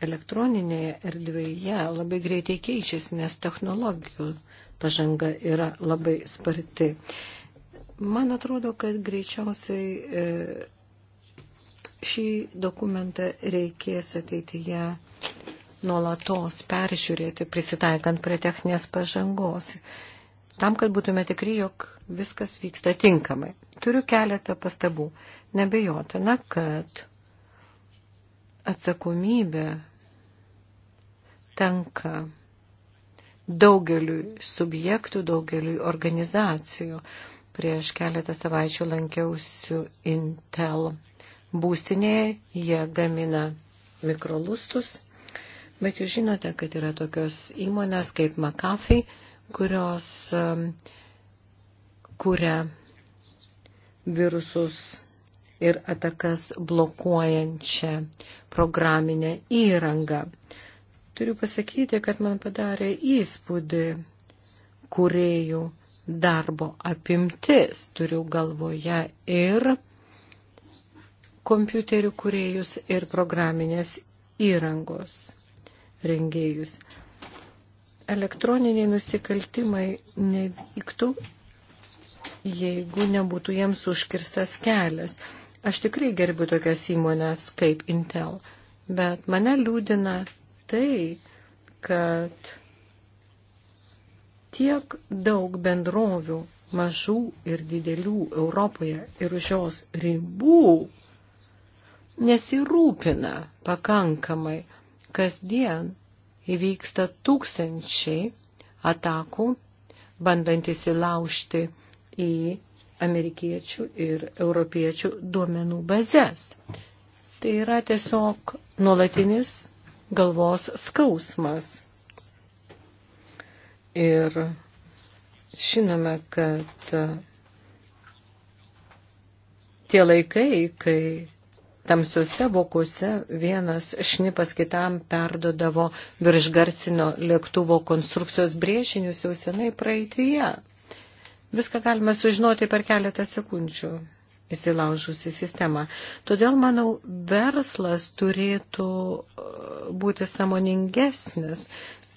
elektroninėje erdvėje labai greitai keičiasi, nes technologijų pažanga yra labai sparti. Man atrodo, kad greičiausiai e, šį dokumentą reikės ateityje nuolatos peržiūrėti, prisitaikant prie techninės pažangos, tam, kad būtume tikri, jog viskas vyksta tinkamai. Turiu keletą pastabų. Nebejotina, kad atsakomybė tenka daugeliui subjektų, daugeliui organizacijų. Prieš keletą savaičių lankiausiu Intel būstinėje, jie gamina mikrolustus Bet jūs žinote, kad yra tokios įmonės kaip McAfee, kurios um, kuria virusus ir atakas blokuojančią programinę įrangą. Turiu pasakyti, kad man padarė įspūdį kuriejų darbo apimtis. Turiu galvoje ir kompiuterių kuriejus ir programinės įrangos rengėjus. Elektroniniai nusikaltimai nevyktų, jeigu nebūtų jiems užkirstas kelias. Aš tikrai gerbiu tokias įmonės kaip Intel, bet mane liūdina tai, kad tiek daug bendrovių, mažų ir didelių Europoje ir už jos ribų, nesirūpina pakankamai Kasdien įvyksta tūkstančiai atakų, bandant įsilaužti į amerikiečių ir europiečių duomenų bazės. Tai yra tiesiog nuolatinis galvos skausmas. Ir žinome, kad tie laikai, kai Tamsiuose vokuose vienas šnipas kitam perdodavo viršgarsinio lėktuvo konstrukcijos brėžinius jau senai praeitvyje. Viską galime sužinoti per keletą sekundžių įsilaužusi sistemą. Todėl, manau, verslas turėtų uh, būti samoningesnis,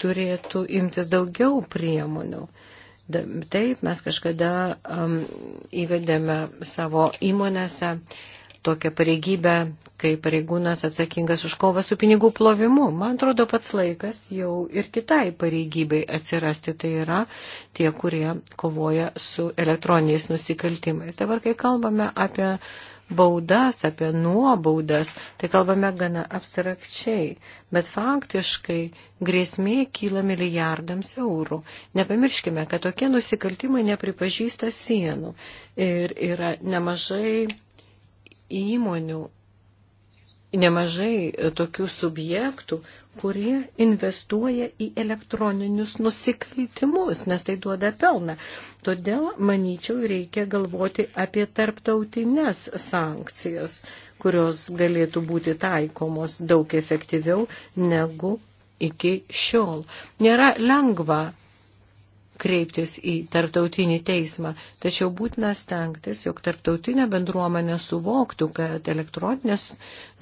turėtų imtis daugiau priemonių. Taip, mes kažkada um, įvedėme savo įmonėse tokią pareigybę, kai pareigūnas atsakingas už kovą su pinigų plovimu. Man atrodo, pats laikas jau ir kitai pareigybei atsirasti, tai yra tie, kurie kovoja su elektroniniais nusikaltimais. Dabar, kai kalbame apie baudas, apie nuobaudas, tai kalbame gana abstrakčiai, bet faktiškai grėsmė kyla milijardams eurų. Nepamirškime, kad tokie nusikaltimai nepripažįsta sienų ir yra nemažai įmonių, nemažai e, tokių subjektų, kurie investuoja į elektroninius nusikaltimus, nes tai duoda pelną. Todėl, manyčiau, reikia galvoti apie tarptautinės sankcijas, kurios galėtų būti taikomos daug efektyviau negu iki šiol. Nėra lengva kreiptis į tarptautinį teismą. Tačiau būtina stengtis, jog tarptautinė bendruomenė suvoktų, kad elektroninės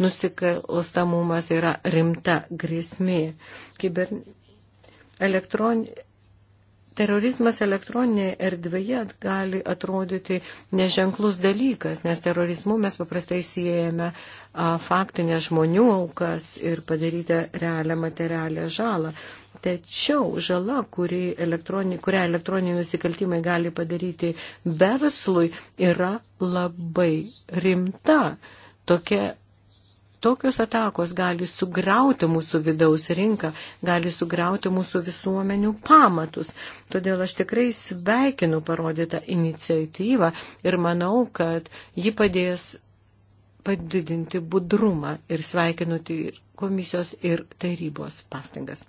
nusikalstamumas yra rimta grėsmė. Kiber... Elektron... Terorizmas elektroninėje erdvėje gali atrodyti neženklus dalykas, nes terorizmu mes paprastai siejame faktinės žmonių aukas ir padarytą realią materialę žalą. Tačiau žala, kuri elektroni, kurią elektroniniai nusikaltimai gali padaryti verslui, yra labai rimta. Tokia tokios atakos gali sugriauti mūsų vidaus rinką, gali sugriauti mūsų visuomenių pamatus. Todėl aš tikrai sveikinu parodytą iniciatyvą ir manau, kad ji padės padidinti budrumą ir sveikinu komisijos ir tarybos pastangas.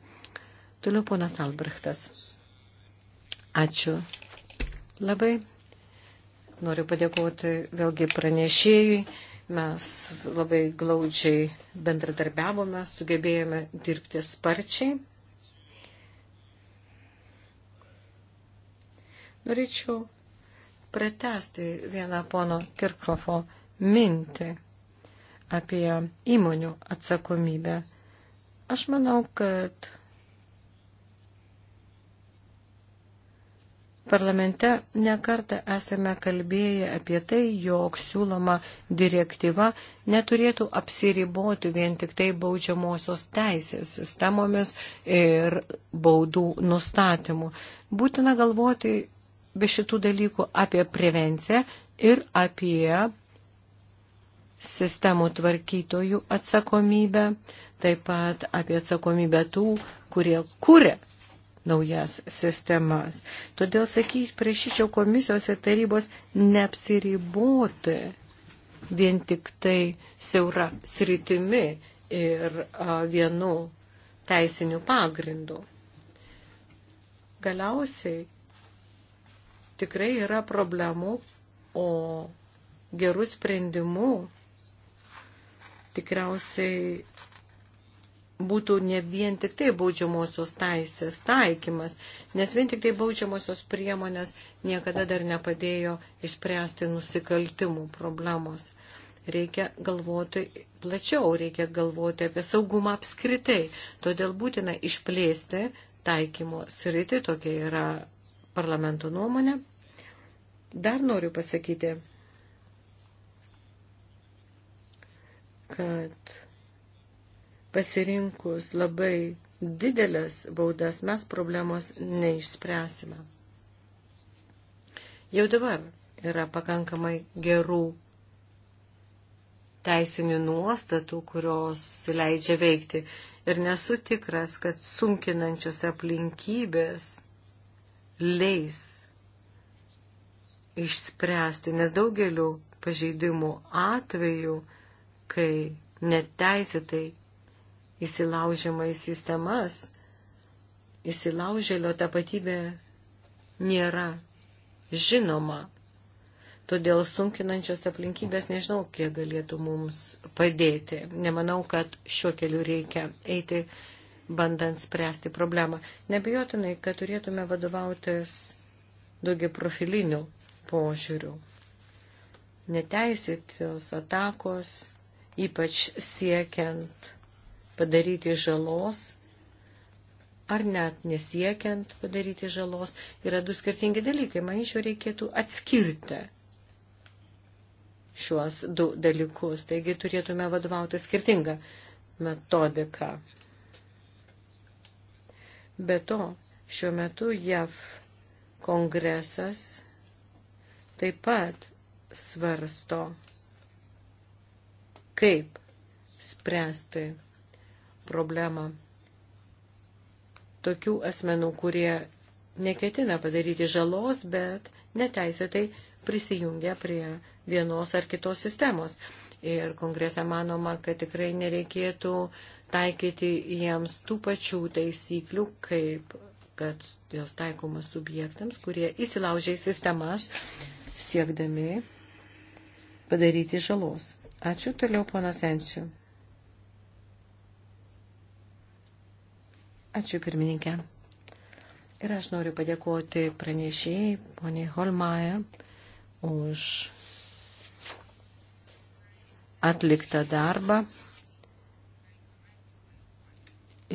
Toliau ponas Albrechtas. Ačiū labai. Noriu padėkoti vėlgi pranešėjui Mes labai glaudžiai bendradarbiavome, sugebėjome dirbti sparčiai. Norėčiau pratesti vieną pono Kirkofo mintį apie įmonių atsakomybę. Aš manau, kad Parlamente nekartą esame kalbėję apie tai, jog siūloma direktyva neturėtų apsiriboti vien tik tai baudžiamosios teisės sistemomis ir baudų nustatymu. Būtina galvoti be šitų dalykų apie prevenciją ir apie sistemų tvarkytojų atsakomybę, taip pat apie atsakomybę tų, kurie kūrė naujas sistemas. Todėl sakyk, prašyčiau komisijos ir tarybos neapsiriboti vien tik tai siaura sritimi ir a, vienu teisiniu pagrindu. Galiausiai tikrai yra problemų, o gerų sprendimų tikriausiai būtų ne vien tik tai baudžiamosios taisės taikymas, nes vien tik tai baudžiamosios priemonės niekada dar nepadėjo išspręsti nusikaltimų problemos. Reikia galvoti plačiau, reikia galvoti apie saugumą apskritai. Todėl būtina išplėsti taikymo sritį, tokia yra parlamento nuomonė. Dar noriu pasakyti, kad Pasirinkus labai didelės baudas mes problemos neišspręsime. Jau dabar yra pakankamai gerų teisinių nuostatų, kurios leidžia veikti. Ir nesu tikras, kad sunkinančios aplinkybės leis išspręsti, nes daugeliu pažeidimų atveju, kai neteisėtai įsilaužimą į sistemas, įsilaužėlio tapatybė nėra žinoma. Todėl sunkinančios aplinkybės nežinau, kiek galėtų mums padėti. Nemanau, kad šiuo keliu reikia eiti, bandant spręsti problemą. Nebijotinai, kad turėtume vadovautis daugia profilinių požiūrių. Neteisytos atakos, ypač siekiant padaryti žalos ar net nesiekiant padaryti žalos, yra du skirtingi dalykai. Manyčiau, reikėtų atskirti šiuos du dalykus. Taigi turėtume vadovauti skirtingą metodiką. Be to, šiuo metu JAV kongresas taip pat svarsto, kaip spręsti problemą tokių asmenų, kurie neketina padaryti žalos, bet neteisėtai prisijungia prie vienos ar kitos sistemos. Ir kongrese manoma, kad tikrai nereikėtų taikyti jiems tų pačių taisyklių, kaip kad jos taikomas subjektams, kurie įsilaužia į sistemas, siekdami padaryti žalos. Ačiū toliau, ponas Ensiu. Ačiū pirmininkė. Ir aš noriu padėkoti pranešėjai, poniai Holmaja, už atliktą darbą.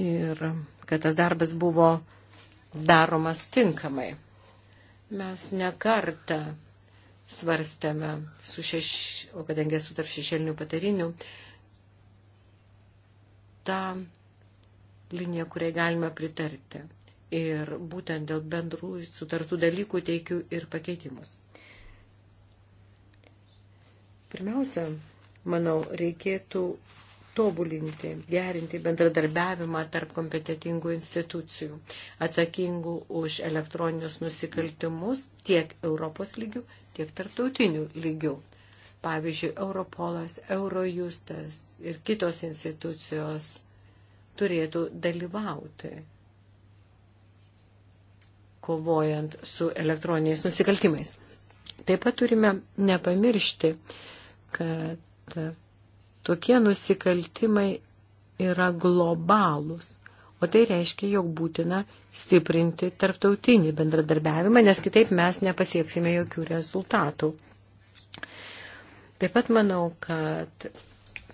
Ir kad tas darbas buvo daromas tinkamai. Mes nekartą svarstėme su šeš, o kadangi esu tarp šešėlinių patarinių, tą linija, kuriai galime pritarti. Ir būtent dėl bendrų sutartų dalykų teikiu ir pakeitimus. Pirmiausia, manau, reikėtų tobulinti, gerinti bendradarbiavimą tarp kompetitingų institucijų, atsakingų už elektroninius nusikaltimus tiek Europos lygių, tiek tarptautinių lygių. Pavyzdžiui, Europolas, Eurojustas ir kitos institucijos turėtų dalyvauti kovojant su elektroniniais nusikaltimais. Taip pat turime nepamiršti, kad tokie nusikaltimai yra globalūs. O tai reiškia, jog būtina stiprinti tarptautinį bendradarbiavimą, nes kitaip mes nepasieksime jokių rezultatų. Taip pat manau, kad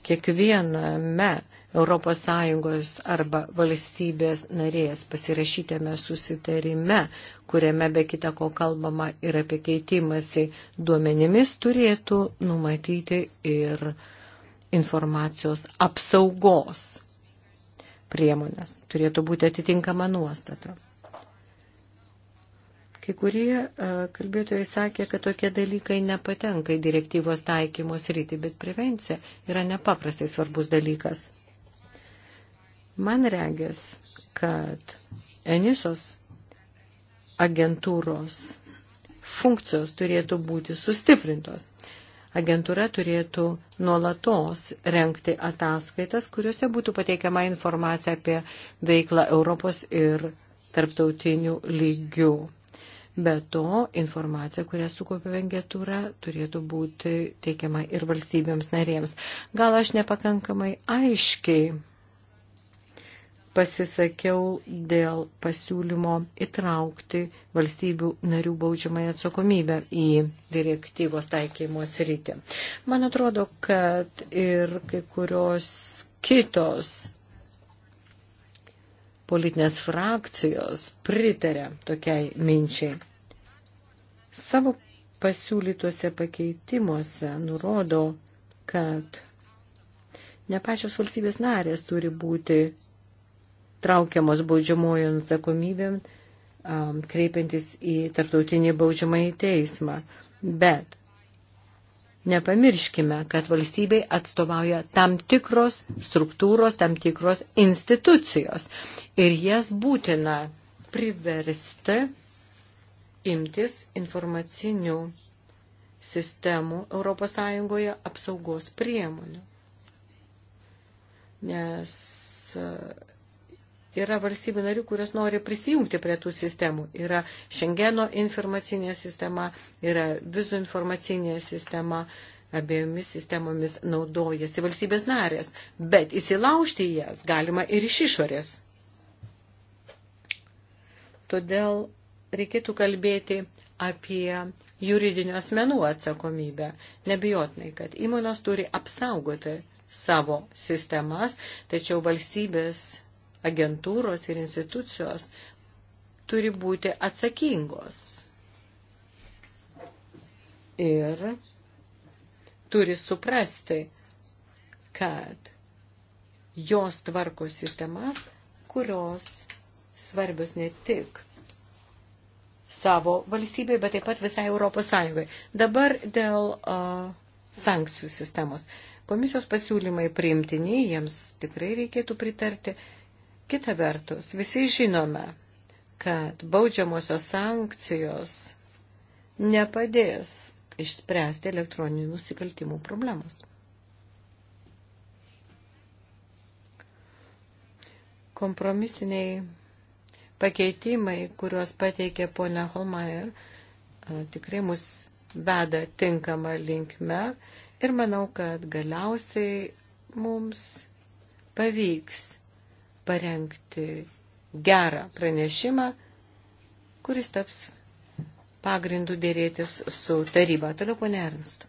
kiekviename ES arba valstybės narės pasirašytėme susitarime, kuriame be kita ko kalbama ir apie keitimąsi duomenimis, turėtų numatyti ir informacijos apsaugos priemonės. Turėtų būti atitinkama nuostata. Kai kurie e, kalbėtojai sakė, kad tokie dalykai nepatenka į direktyvos taikymos rytį, bet prevencija yra nepaprastai svarbus dalykas. Man regis, kad Enisos agentūros funkcijos turėtų būti sustiprintos. Agentūra turėtų nuolatos renkti ataskaitas, kuriuose būtų pateikiama informacija apie veiklą Europos ir tarptautinių lygių. Be to, informacija, kurią sukaupė vengetūra, turėtų būti teikiama ir valstybėms narėms. Gal aš nepakankamai aiškiai pasisakiau dėl pasiūlymo įtraukti valstybių narių baudžiamąją atsakomybę į direktyvos taikymo sritį. Man atrodo, kad ir kai kurios kitos politinės frakcijos pritarė tokiai minčiai. Savo pasiūlytuose pakeitimuose nurodo, kad ne pačios valstybės narės turi būti traukiamos baudžiamojo atsakomybėm, kreipiantis į tarptautinį baudžiamąjį teismą. Bet nepamirškime, kad valstybei atstovauja tam tikros struktūros, tam tikros institucijos ir jas būtina priversti imtis informacinių sistemų ES apsaugos priemonių. Nes yra valstybių narių, kurios nori prisijungti prie tų sistemų. Yra Šengeno informacinė sistema, yra vizų informacinė sistema, abiejomis sistemomis naudojasi valstybės narės, bet įsilaužti jas galima ir iš išorės. Todėl reikėtų kalbėti apie juridinių asmenų atsakomybę. Nebijotinai, kad įmonės turi apsaugoti savo sistemas, tačiau valstybės agentūros ir institucijos turi būti atsakingos ir turi suprasti, kad jos tvarko sistemas, kurios svarbios ne tik savo valstybei, bet taip pat visai Europos Sąjungai. Dabar dėl uh, sankcijų sistemos. Komisijos pasiūlymai priimtini, jiems tikrai reikėtų pritarti. Uh, Kita vertus, visi žinome, kad baudžiamosios sankcijos nepadės išspręsti elektroninių nusikaltimų problemos. Kompromisiniai pakeitimai, kuriuos pateikė ponia Holmeier, e, tikrai mus veda tinkamą linkme ir manau, kad galiausiai mums pavyks parengti gerą pranešimą, kuris taps pagrindų dėrėtis su taryba. Toliau, ponė Ernst.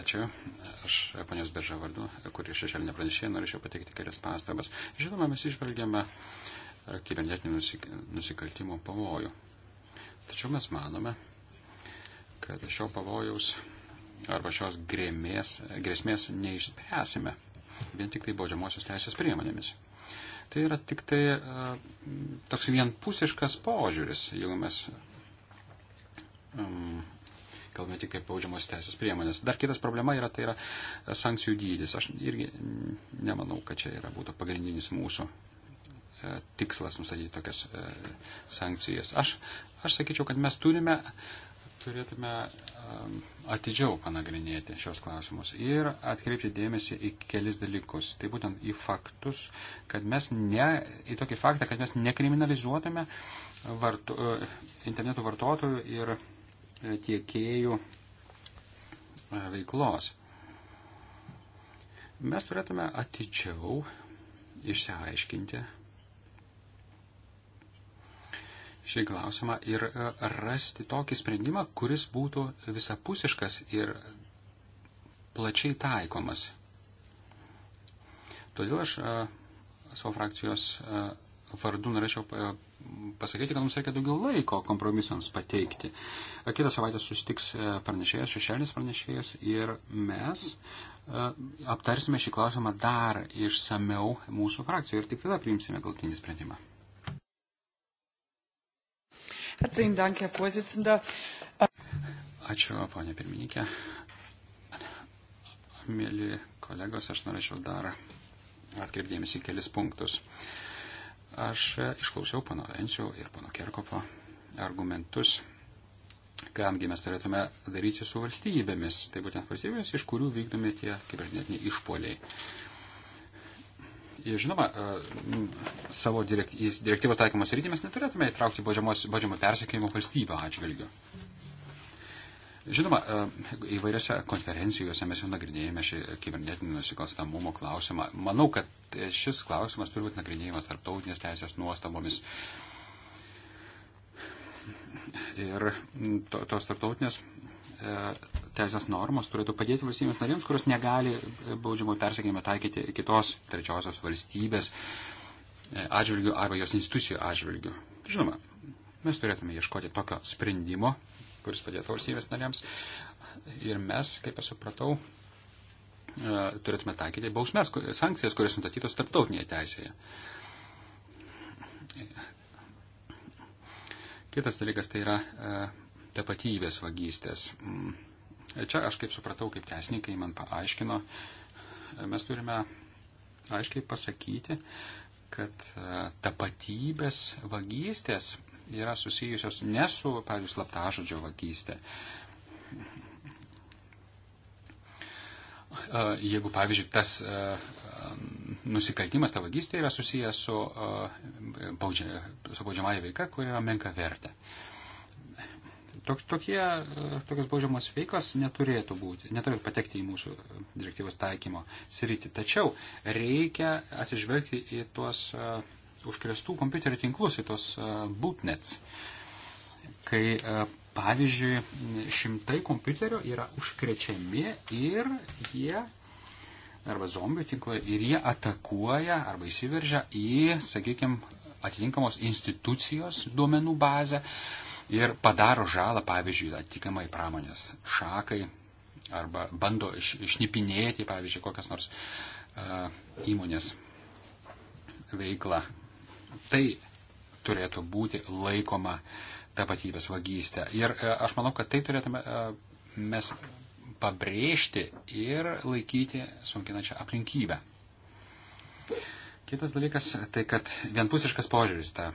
Ačiū. Aš, ponios Berža vardu, kuri šešėlinė pranešėja, norėčiau pateikti kelias pastabas. Žinoma, mes išvelgiame kibernetinių nusik nusikaltimų pavojų. Tačiau mes manome, kad šio pavojaus arba šios grėmės, grėsmės neišspręsime vien tik tai baudžiamosios teisės priemonėmis. Tai yra tik tai e, toks vienpusiškas požiūris, jeigu mes um, kalbame tik apie baudžiamos teisės priemonės. Dar kitas problema yra, tai yra e, sankcijų dydis. Aš irgi nemanau, kad čia yra būtų pagrindinis mūsų e, tikslas nustatyti tokias sankcijas. Aš, aš sakyčiau, kad mes turime turėtume atidžiau panagrinėti šios klausimus ir atkreipti dėmesį į kelis dalykus. Tai būtent į faktus, kad mes ne, į tokį faktą, kad mes nekriminalizuotume vartu, e, interneto vartotojų ir e, tiekėjų e, veiklos. Mes turėtume atidžiau išsiaiškinti šį klausimą ir e, rasti tokį sprendimą, kuris būtų visapusiškas ir plačiai taikomas. Todėl aš e, savo frakcijos e, vardu norėčiau pasakyti, kad mums reikia daugiau laiko kompromisams pateikti. Kitą savaitę susitiks pranešėjas, šešėlis pranešėjas ir mes aptarsime šį klausimą dar išsameu mūsų frakcijoje ir tik tada priimsime galtinį sprendimą. Ačiū, ponė pirmininkė. Mėly kolegos, aš norėčiau dar atkreipdėmės į kelis punktus. Aš išklausiau pono Lenčių ir pono Kerkopo argumentus, kamgi mes turėtume daryti su valstybėmis, tai būtent valstybėmis, iš kurių vykdomi tie kibernetiniai išpoliai. Žinoma, e, savo direktyvos taikymos rytį mes neturėtume įtraukti baudžiamo persekėjimo valstybių atžvilgių. Žinoma, e, įvairiose konferencijose mes jau nagrinėjame šį kibernetinį nusikalstamumo klausimą. Manau, kad šis klausimas turi būti nagrinėjimas tarptautinės teisės nuostabomis. Ir to, tos tarptautinės E, teisės normos turėtų padėti valstybėms narėms, kurios negali e, baudžiamo persekėjimo taikyti kitos trečiosios valstybės e, atžvilgių arba jos institucijų atžvilgių. Žinoma, mes turėtume ieškoti tokio sprendimo, kuris padėtų valstybės narėms. Ir mes, kaip aš supratau, turėtume taikyti bausmes, sankcijas, kurios nustatytos tarptautinėje teisėje. Kitas dalykas tai yra tapatybės vagystės. Mm. Čia aš kaip supratau, kaip teisininkai man paaiškino, mes turime aiškiai pasakyti, kad e, tapatybės vagystės yra susijusios ne su, pavyzdžiui, slaptažodžio vagystė. E, jeigu, pavyzdžiui, tas e, nusikaltimas, ta vagystė yra susijęs su, baudžia, su baudžiamąją veiką, kuri yra menka vertė. Uh, Tok, tokie, e, tokios baudžiamos veikos neturėtų būti, neturėtų patekti į mūsų e, direktyvos taikymo sritį. Tačiau reikia atsižvelgti į tuos uh, e, užkrestų kompiuterių tinklus, į tuos uh, bootnets, kai uh, pavyzdžiui šimtai kompiuterio yra užkrečiami ir jie arba zombių tinklai ir jie atakuoja arba įsiveržia į, sakykime, atitinkamos institucijos duomenų bazę. Uh, ir padaro žalą, pavyzdžiui, atikamai pramonės šakai arba bando iš, išnipinėti, pavyzdžiui, kokias nors a, e, įmonės veiklą. Tai turėtų būti laikoma tapatybės vagystė. Ir a, e, aš manau, kad tai turėtume a, e, mes pabrėžti ir laikyti sunkinančią aplinkybę. Kitas dalykas, tai kad vienpusiškas požiūris ta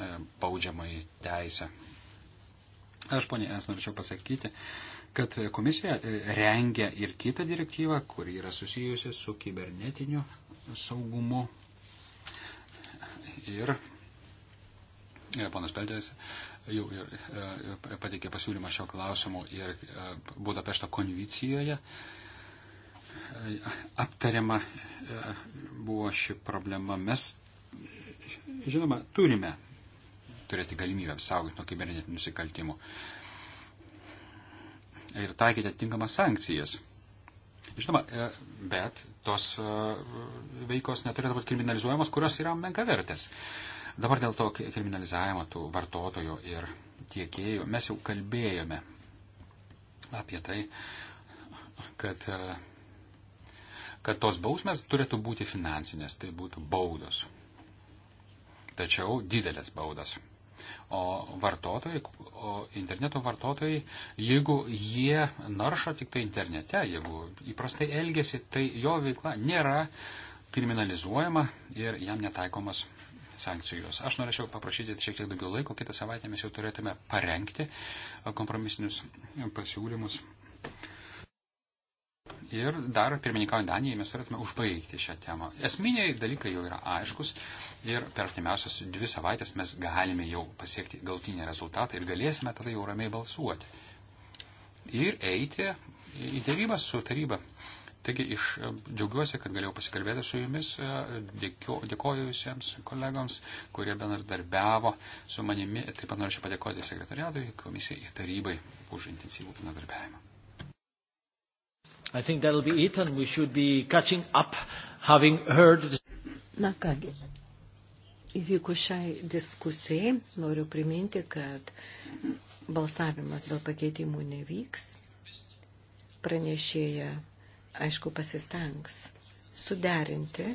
E, baudžiamąjį teisę. Aš, ponė, es norėčiau pasakyti, kad komisija e, rengia ir kitą direktyvą, kuri yra susijusi su kibernetiniu saugumu. Ir e, ponas Peldės jau ir, pateikė pasiūlymą šio klausimu ir Budapešto konvicijoje. Aptariama buvo ši problema. Mes, žinoma, turime turėti galimybę apsaugoti nuo kibernetinių nusikaltimų. Ir taikyti atitinkamas sankcijas. Žinoma, e, bet tos e, veikos neturėtų būti kriminalizuojamos, kurios yra menkavertės. Dabar dėl to kriminalizavimo tų vartotojų ir tiekėjų mes jau kalbėjome apie tai, kad, e, kad tos bausmės turėtų būti finansinės, tai būtų baudos. Tačiau didelės baudos. O vartotojai, o interneto vartotojai, jeigu jie naršo tik tai internete, jeigu įprastai elgesi, tai jo veikla nėra kriminalizuojama ir jam netaikomas sankcijos. Aš norėčiau paprašyti šiek tiek daugiau laiko, kitą savaitę mes jau turėtume parengti kompromisinius pasiūlymus Ir dar pirmininkaujant Danijai mes turėtume užbaigti šią temą. Esminiai dalykai jau yra aiškus ir per artimiausias dvi savaitės mes galime jau pasiekti galtinį rezultatą ir galėsime tada jau ramiai balsuoti. Ir eiti į dėrybą su taryba. Taigi iš, džiaugiuosi, kad galėjau pasikalbėti su jumis, dėkio, dėkoju visiems kolegams, kurie bendradarbiavo su manimi. Taip pat norėčiau padėkoti sekretariatui, komisijai ir tarybai už intensyvų bendradarbiavimą. I think that'll be it, and we should be catching up, having heard. Na kągi, įvykus šiai diskusijai noriu priminti, kad balsavimas dėl pakeitimų nevyks. Pranešėja, aišku, pasistengs suderinti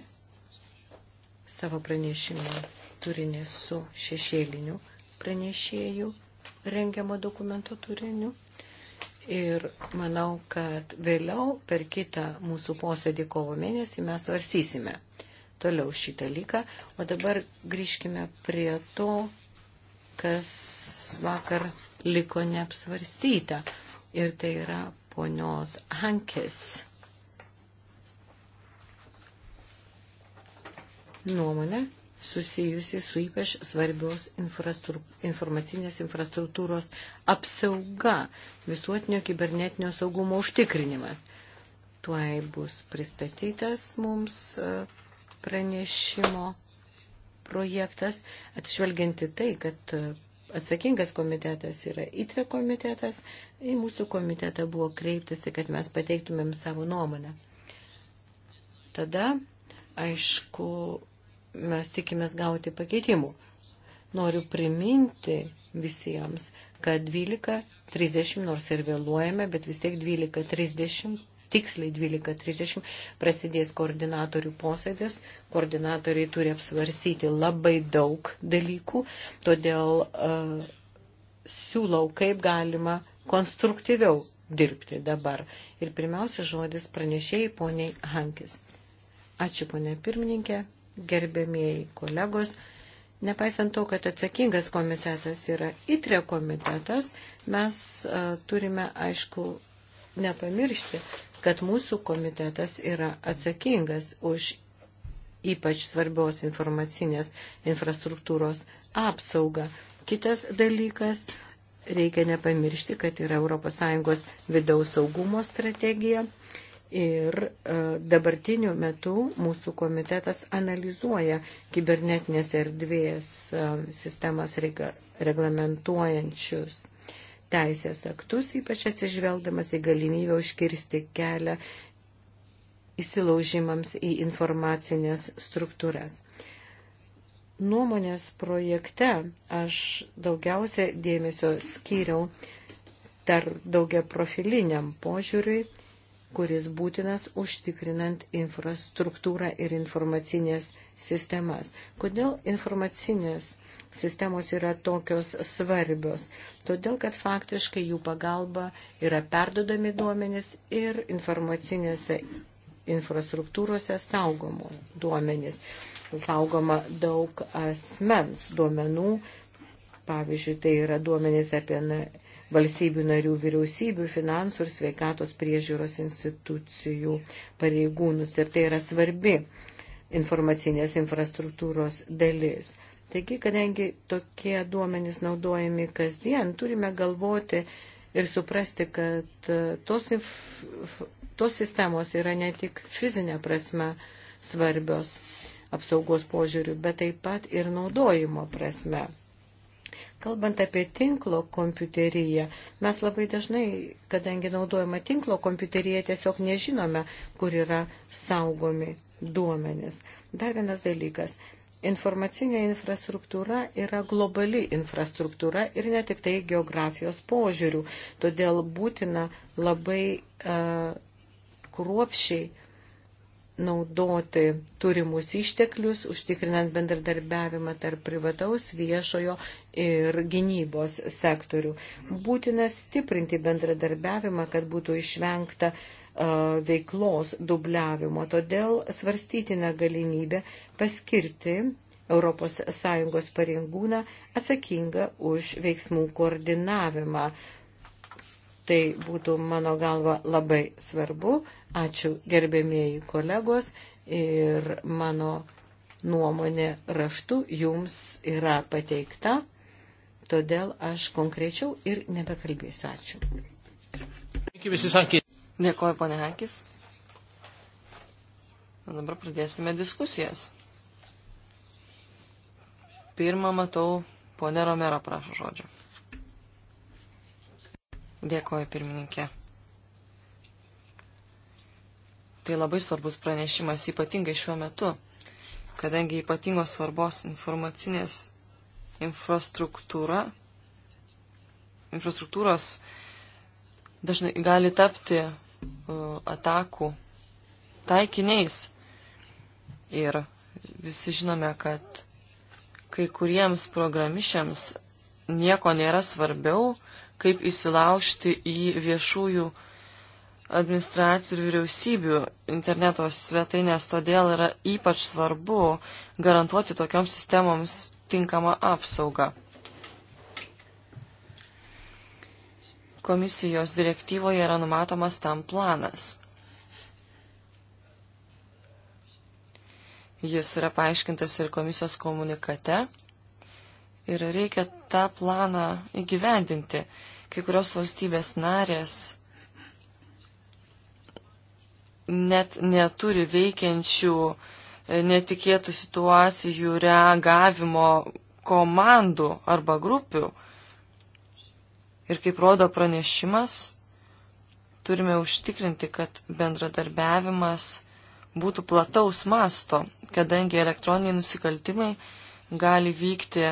savo pranešimo turinį su šešėliniu pranešėjų rengiamo dokumento turiniu. Ir manau, kad vėliau per kitą mūsų posėdį kovo mėnesį mes varsysime toliau šitą lyką. O dabar grįžkime prie to, kas vakar liko neapsvarstyta. Ir tai yra ponios Hankės nuomonė susijusi su ypač svarbios infrastruk informacinės infrastruktūros apsauga, visuotinio kibernetinio saugumo užtikrinimas. Tuoj bus pristatytas mums e, pranešimo projektas, atsižvelgianti tai, kad e, atsakingas komitetas yra ITRE komitetas, į mūsų komitetą buvo kreiptasi, kad mes pateiktumėm savo nuomonę. Tada, aišku, mes tikimės gauti pakeitimų. Noriu priminti visiems, kad 12.30, nors ir vėluojame, bet vis tiek 12.30, tiksliai 12.30 prasidės koordinatorių posėdis. Koordinatoriai turi apsvarsyti labai daug dalykų, todėl uh, siūlau, kaip galima konstruktyviau dirbti dabar. Ir pirmiausia žodis pranešėjai poniai Hankis. Ačiū, ponė pirmininkė gerbėmieji kolegos. Nepaisant to, kad atsakingas komitetas yra ITRE komitetas, mes a, e, turime, aišku, nepamiršti, kad mūsų komitetas yra atsakingas už ypač svarbios informacinės infrastruktūros apsaugą. Kitas dalykas, reikia nepamiršti, kad yra ES vidaus saugumo strategija Ir e, dabartiniu metu mūsų komitetas analizuoja kibernetinės erdvės e, sistemas reglamentuojančius teisės aktus, ypač atsižvelgdamas į galimybę užkirsti kelią įsilaužimams į informacinės struktūras nuomonės projekte aš daugiausia dėmesio skyriau dar daugia profiliniam požiūriui kuris būtinas užtikrinant infrastruktūrą ir informacinės sistemas. Kodėl informacinės sistemos yra tokios svarbios? Todėl, kad faktiškai jų pagalba yra perdodami duomenys ir informacinėse infrastruktūrose saugomo duomenys. Saugoma daug asmens duomenų, pavyzdžiui, tai yra duomenys apie valstybių narių vyriausybių, finansų ir sveikatos priežiūros institucijų pareigūnus. Ir tai yra svarbi informacinės infrastruktūros dalis. Taigi, kadangi tokie duomenys naudojami kasdien, turime galvoti ir suprasti, kad tos, inf... tos sistemos yra ne tik fizinė prasme svarbios apsaugos požiūrių, bet taip pat ir naudojimo prasme. Kalbant apie tinklo kompiuteriją, mes labai dažnai, kadangi naudojama tinklo kompiuterija, tiesiog nežinome, kur yra saugomi duomenis. Dar vienas dalykas. Informacinė infrastruktūra yra globali infrastruktūra ir ne tik tai geografijos požiūrių. Todėl būtina labai uh, kruopšiai naudoti turimus išteklius, užtikrinant bendradarbiavimą tarp privataus, viešojo ir gynybos sektorių. Būtina stiprinti bendradarbiavimą, kad būtų išvengta uh, veiklos dubliavimo. Todėl svarstytina galimybė paskirti ES pareigūną atsakingą už veiksmų koordinavimą. Tai būtų mano galva labai svarbu, Ačiū gerbėmieji kolegos ir mano nuomonė raštu jums yra pateikta, todėl aš konkrečiau ir nebekalbėsiu. Ačiū. Dėkuoju, ponė Hankis. Dabar pradėsime diskusijas. Pirmą matau, ponė Romero prašo žodžio. Dėkuoju, pirmininkė. Tai labai svarbus pranešimas, ypatingai šiuo metu, kadangi ypatingos svarbos informacinės infrastruktūra, infrastruktūros dažnai gali tapti uh, atakų taikiniais. Ir visi žinome, kad kai kuriems programišiams nieko nėra svarbiau, kaip įsilaužti į viešųjų administracijų ir vyriausybių interneto svetainės, todėl yra ypač svarbu garantuoti tokioms sistemoms tinkamą apsaugą. Komisijos direktyvoje yra numatomas tam planas. Jis yra paaiškintas ir komisijos komunikate ir reikia tą planą įgyvendinti. Kai kurios valstybės narės net neturi veikiančių e, netikėtų situacijų reagavimo komandų arba grupių. Ir kaip rodo pranešimas, turime užtikrinti, kad bendradarbiavimas būtų plataus masto, kadangi elektroniniai nusikaltimai gali vykti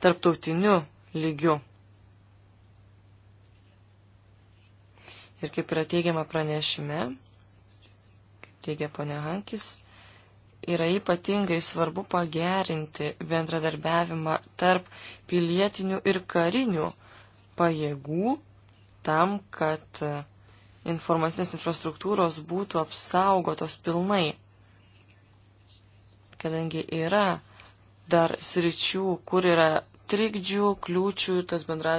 tarptautiniu lygiu. Ir kaip yra teigiama pranešime, teigia ponia Hankis, yra ypatingai svarbu pagerinti bendradarbiavimą tarp pilietinių ir karinių pajėgų tam, kad e, informacinės infrastruktūros būtų apsaugotos pilnai, kadangi yra dar sričių, kur yra trikdžių, kliūčių, tas bendra,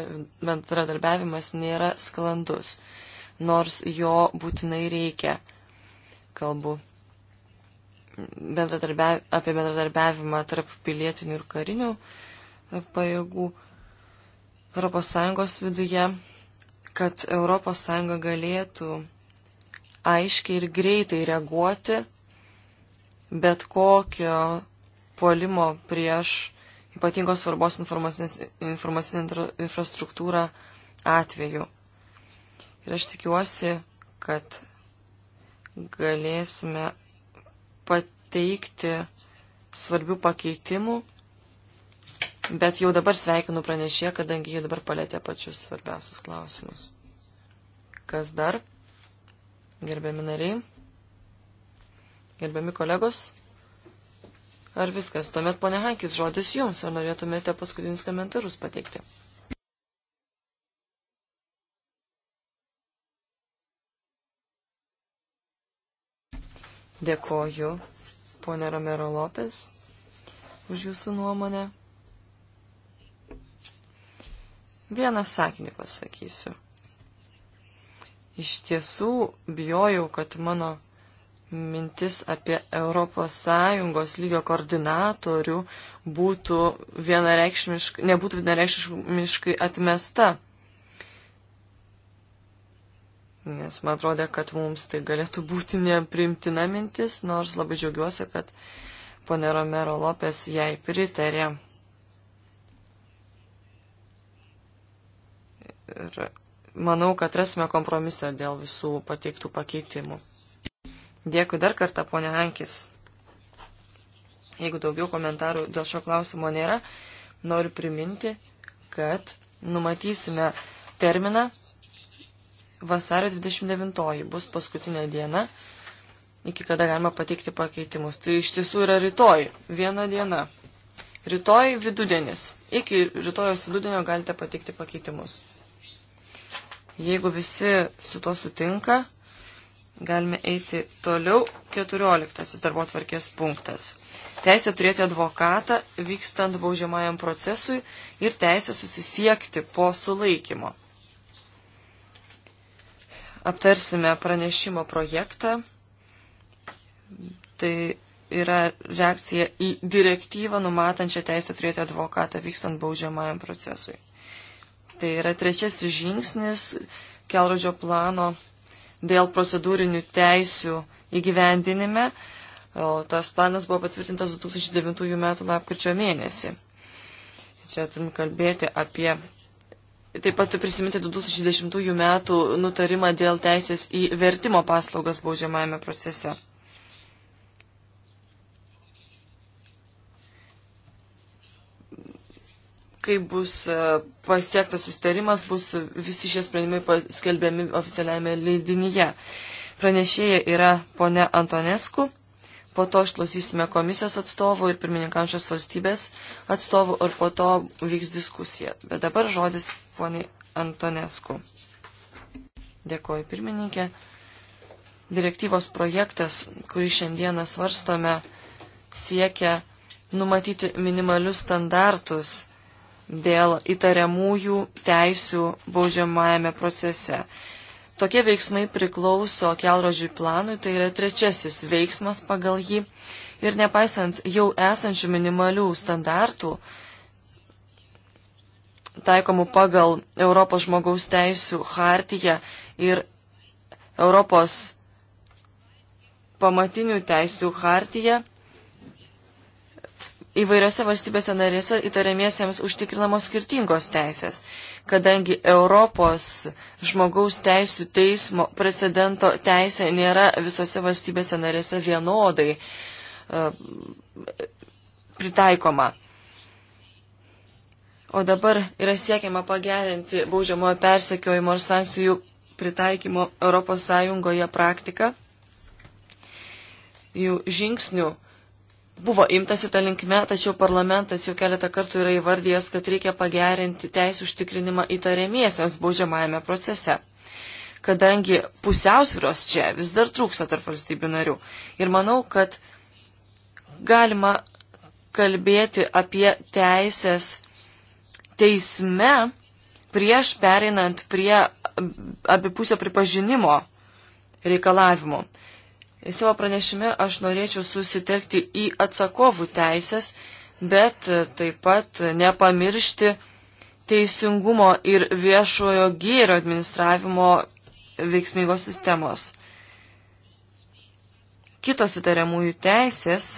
bendradarbiavimas nėra sklandus, nors jo būtinai reikia kalbu bendradarbia, apie bendradarbiavimą tarp pilietinių ir karinių pajėgų ES viduje, kad ES galėtų aiškiai ir greitai reaguoti bet kokio puolimo prieš ypatingos svarbos informacinę infrastruktūrą atveju. Ir aš tikiuosi, kad galėsime pateikti svarbių pakeitimų, bet jau dabar sveikinu pranešė, kadangi jie dabar palėtė pačius svarbiausius klausimus. Kas dar? Gerbiami nariai, gerbiami kolegos, ar viskas? Tuomet, pone Hankis, žodis jums, ar norėtumėte paskutinius komentarus pateikti? Dėkoju, ponė Romero Lopes, už jūsų nuomonę. Vieną sakinį pasakysiu. Iš tiesų bijojau, kad mano mintis apie ES lygio koordinatorių būtų vienareikšmiškai, nebūtų vienareikšmiškai atmesta nes man atrodė, kad mums tai galėtų būti neprimtina mintis, nors labai džiaugiuosi, kad ponė Romero Lopes jai pritarė. Ir manau, kad rasime kompromisą dėl visų pateiktų pakeitimų. Dėkui dar kartą, ponė Hankis. Jeigu daugiau komentarų dėl šio klausimo nėra, noriu priminti, kad numatysime terminą vasario 29 bus paskutinė diena, iki kada galima pateikti pakeitimus. Tai iš tiesų yra rytoj, viena diena. Rytoj vidudienis. Iki rytojos vidudienio galite pateikti pakeitimus. Jeigu visi su tuo sutinka, galime eiti toliau. 14. darbo tvarkės punktas. Teisė turėti advokatą vykstant baudžiamajam procesui ir teisė susisiekti po sulaikymo aptarsime pranešimo projektą. Tai yra reakcija į direktyvą numatančią teisę turėti advokatą vykstant baudžiamajam procesui. Tai yra trečiasis žingsnis kelrodžio plano dėl procedūrinių teisių įgyvendinime. O tas planas buvo patvirtintas 2009 m. lapkričio mėnesį. Čia turim kalbėti apie Taip pat prisiminti 2010 metų nutarimą dėl teisės į vertimo paslaugas baudžiamajame procese. kai bus e, pasiektas sustarimas, bus visi šie sprendimai paskelbiami oficialiame leidinyje. Pranešėja yra ponia Antonesku, po to išklausysime komisijos atstovų ir pirmininkančios valstybės atstovų ir po to vyks diskusija. Bet dabar žodis poniai Antonesku. Dėkoju pirmininkė. Direktyvos projektas, kurį šiandieną svarstome, siekia numatyti minimalius standartus dėl įtariamųjų teisių baudžiamajame procese. Tokie veiksmai priklauso kelrožiui planui, tai yra trečiasis veiksmas pagal jį. Ir nepaisant jau esančių minimalių standartų, taikomų pagal Europos žmogaus teisų hartiją ir Europos pamatinių teisų hartiją įvairiose valstybėse narėse įtariamiesiems užtikrinamos skirtingos teisės, kadangi Europos žmogaus teisų teismo precedento teisė nėra visose valstybėse narėse vienodai e, pritaikoma o dabar yra siekiama pagerinti baudžiamojo persekiojimo ir sankcijų pritaikymo ES praktiką. Jų žingsnių buvo imtasi tą linkme, tačiau parlamentas jau keletą kartų yra įvardijęs, kad reikia pagerinti teisų užtikrinimą įtariamiesiams baudžiamajame procese kadangi pusiausvyros čia vis dar trūksta tarp valstybių narių. Ir manau, kad galima kalbėti apie teisės teisme prieš pereinant prie abipusio pripažinimo reikalavimo. Į savo pranešime aš norėčiau susitelkti į atsakovų teisės, bet taip pat nepamiršti teisingumo ir viešojo gėrio administravimo veiksmingos sistemos. Kitos įtariamųjų teisės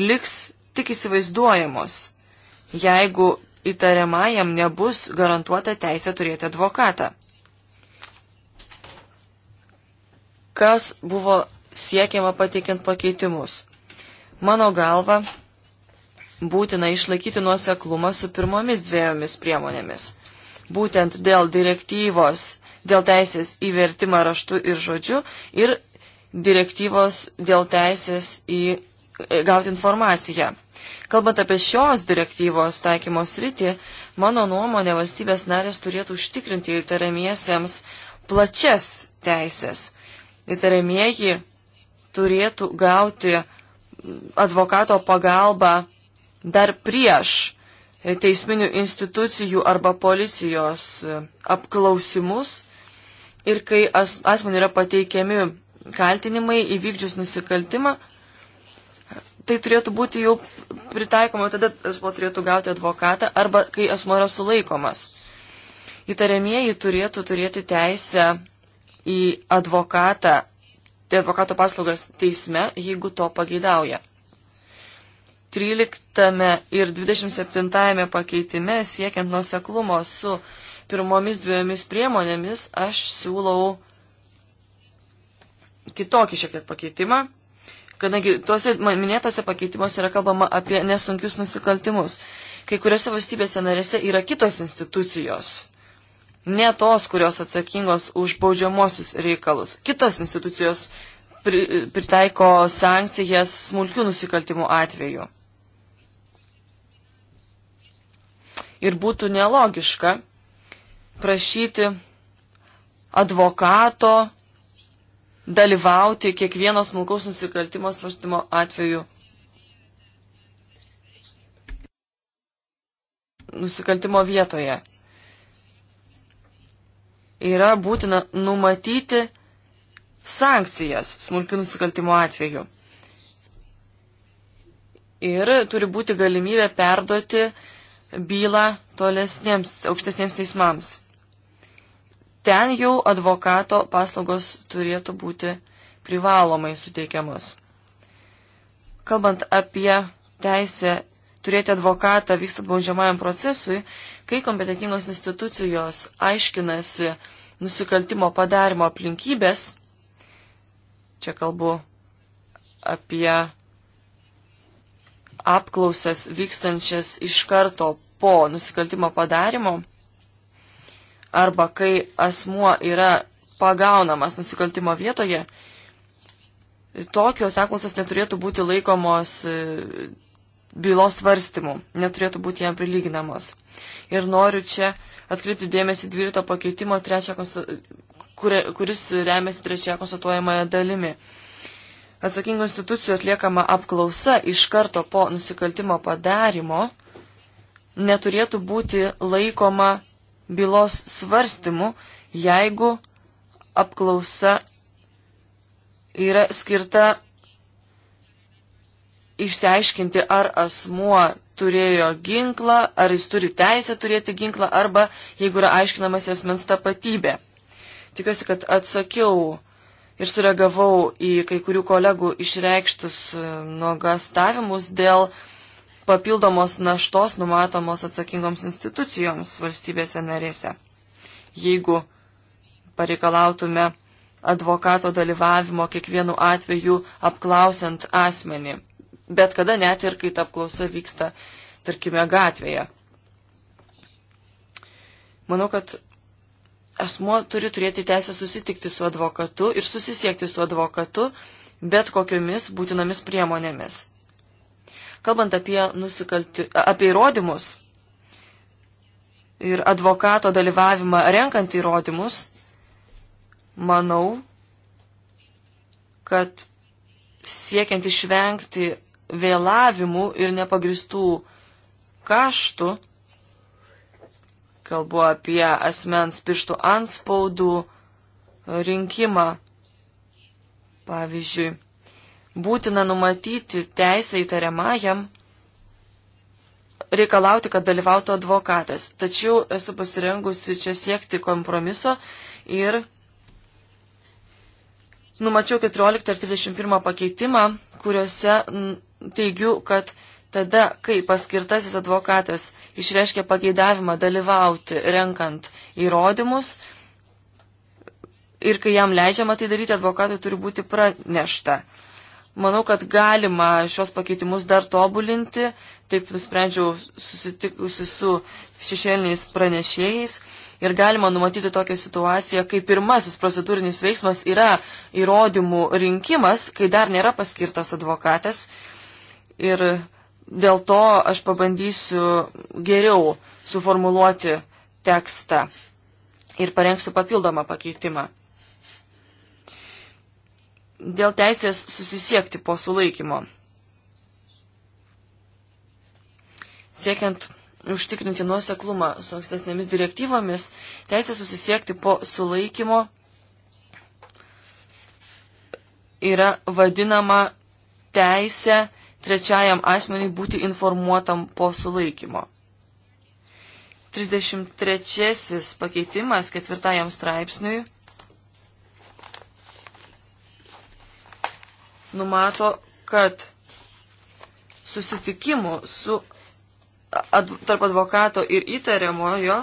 liks tik įsivaizduojamos, jeigu įtariamajam nebus garantuota teisė turėti advokatą. Kas buvo siekiama pateikiant pakeitimus? Mano galva, būtina išlaikyti nuoseklumą su pirmomis dviejomis priemonėmis. Būtent dėl direktyvos, dėl teisės į vertimą raštu ir žodžiu ir direktyvos dėl teisės į gauti informaciją. Kalbant apie šios direktyvos taikymo sritį, mano nuomonė valstybės narės turėtų užtikrinti įtariamiesiems plačias teisės. Įtariamieji turėtų gauti advokato pagalbą dar prieš teisminių institucijų arba policijos apklausimus ir kai asmen yra pateikiami kaltinimai įvykdžius nusikaltimą, tai turėtų būti jau pritaikoma tada, asmo turėtų gauti advokatą arba kai asmo yra sulaikomas. Įtariamieji turėtų turėti teisę į advokatą, tai advokato paslaugas teisme, jeigu to pageidauja. 13 ir 27 pakeitime siekiant nuseklumo su pirmomis dviejomis priemonėmis aš siūlau kitokį šiek tiek pakeitimą kadangi tuose minėtose pakeitimuose yra kalbama apie nesunkius nusikaltimus. Kai kuriuose valstybėse narėse yra kitos institucijos, ne tos, kurios atsakingos už baudžiamosius reikalus. Kitos institucijos pri, pritaiko sankcijas smulkių nusikaltimų atveju. Ir būtų nelogiška prašyti advokato dalyvauti kiekvieno smulkaus nusikaltimo svarstymo atveju. Nusikaltimo vietoje. Yra būtina numatyti sankcijas smulkių nusikaltimo atveju. Ir turi būti galimybė perduoti bylą tolesniems aukštesniems teismams ten jau advokato paslaugos turėtų būti privalomai suteikiamos. Kalbant apie teisę turėti advokatą vykstant baudžiamajam procesui, kai kompetentingos institucijos aiškinasi nusikaltimo padarimo aplinkybės, čia kalbu apie apklausas vykstančias iš karto po nusikaltimo padarimo, arba kai asmuo yra pagaunamas nusikaltimo vietoje, tokios apklausos neturėtų būti laikomos e, bylos svarstymu, neturėtų būti jam prilyginamos. Ir noriu čia atkreipti dėmesį 12 pakeitimo, trečia, kuris remiasi trečia konstatuojamąją dalimi. Atsakingų institucijų atliekama apklausa iš karto po nusikaltimo padarimo neturėtų būti laikoma bylos svarstymu, jeigu apklausa yra skirta išsiaiškinti, ar asmuo turėjo ginklą, ar jis turi teisę turėti ginklą, arba jeigu yra aiškinamas asmens tapatybė. Tikiuosi, kad atsakiau ir sureagavau į kai kurių kolegų išreikštus nuogastavimus dėl uh, papildomos naštos numatomos atsakingoms institucijoms valstybėse narėse. Jeigu pareikalautume advokato dalyvavimo kiekvienu atveju apklausiant asmenį, bet kada net ir kai ta apklausa vyksta, tarkime, gatvėje. Manau, kad asmo turi turėti teisę susitikti su advokatu ir susisiekti su advokatu bet kokiomis būtinomis priemonėmis. Kalbant apie, nusikalti, apie įrodymus ir advokato dalyvavimą renkant įrodymus, manau, kad siekiant išvengti vėlavimų ir nepagristų kaštų, kalbu apie asmens pirštų anspaudų rinkimą, pavyzdžiui, būtina numatyti teisę įtariamajam reikalauti, kad dalyvautų advokatas. Tačiau esu pasirengusi čia siekti kompromiso ir numačiau 14 ir 31 pakeitimą, kuriuose teigiu, kad tada, kai paskirtasis advokatas išreiškia pageidavimą dalyvauti renkant įrodymus ir kai jam leidžiama tai daryti, advokatui turi būti pranešta. Manau, kad galima šios pakeitimus dar tobulinti, taip nusprendžiau susitikusi su šešėliniais pranešėjais ir galima numatyti tokią situaciją, kai pirmasis procedūrinis veiksmas yra įrodymų rinkimas, kai dar nėra paskirtas advokatas. Ir dėl to aš pabandysiu geriau suformuluoti tekstą ir parengsiu papildomą pakeitimą dėl teisės susisiekti po sulaikymo. Siekiant užtikrinti nuoseklumą su ankstesnėmis direktyvomis, teisė susisiekti po sulaikymo yra vadinama teisė trečiajam asmeniui būti informuotam po sulaikymo. 33 pakeitimas ketvirtajam straipsniui numato, kad susitikimų su, ad, tarp advokato ir įtariamojo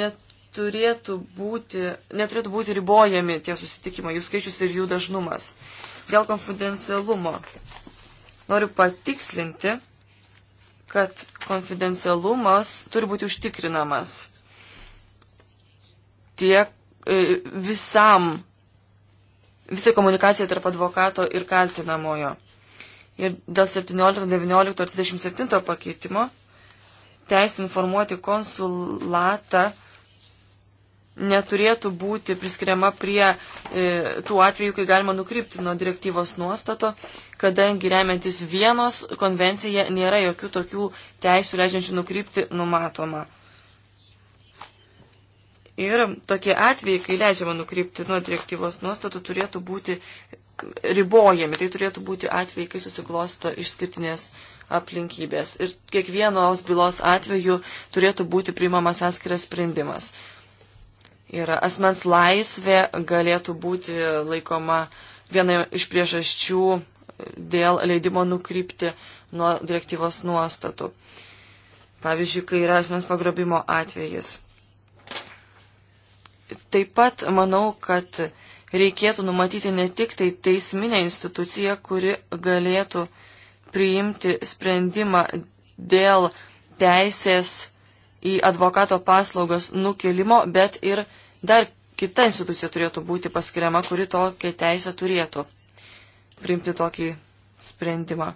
neturėtų būti, neturėtų būti ribojami tie susitikimai, jų skaičius ir jų dažnumas. Dėl konfidencialumo noriu patikslinti, kad konfidencialumas turi būti užtikrinamas tiek e, visam visą komunikaciją tarp advokato ir kaltinamojo. Ir dėl 17, 19 ir 37 pakeitimo teisė informuoti konsulatą neturėtų būti priskiriama prie e, tų atvejų, kai galima nukrypti nuo direktyvos nuostato, kadangi remiantis vienos konvencija nėra jokių tokių teisų leidžiančių nukrypti numatoma. Ir tokie atvejai, kai leidžiama nukrypti nuo direktyvos nuostatų, turėtų būti ribojami. Tai turėtų būti atvejai, kai susiklosto išskirtinės aplinkybės. Ir kiekvienos bylos atveju turėtų būti priimamas atskiras sprendimas. Ir asmens laisvė galėtų būti laikoma viena iš priežasčių dėl leidimo nukrypti nuo direktyvos nuostatų. Pavyzdžiui, kai yra asmens pagrobimo atvejis. Taip pat manau, kad reikėtų numatyti ne tik tai teisminę instituciją, kuri galėtų priimti sprendimą dėl teisės į advokato paslaugas nukelimo, bet ir dar kita institucija turėtų būti paskiriama, kuri tokią teisę turėtų priimti tokį sprendimą.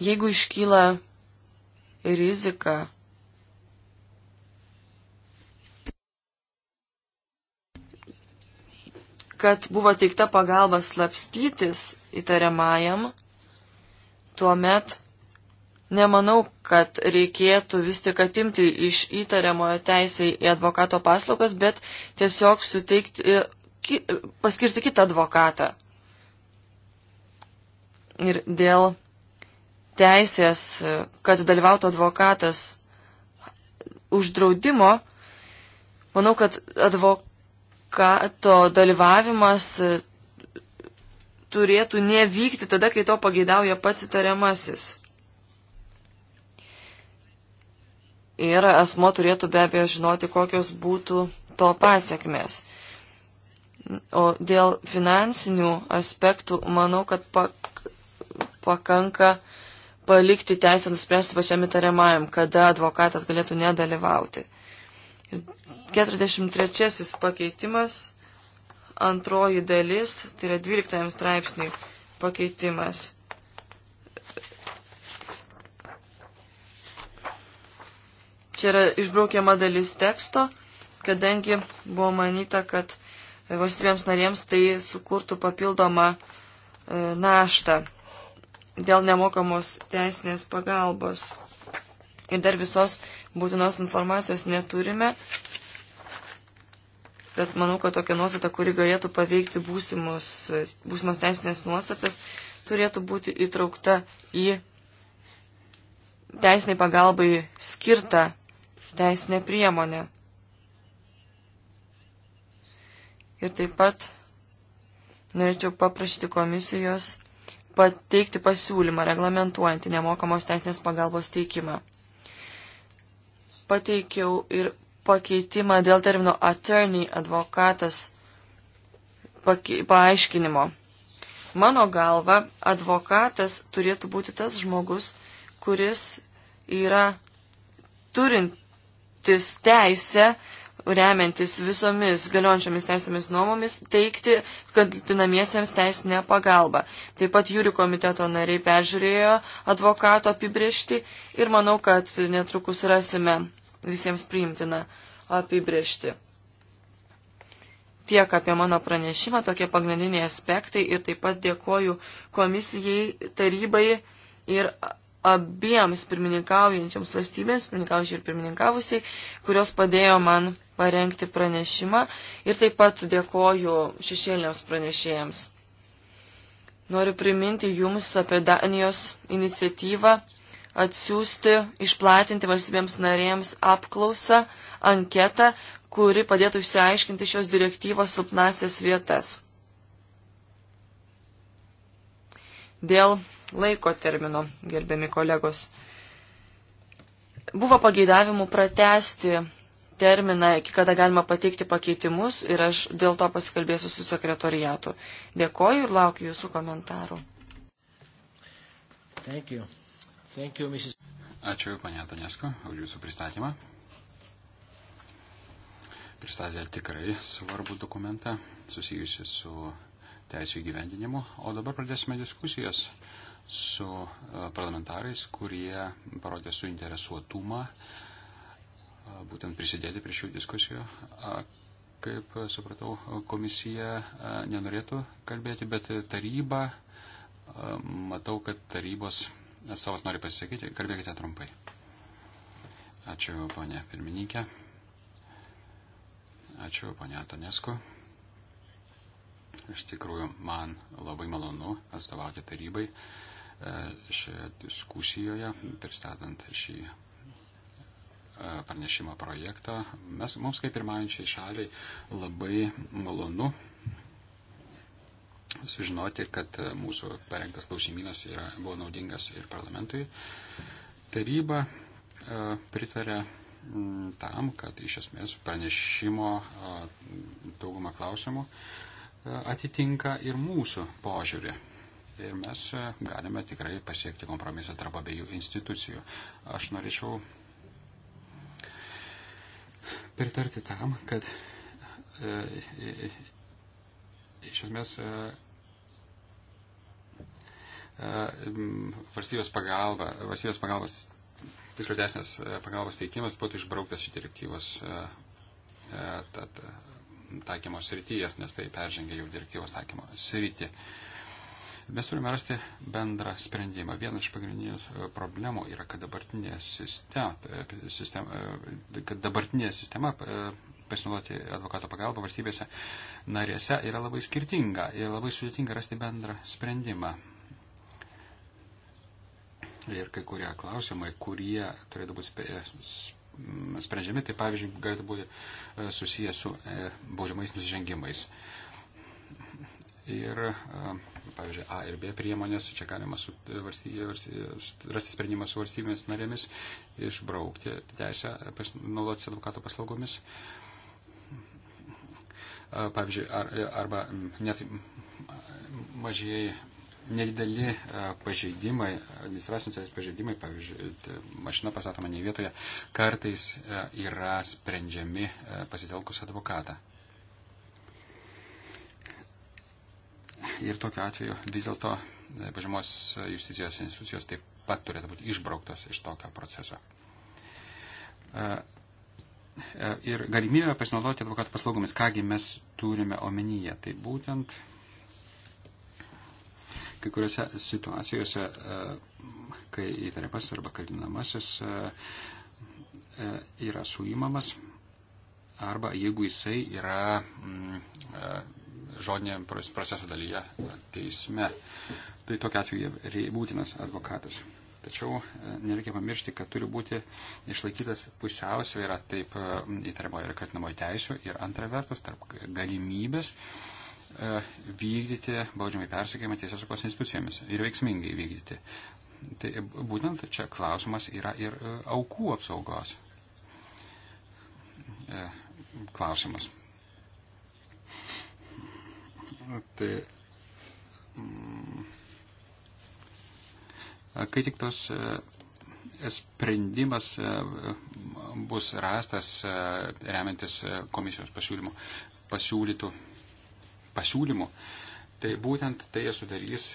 Jeigu iškyla rizika. kad buvo teikta pagalba slapstytis įtariamajam, tuomet nemanau, kad reikėtų vis tik atimti iš įtariamojo teisę į advokato paslaugas, bet tiesiog suteikti, e, ki, e, paskirti kitą advokatą. Ir dėl teisės, kad dalyvautų advokatas uždraudimo, manau, kad advokato dalyvavimas e, turėtų nevykti tada, kai to pageidauja pats įtariamasis. Ir asmo turėtų be abejo žinoti, kokios būtų to pasiekmes. O dėl finansinių aspektų, manau, kad pak pakanka palikti teisę nuspręsti pačiam įtariamajam, kada advokatas galėtų nedalyvauti. 43 pakeitimas, antroji dalis, tai yra 12 straipsniui pakeitimas. Čia yra išbraukiama dalis teksto, kadangi buvo manyta, kad valstybėms narėms tai sukurtų papildomą e, naštą dėl nemokamos teisinės pagalbos. Ir dar visos būtinos informacijos neturime, bet manau, kad tokia nuostata, kuri galėtų paveikti būsimus, būsimas teisinės nuostatas, turėtų būti įtraukta į teisiniai pagalbai skirtą teisinę priemonę. Ir taip pat norėčiau paprašyti komisijos pateikti pasiūlymą reglamentuojantį nemokamos teisinės pagalbos teikimą. Pateikiau ir pakeitimą dėl termino attorney advokatas paaiškinimo. Mano galva, advokatas turėtų būti tas žmogus, kuris yra turintis teisę remiantis visomis galiojančiomis teisėmis nuomomis, teikti kaltinamiesiems teisinę pagalbą. Taip pat jūrių komiteto nariai peržiūrėjo advokato apibriešti ir manau, kad netrukus rasime visiems priimtiną apibriešti. Tiek apie mano pranešimą, tokie pagrindiniai aspektai ir taip pat dėkoju komisijai, tarybai ir abiems pirmininkaujančiams valstybėms, pirmininkaujančiai ir pirmininkavusiai, kurios padėjo man parengti pranešimą ir taip pat dėkoju šešėliniams pranešėjams. Noriu priminti Jums apie Danijos iniciatyvą atsiųsti, išplatinti valstybėms narėms apklausą, anketą, kuri padėtų išsiaiškinti šios direktyvos silpnasias vietas. Dėl laiko termino, gerbiami kolegos, buvo pageidavimų pratesti terminą, iki kada galima pateikti pakeitimus ir aš dėl to pasikalbėsiu su sekretoriatu. Dėkoju ir laukiu jūsų komentarų. Thank you. Thank you, Mrs. Ačiū, panė Tanesko, už jūsų pristatymą. Pristatė tikrai svarbų dokumentą susijusi su teisų įgyvendinimu, o dabar pradėsime diskusijas su e, parlamentarais, kurie parodė suinteresuotumą uh, būtent prisidėti prie šių diskusijų. Kaip supratau, komisija nenorėtų kalbėti, bet taryba, matau, kad tarybos atstovas nori pasisakyti, kalbėkite trumpai. Ačiū, ponė pirmininkė. Ačiū, ponė Antonesku. Iš tikrųjų, man labai malonu atstovauti tarybai e, šioje diskusijoje, pristatant šį pranešimo projektą. Mes, mums kaip pirmaujančiai šaliai labai malonu sužinoti, kad mūsų parengtas klausimynas yra, buvo naudingas ir parlamentui. Taryba e, pritarė mm, tam, kad iš esmės pranešimo e, daugumą klausimų e, atitinka ir mūsų požiūrį. Ir mes galime tikrai pasiekti kompromisą tarp abiejų institucijų. Aš norėčiau pritarti tam, kad e, iš esmės e, e valstybės pagalba, valstybės pagalbos, tiksliau tesnės e, pagalbos teikimas būtų išbrauktas iš direktyvos e, taikymo srityjas, nes tai peržengia jau direktyvos taikymo srityje. Mes turime rasti bendrą sprendimą. Vienas iš pagrindinių e, problemų yra, kad dabartinė sistema, e, sistema, e, kad dabartinė sistema pasinaudoti advokato pagalbą valstybėse narėse yra labai skirtinga ir labai sudėtinga rasti bendrą sprendimą. Ir kai kurie klausimai, kurie turėtų būti sprendžiami, tai pavyzdžiui, galėtų būti susijęs su baudžiamais nusižengimais. E, Ir, pavyzdžiui, A ir B priemonės, čia galima su valstybė, rasti sprendimą su valstybėmis narėmis, išbraukti teisę naudotis advokato paslaugomis. Pavyzdžiui, ar, arba net mažieji nedideli pažeidimai, administracinės pažeidimai, pavyzdžiui, mašina pastatoma ne vietoje, kartais yra sprendžiami pasitelkus advokatą. Ir tokiu atveju vis dėlto e, pažymos justicijos institucijos taip pat turėtų būti išbrauktos iš tokio proceso. E, e, ir galimybę pasinaudoti advokatų paslaugomis, kągi mes turime omenyje, tai būtent kai kuriuose situacijose, kai įtariamas arba kaltinamasis yra suimamas, arba jeigu jisai yra mm, žodinėje proceso dalyje teisme. Tai tokia atveju būtinas advokatas. Tačiau e, nereikia pamiršti, kad turi būti išlaikytas pusiausvėra taip įtariamojo ir kaltinamojo teisų ir antra vertus tarp galimybės e, vykdyti baudžiamai persikėjimą teisės saugos institucijomis ir veiksmingai vykdyti. Tai būtent čia klausimas yra ir e, aukų apsaugos klausimas. Tai kai tik tos e, sprendimas e, bus rastas e, remiantis komisijos pasiūlymu, pasiūlytų pasiūlymų, tai būtent tai sudarys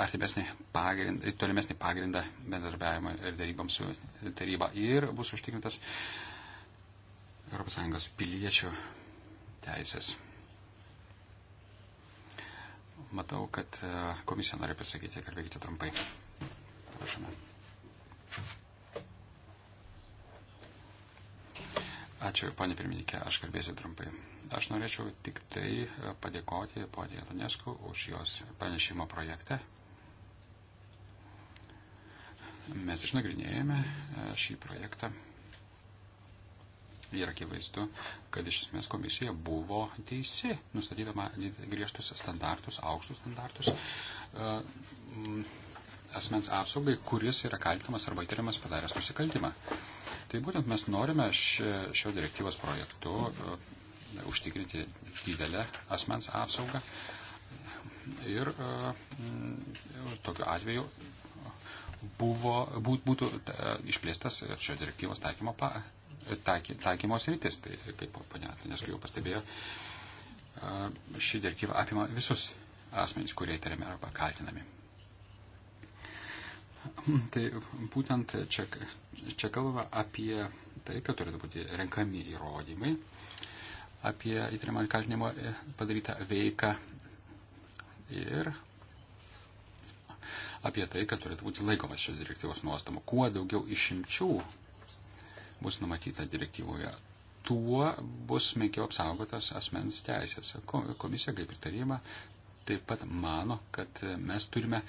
artimesnį pagrindą, tolimesnį pagrindą bendradarbiavimą ir darybams su taryba ir bus užtikrintas ES piliečių teisės. Matau, kad e, komisija nori pasakyti, kalbėkite trumpai. Prašome. Ačiū, ponė pirmininkė, aš kalbėsiu trumpai. Aš norėčiau tik tai e, padėkoti ponė Donesku už jos pranešimo projektą. Mes išnagrinėjame e, šį projektą Ir tai akivaizdu, kad iš esmės komisija buvo teisi, nustatydama griežtus standartus, aukštus standartus e, asmens apsaugai, kuris yra kaltinamas arba įtariamas padaręs nusikaltimą. Tai būtent mes norime šio direktyvos projektu e, užtikrinti didelę asmens apsaugą. Ir e, tokiu atveju buvo, būt, būtų išplėstas šio direktyvos taikymo pa, taikymos rytis, tai kaip ponia Antonės jau pastebėjo, ši direktyva apima visus asmenys, kurie įtariami arba kaltinami. Tai būtent čia, čia kalbama apie tai, kad turėtų būti renkami įrodymai apie įtariamą kaltinimo e, padarytą veiką ir apie tai, kad turėtų būti laikomas šios direktyvos nuostamų. Kuo daugiau išimčių bus numatyta direktyvoje, tuo bus menkiau apsaugotas asmens teisės. Komisija, kaip ir taryba, taip pat mano, kad mes turime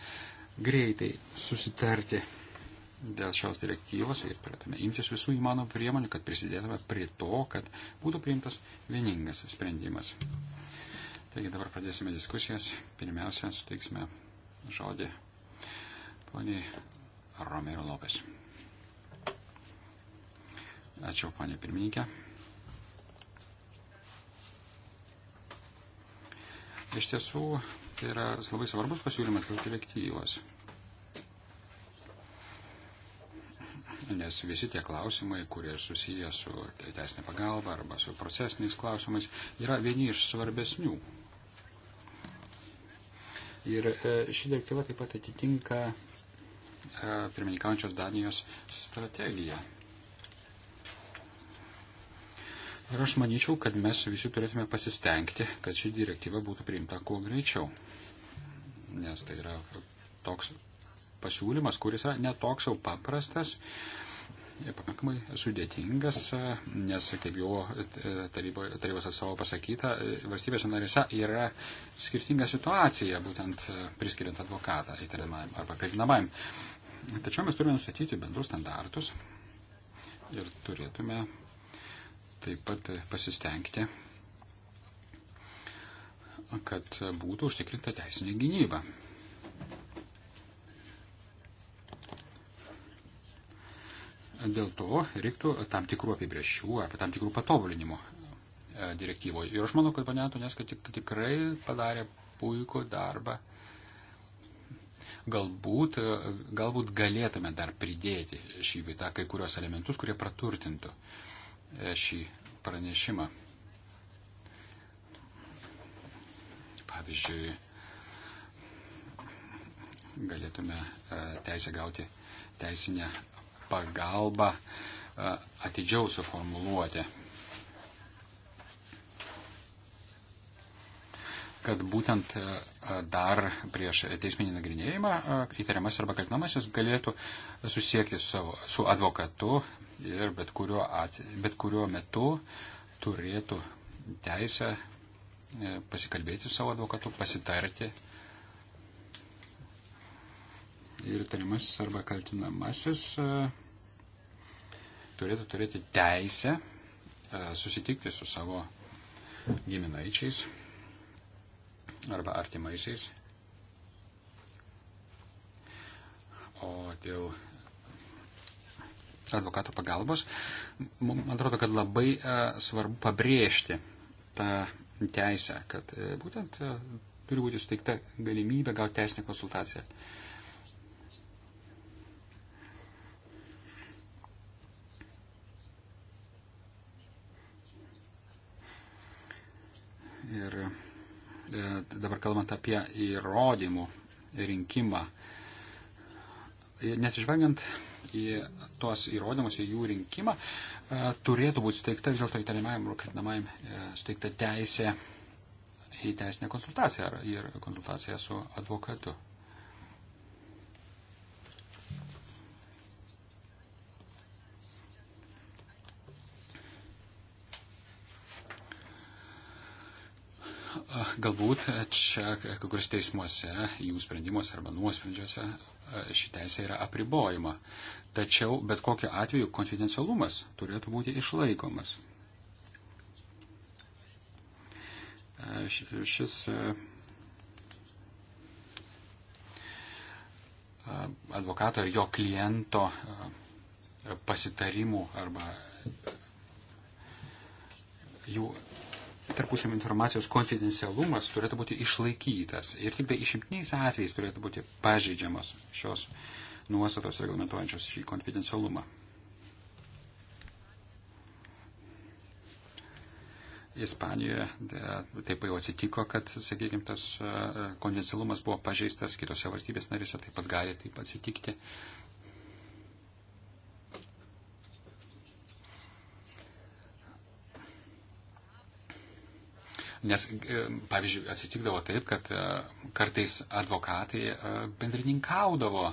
greitai susitarti dėl šios direktyvos ir turėtume imtis visų įmanomų priemonių, kad prisidėtume prie to, kad būtų priimtas vieningas sprendimas. Taigi dabar pradėsime diskusijas. Pirmiausia, suteiksime žodį poniai Romero Lopes. Ačiū, ponė pirmininkė. Iš tiesų, tai yra labai svarbus pasiūlymas dėl direktyvos. Nes visi tie klausimai, kurie susiję su teisinė pagalba arba su procesiniais klausimais, yra vieni iš svarbesnių. Ir e, ši direktyva taip pat atitinka e, pirmininkaujančios Danijos strategiją Ir aš manyčiau, kad mes visi turėtume pasistengti, kad ši direktyva būtų priimta kuo greičiau. Nes tai yra toks pasiūlymas, kuris yra netoks jau paprastas, pakankamai sudėtingas, nes, kaip jau tarybos, tarybos atstovo pasakyta, valstybėse narėse yra skirtinga situacija, būtent priskiriant advokatą įtariamajam arba kaltinamajam. Tačiau mes turime nustatyti bendrus standartus ir turėtume taip pat pasistengti, kad būtų užtikrinta teisinė gynyba. Dėl to reiktų tam tikrų apibrėžčių, apie tam tikrų patobulinimų e, direktyvoje. Ir aš manau, kad panė Antoneska tik, tikrai padarė puikų darbą. Galbūt, e, galbūt galėtume dar pridėti šį vietą kai kurios elementus, kurie praturtintų uh, E, šį pranešimą. Pavyzdžiui, galėtume e, teisę gauti teisinę pagalbą e, atidžiau suformuluoti, kad būtent dar prieš teisminį nagrinėjimą įtariamas arba kaltinamasis galėtų susiekti su, su advokatu, ir bet kuriuo, atve, bet kuriuo metu turėtų teisę e, pasikalbėti su savo advokatu, pasitarti. Ir tariamasis arba kaltinamasis e, turėtų turėti teisę e, susitikti su savo giminaičiais arba artimaisiais. O dėl advokato pagalbos, man atrodo, kad labai e, svarbu pabrėžti tą teisę, kad e, būtent e, turi būti suteikta galimybė gauti teisinę konsultaciją. Ir dabar kalbant apie įrodymų rinkimą, nesižvelgiant į tuos įrodymus, į jų rinkimą, e, turėtų būti suteikta vis dėlto įtariamajam ir kaltinamajam e, suteikta teisė į teisinę konsultaciją ir konsultaciją su advokatu. Galbūt čia kai kuriuose teismuose, jų sprendimuose arba nuosprendžiuose e, ši teisė yra apribojama. Tačiau bet kokiu atveju konfidencialumas turėtų būti išlaikomas. E, šis e, advokato ir jo kliento e, pasitarimų arba jų tarpusėm informacijos konfidencialumas turėtų būti išlaikytas ir tik tai išimtiniais atvejais turėtų būti pažeidžiamos šios uh, nuostatos reglamentuojančios šį konfidencialumą. Ispanijoje taip jau atsitiko, kad, sakykime, tas e, konfidencialumas buvo pažeistas kitose valstybės narėse, taip pat gali taip atsitikti. Nes, e, pavyzdžiui, atsitikdavo taip, kad e, kartais advokatai bendrininkaudavo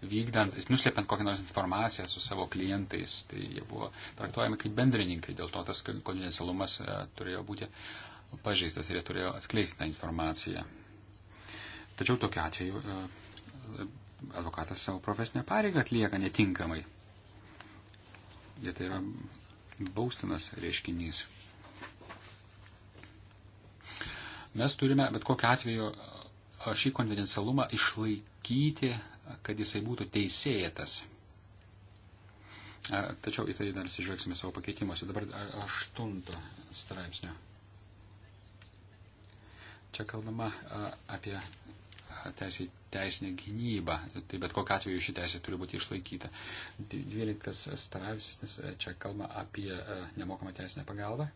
vykdant, nuslėpiant kokią nors informaciją su savo klientais, tai jie buvo traktuojami kaip bendrininkai, dėl to tas konfidencialumas e, turėjo būti pažeistas ir jie turėjo atskleisti tą informaciją. Tačiau tokiu atveju e, advokatas savo profesinę pareigą atlieka netinkamai. Ir tai yra baustinas reiškinys. Mes turime bet kokiu atveju e, šį konfidencialumą išlaikyti kad jisai būtų teisėjas. Tačiau į tai dar sižvelgsime savo pakeitimuose. Dabar aštunto straipsnio. Čia kalbama apie teisė, teisinę gynybą. Tai bet kokiu atveju ši teisė turi būti išlaikyta. Dvyliktas straipsnis čia kalba apie nemokamą teisinę pagalbą.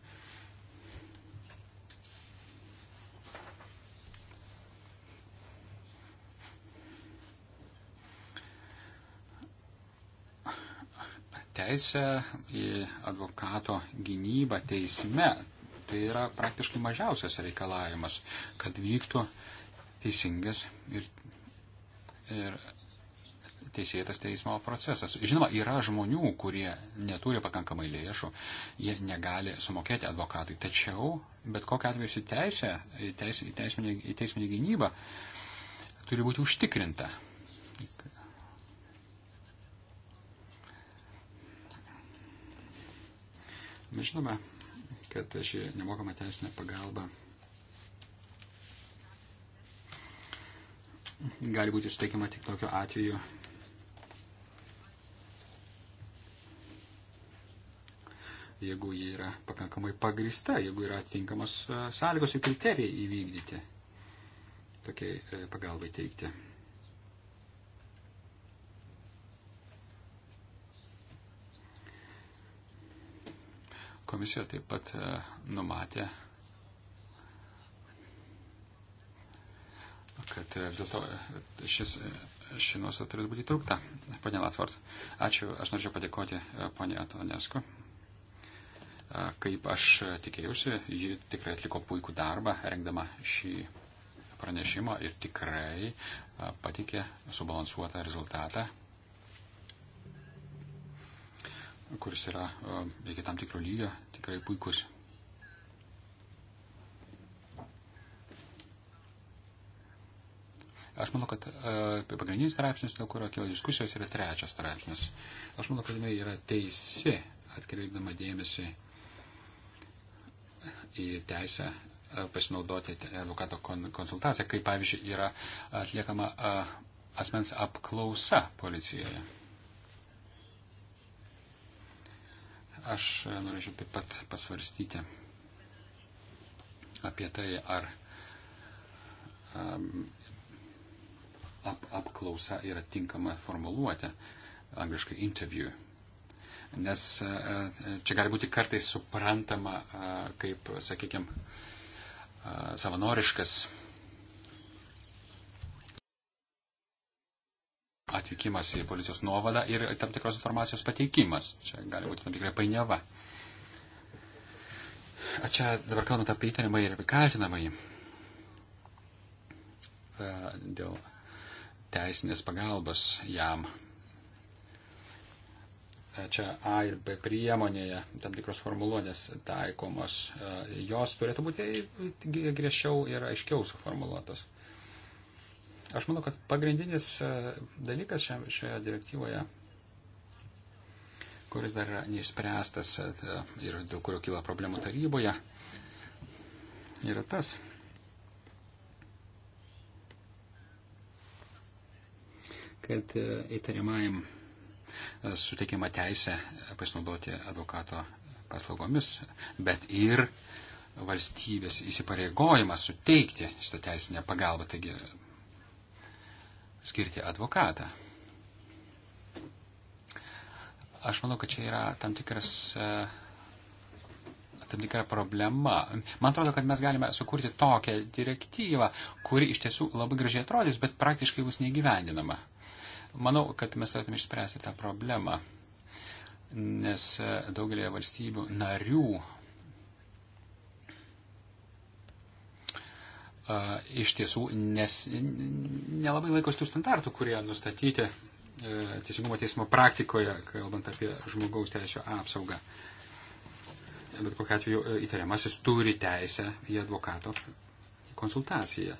teisę į advokato gynybą teisme. Tai yra praktiškai mažiausias reikalavimas, kad vyktų teisingas ir, ir teisėtas teismo procesas. Žinoma, yra žmonių, kurie neturi pakankamai lėšų, jie negali sumokėti advokatui. Tačiau, bet kokia atveju, į teisę, į teisminį, į teisminį gynybą turi būti užtikrinta Mes žinome, kad ši nemokama teisinė pagalba gali būti suteikiama tik tokiu atveju, jeigu ji yra pakankamai pagrista, jeigu yra atitinkamos e, sąlygos ir kriterijai įvykdyti tokiai e, pagalbai teikti. Komisija taip pat e, numatė, kad e, dėl to e, šis, ši nuostata turėtų būti įtraukta. Pane Latvart, ačiū, aš norėčiau padėkoti ponė Antonesku. Kaip aš tikėjausi, ji tikrai atliko puikų darbą, rengdama šį pranešimą ir tikrai patikė subalansuotą rezultatą, kuris yra e, iki tam tikro lygio tikrai puikus. Aš manau, kad e, tai pagrindinis straipsnis, dėl kurio kilo diskusijos, yra trečias straipsnis. Aš manau, kad jinai yra teisi, atkreipdama dėmesį į teisę e, pasinaudoti advokato konsultaciją, kaip pavyzdžiui yra atliekama e, asmens apklausa policijoje. Aš norėčiau taip pat pasvarstyti apie tai, ar ap, apklausa yra tinkama formuluotė, angliškai interview. Nes e, e, čia gali būti kartais suprantama e, kaip, sakykime, savanoriškas atvykimas į policijos nuovadą ir tam tikros informacijos pateikimas. Čia gali būti tam tikrai painiava. A čia dabar kalbant apie įtariamą ir apie kaltinamąjį e, dėl teisinės pagalbos jam. E, čia A ir B priemonėje tam tikros formuluotės taikomos, e, jos turėtų būti griežčiau ir aiškiau suformuluotos. Aš manau, kad pagrindinis e, dalykas šioje direktyvoje, kuris dar yra neišspręstas e, ir dėl kurio kyla problemų taryboje, yra tas, kad e, įtariamajam suteikiama teisė pasinaudoti advokato paslaugomis, bet ir valstybės įsipareigojimas suteikti šitą teisinę pagalbą. Taigi skirti advokatą. Aš manau, kad čia yra tam tikras. E, tam tikra problema. Man atrodo, kad mes galime sukurti tokią direktyvą, kuri iš tiesų labai gražiai atrodys, bet praktiškai bus neįgyvendinama. Manau, kad mes turėtume išspręsti tą problemą, nes e, daugelėje valstybių narių iš tiesų nes, nelabai laikosi tų standartų, kurie nustatyti e, teisingumo teismo praktikoje, kalbant apie žmogaus teisų apsaugą. Bet kokiu atveju e, įtariamasis turi teisę į advokato konsultaciją.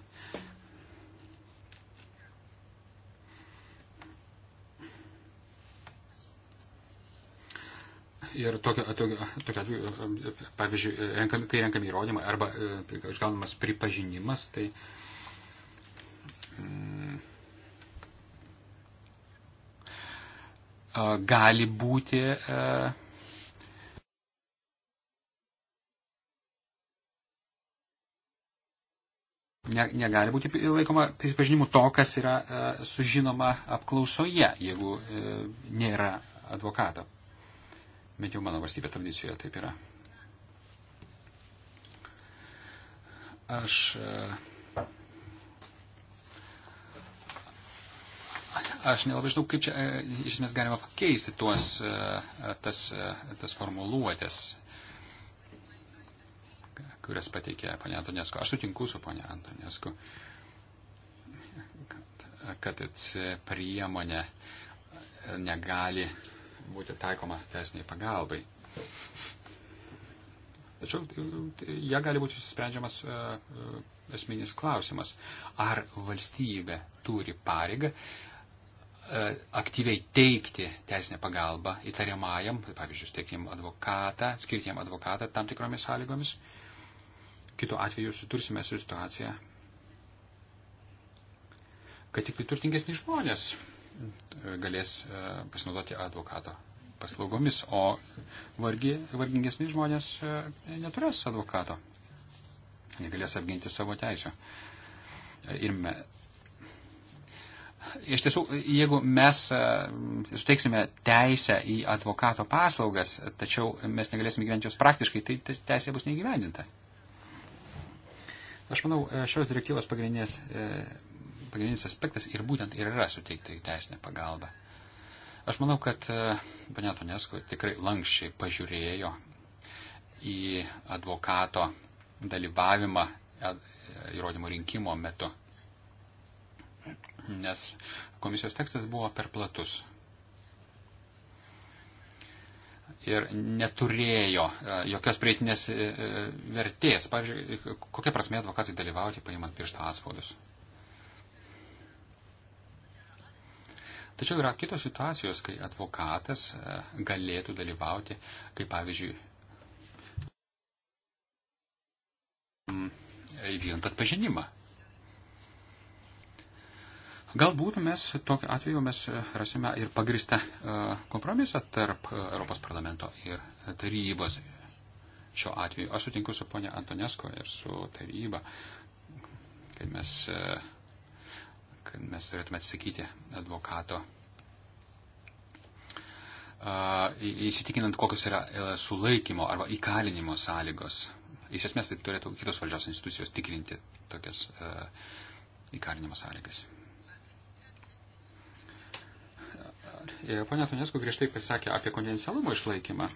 Ir tokio, tokio, tokio, pavyzdžiui, renkam, kai renkami įrodymai arba e, išgaunamas pripažinimas, tai mm, gali būti uh, ne, negali būti laikoma pripažinimu to, kas yra e, sužinoma apklausoje, jeigu e, nėra advokato bet jau mano valstybė tradicijoje taip yra. Aš e, Aš nelabai žinau, kaip čia e, iš esmės galima pakeisti tuos, e, tas, tas formuluotės, kurias pateikė ponia Antonesko. Aš sutinku su ponia Antonesko, kad, kad priemonė negali būti taikoma teisiniai pagalbai. Tačiau jie tai gali būti sprendžiamas e, e, esminis klausimas, ar valstybė turi pareigą e, aktyviai teikti teisinę pagalbą įtariamajam, pavyzdžiui, teikti jam advokatą, skirti jam advokatą tam tikromis sąlygomis. Kitu atveju sutursime su situacija, kad tik tai turtingesni žmonės galės e, pasinaudoti advokato paslaugomis, o vargi, vargingesni žmonės e, neturės advokato. Jie galės apginti savo teisę. Ir me, iš tiesų, jeigu mes e, suteiksime teisę į advokato paslaugas, tačiau mes negalėsime gyventi jos praktiškai, tai teisė bus neįgyvendinta. Aš manau, šios direktyvos pagrindinės pagrindinis aspektas ir būtent ir yra suteikti teisinę pagalbą. Aš manau, kad e, ponia Tonesko tikrai lankščiai pažiūrėjo į advokato dalyvavimą e, įrodymų rinkimo metu, nes komisijos tekstas buvo per platus ir neturėjo e, jokios prieitinės vertės. Pavyzdžiui, kokia prasme advokatui dalyvauti, paimant pirštą atspaudus. Tačiau yra kitos situacijos, kai advokatas e, galėtų dalyvauti, kaip pavyzdžiui, mm, vykdant atpažinimą. Galbūt mes tokiu atveju mes e, rasime ir pagristą e, kompromisą tarp Europos parlamento ir tarybos. Šiuo atveju aš sutinku su ponia Antonesko ir su taryba, kad mes kad mes turėtume atsisakyti advokato. Įsitikinant, kokios yra e, sulaikymo arba įkalinimo sąlygos. Iš esmės, tai turėtų kitos valdžios institucijos tikrinti tokias e, įkalinimo sąlygas. E, Pane Tonesko griežtai pasakė apie konfidencialumo išlaikymą.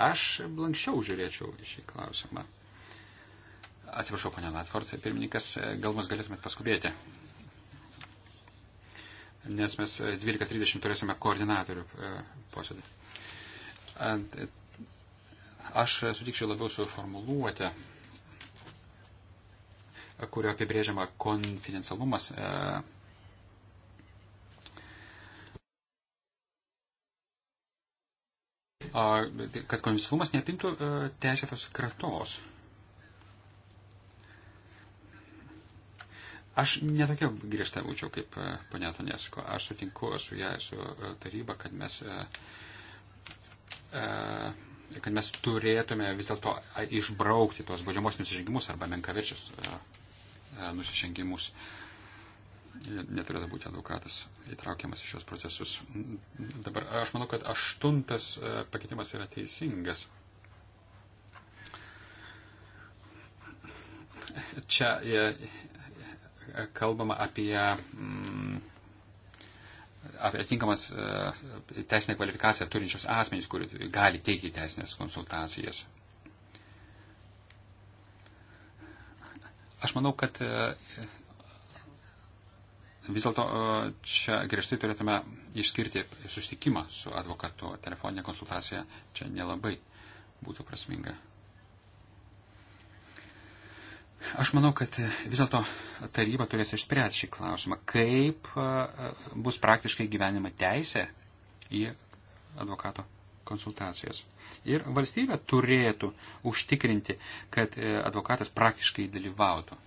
Aš lankščiau žiūrėčiau į šį klausimą. Atsiprašau, ponia Latford, pirmininkas, gal mus galėtumėt paskubėti, nes mes 12.30 turėsime koordinatorių e, posėdį. Aš sutikčiau labiau su formuluotė, kurio apibrėžiama konfidencialumas. E, kad konfidencialumas neapimtų e, teisėtos kratos. Aš netokia griežta būčiau kaip e, ponia Tonesko. Aš sutinku su ją, su e, taryba, kad mes, e, kad mes turėtume vis dėlto išbraukti tuos baudžiamos nusižengimus arba menkaverčius nusižengimus. Neturėtų būti advokatas įtraukiamas į šios procesus. Dabar aš manau, kad aštuntas pakeitimas yra teisingas. Čia kalbama apie, mm, apie atinkamas e, teisinę kvalifikaciją turinčios asmenys, kurie gali teikti teisinės konsultacijas. Aš manau, kad e, vis dėlto e, čia griežtai turėtume išskirti susitikimą su advokatu. Telefoninė konsultacija čia nelabai būtų prasminga. Aš manau, kad e, vis dėlto taryba turės išspręsti šį klausimą, kaip e, e, bus praktiškai gyvenima teisė į advokato konsultacijas. Ir valstybė turėtų užtikrinti, kad advokatas praktiškai dalyvautų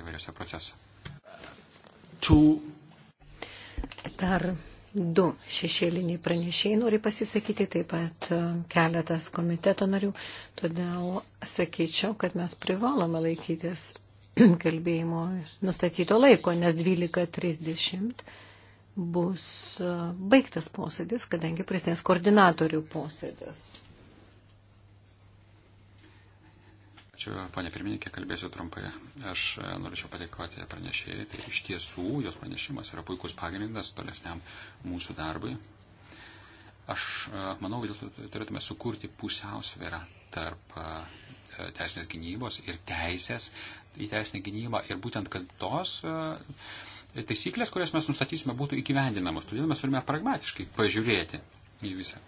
įvairiuose procesuose. Dar Du šešėliniai pranešėjai nori pasisakyti, taip pat e, keletas komiteto narių. Todėl sakyčiau, kad mes privalome laikytis kalbėjimo nustatyto laiko, nes 12.30 bus e, baigtas posėdis, kadangi prasidės koordinatorių posėdis. Ačiū, ponė pirmininkė, kalbėsiu trumpai. Aš e, norėčiau padėkoti pranešėjai. Tai iš tiesų jos pranešimas yra puikus pagrindas tolesniam mūsų darbui. Aš e, manau, vis dėlto turėtume sukurti pusiausvyrą tarp e, teisinės gynybos ir teisės į teisinę gynybą ir būtent, kad tos taisyklės, kurias mes nustatysime, būtų įgyvendinamos. Todėl mes turime pragmatiškai pažiūrėti į visą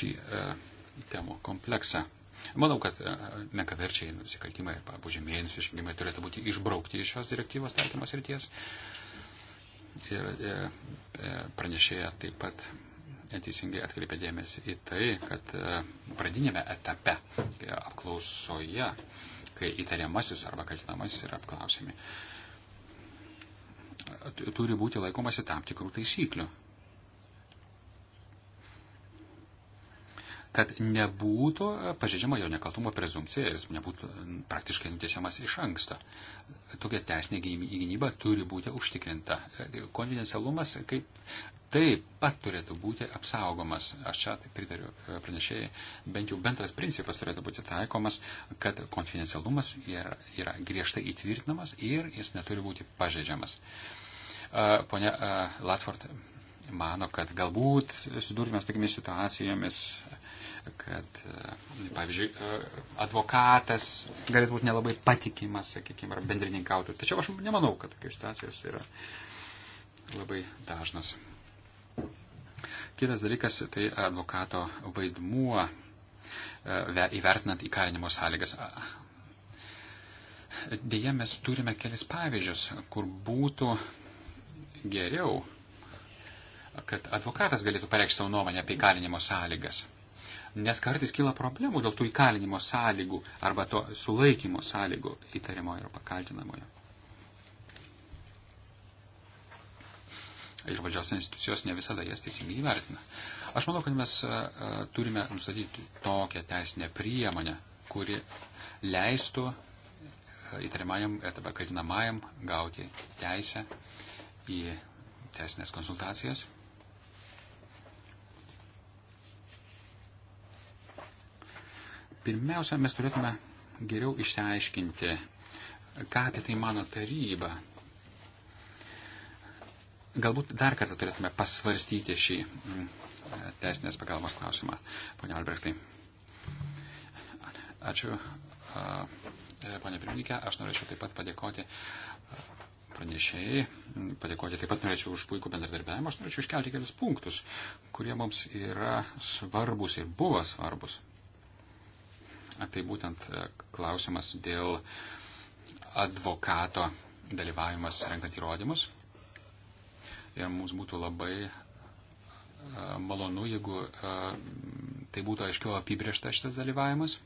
šį temų kompleksą. Manau, kad e, nekaverčiai nusikaltimai arba pažymėjai nusižengimai turėtų būti išbraukti iš šios direktyvos taikymos ryties. Ir e, e, pranešėja taip pat teisingai atkreipė dėmesį į tai, kad pradinėme etape apklausoje, kai įtariamasis arba kaltinamasis yra apklausimi, turi būti laikomasi tam tikrų taisyklių kad nebūtų pažeidžiama jo nekaltumo prezumcija, jis nebūtų praktiškai nutiesiamas iš anksto. Tokia teisinė gynyba turi būti užtikrinta. Konfidencialumas kaip taip pat turėtų būti apsaugomas. Aš čia pritariu e, pranešėjai, bent jau bendras principas turėtų būti taikomas, kad konfidencialumas yra, yra griežtai įtvirtinamas ir jis neturi būti pažeidžiamas. E, Pone Latford mano, kad galbūt sudūrime su tokiamis situacijomis, kad, e, pavyzdžiui, e, advokatas galėtų būti nelabai patikimas, sakykime, ar bendrininkautų. Tačiau aš nemanau, kad tokios situacijos yra labai dažnas. Kitas dalykas - tai advokato vaidmuo e, įvertinant įkalinimo sąlygas. Deja, mes turime kelis pavyzdžius, kur būtų geriau kad advokatas galėtų pareikšti savo nuomonę apie įkalinimo sąlygas nes kartais kyla problemų dėl tų įkalinimo sąlygų arba to sulaikymo sąlygų įtariamojo arba kaltinamojo. Ir valdžios institucijos ne visada jas teisingai įvertina. Aš manau, kad mes turime nustatyti tokią teisinę priemonę, kuri leistų įtariamajam e, arba kaltinamajam gauti teisę į teisinės konsultacijas Pirmiausia, mes turėtume geriau išsiaiškinti, ką apie tai mano taryba. Galbūt dar kartą turėtume pasvarstyti šį mm, teisinės pagalbos klausimą, ponia Albrechtai. Ačiū, e, ponia pirmininkė, aš norėčiau taip pat padėkoti pranešėjai, padėkoti taip pat norėčiau už puikų bendradarbiavimą, aš norėčiau iškelti kelius punktus, kurie mums yra svarbus ir buvo svarbus Tai būtent e, klausimas dėl advokato dalyvavimas renkant įrodymus. Ir mums būtų labai e, malonu, jeigu e, tai būtų aiškiau apibriešta šitas dalyvavimas.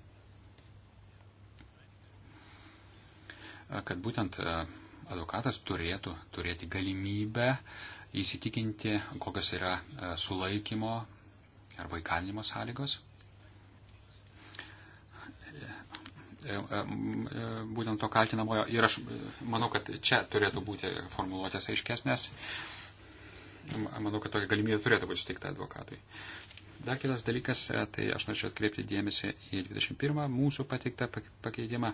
Kad būtent advokatas turėtų turėti galimybę įsitikinti, kokios yra sulaikymo arba įkalinimo sąlygos. E, e, e, būtent to kaltinamojo. Ir aš manau, kad čia turėtų būti formuluotės aiškesnės. Manau, kad tokia galimybė turėtų būti suteikta advokatui. Dar kitas dalykas, tai aš norėčiau atkreipti dėmesį į 21 mūsų pateiktą pakeitimą.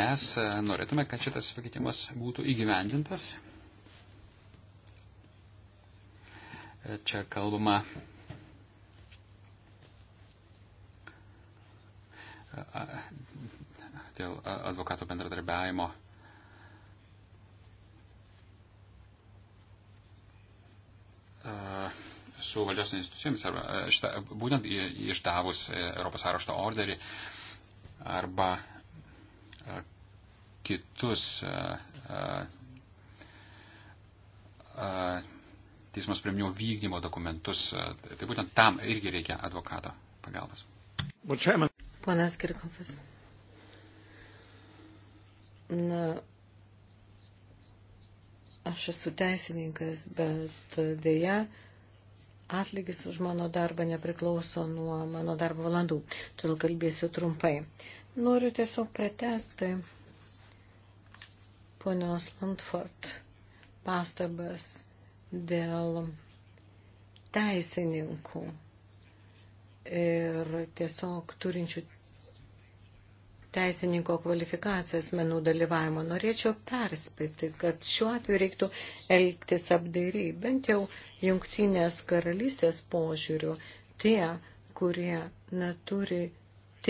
Mes norėtume, kad šitas pakeitimas būtų įgyvendintas Čia kalbama dėl advokato bendradarbiavimo. su valdžios institucijomis arba e, šita, būtent išdavus e, Europos arešto orderį arba e, kitus a, a, a, teismo sprendimų vykdymo dokumentus. E, tai būtent tam irgi reikia advokato pagalbos. Ponas Kirkovas. Na, aš esu teisininkas, bet dėja atlygis už mano darbą nepriklauso nuo mano darbo valandų. Todėl kalbėsiu trumpai. Noriu tiesiog pratesti ponios Landford pastabas dėl teisininkų ir tiesiog turinčių teisininko kvalifikaciją asmenų dalyvavimo. Norėčiau perspėti, kad šiuo atveju reiktų elgtis apdairiai, bent jau jungtinės karalystės požiūrių, tie, kurie neturi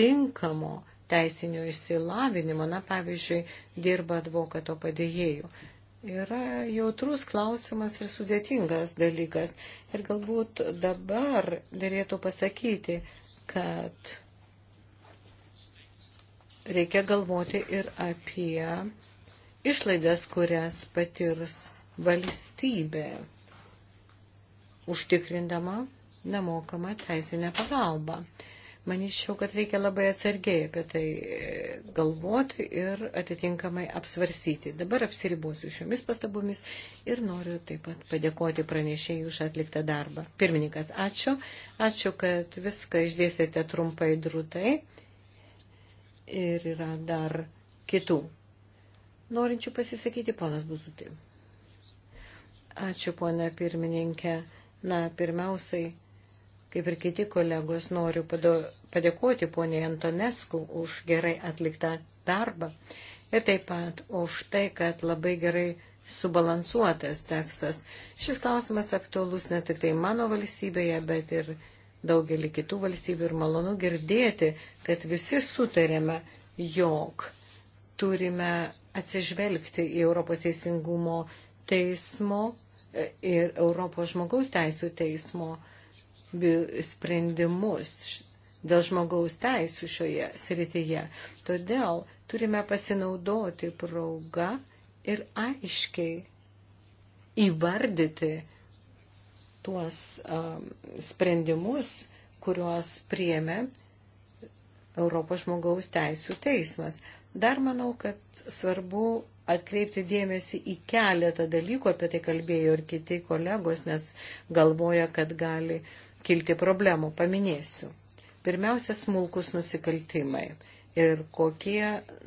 tinkamo teisinio išsilavinimo, na pavyzdžiui, dirba advokato padėjėjų yra jautrus klausimas ir sudėtingas dalykas. Ir galbūt dabar dėlėtų pasakyti, kad reikia galvoti ir apie išlaidas, kurias patirs valstybė, užtikrindama nemokamą teisinę pagalbą. Maniščiau, kad reikia labai atsargiai apie tai e, galvoti ir atitinkamai apsvarsyti. Dabar apsiribosiu šiomis pastabomis ir noriu taip pat padėkoti pranešėjai už atliktą darbą. Pirmininkas, ačiū. Ačiū, kad viską išdėstėte trumpai drūtai. Ir yra dar kitų. Norinčių pasisakyti, ponas Buzuti. Ačiū, pona pirmininkė. Na, pirmiausiai kaip ir kiti kolegos, noriu padėkoti poniai Antonesku už gerai atliktą darbą ir taip pat už tai, kad labai gerai subalansuotas tekstas. Šis klausimas aktualus ne tik tai mano valstybėje, bet ir daugelį kitų valstybių ir malonu girdėti, kad visi sutarėme, jog turime atsižvelgti į Europos teisingumo teismo e, ir Europos žmogaus teisų teismo uh, sprendimus dėl žmogaus teisų šioje srityje. Todėl turime pasinaudoti praugą ir aiškiai įvardyti tuos um, sprendimus, kuriuos priemė Europos žmogaus teisų teismas. Dar manau, kad svarbu atkreipti dėmesį į keletą dalykų, apie tai kalbėjo ir kiti kolegos, nes galvoja, kad gali uh, kilti problemų, paminėsiu. Pirmiausia, smulkus nusikaltimai ir kokie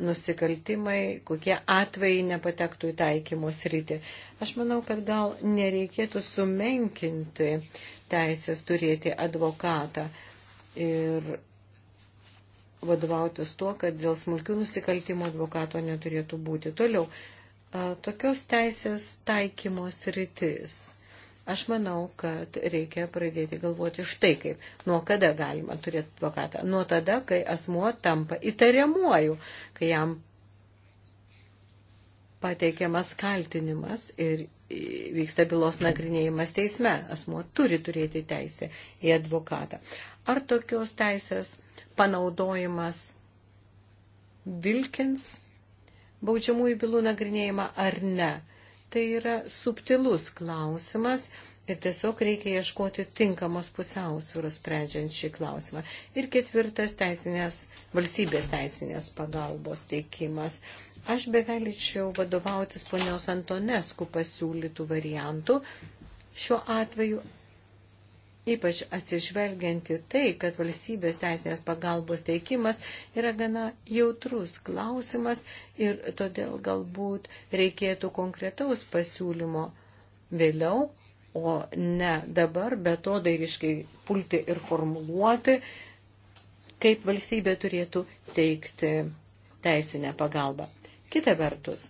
nusikaltimai, kokie atvejai nepatektų į taikymo sritį. Aš manau, kad gal nereikėtų sumenkinti teisės turėti advokatą ir vadovautis tuo, kad dėl smulkių nusikaltimų advokato neturėtų būti. Toliau, tokios teisės taikymo sritis Aš manau, kad reikia pradėti galvoti štai kaip. Nuo kada galima turėti advokatą? Nuo tada, kai asmuo tampa įtariamuoju, kai jam pateikiamas kaltinimas ir vyksta bylos nagrinėjimas teisme. Asmuo turi turėti teisę į advokatą. Ar tokios teisės panaudojimas vilkins baudžiamųjų bylų nagrinėjimą ar ne? Tai yra subtilus klausimas ir tiesiog reikia ieškoti tinkamos pusiausvėros sprendžiant šį klausimą. Ir ketvirtas teisinės, valstybės teisinės pagalbos teikimas. Aš bevelyčiau vadovautis ponios Antonesku pasiūlytų variantų. Šiuo atveju ypač atsižvelgianti tai, kad valstybės teisinės pagalbos teikimas yra gana jautrus klausimas ir todėl galbūt reikėtų konkretaus pasiūlymo vėliau, o ne dabar, bet to dairiškai pulti ir formuluoti, kaip valstybė turėtų teikti teisinę pagalbą. Kita vertus,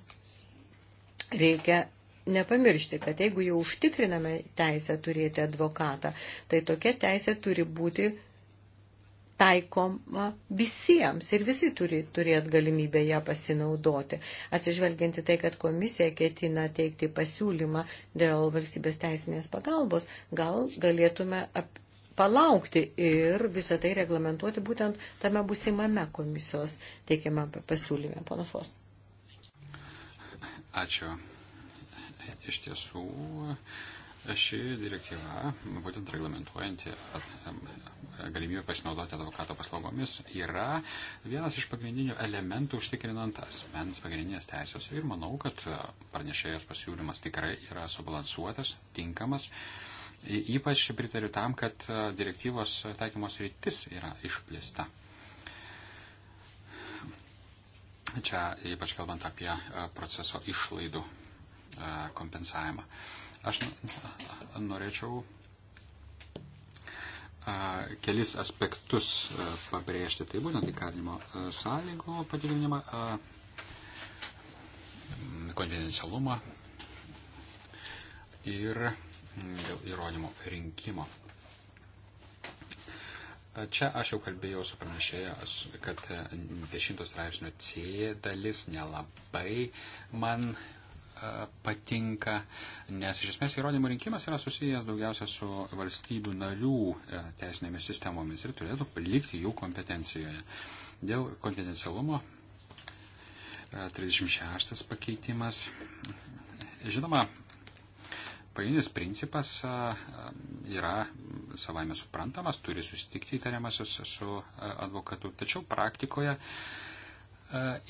reikia nepamiršti, kad jeigu jau užtikriname teisę turėti advokatą, tai tokia teisė turi būti taikoma visiems ir visi turi turėti galimybę ją pasinaudoti. Atsižvelginti tai, kad komisija ketina teikti pasiūlymą dėl valstybės teisinės pagalbos, gal galėtume ap, palaukti ir visą tai reglamentuoti būtent tame busimame komisijos teikiamame pasiūlyme. Ponas Vos. Ačiū. Iš tiesų, ši direktyva, būtent reglamentuojanti galimybę pasinaudoti advokato paslaugomis, yra vienas iš pagrindinių elementų užtikrinant asmens pagrindinės teisės. Ir manau, kad pranešėjos pasiūlymas tikrai yra subalansuotas, tinkamas. Ypač pritariu tam, kad e, direktyvos taikymos rytis yra išplėsta. Čia ypač kalbant apie e, proceso išlaidų E, kompensavimą. Aš norėčiau e, kelis aspektus e, pabrėžti. Tai būtent įkalinimo sąlygų padidinimą, konfidencialumą ir dėl įrodymų rinkimo. Čia aš jau kalbėjau su pranešėja, kad 10 straipsnio C dalis nelabai man patinka, nes iš esmės įrodymų rinkimas yra susijęs daugiausia su valstybių narių e, teisinėmis sistemomis ir turėtų likti jų kompetencijoje. Dėl konfidencialumo 36 e, pakeitimas. Žinoma, pagrindinis principas e, yra savame suprantamas, turi susitikti įtariamasis su advokatu. Tačiau praktikoje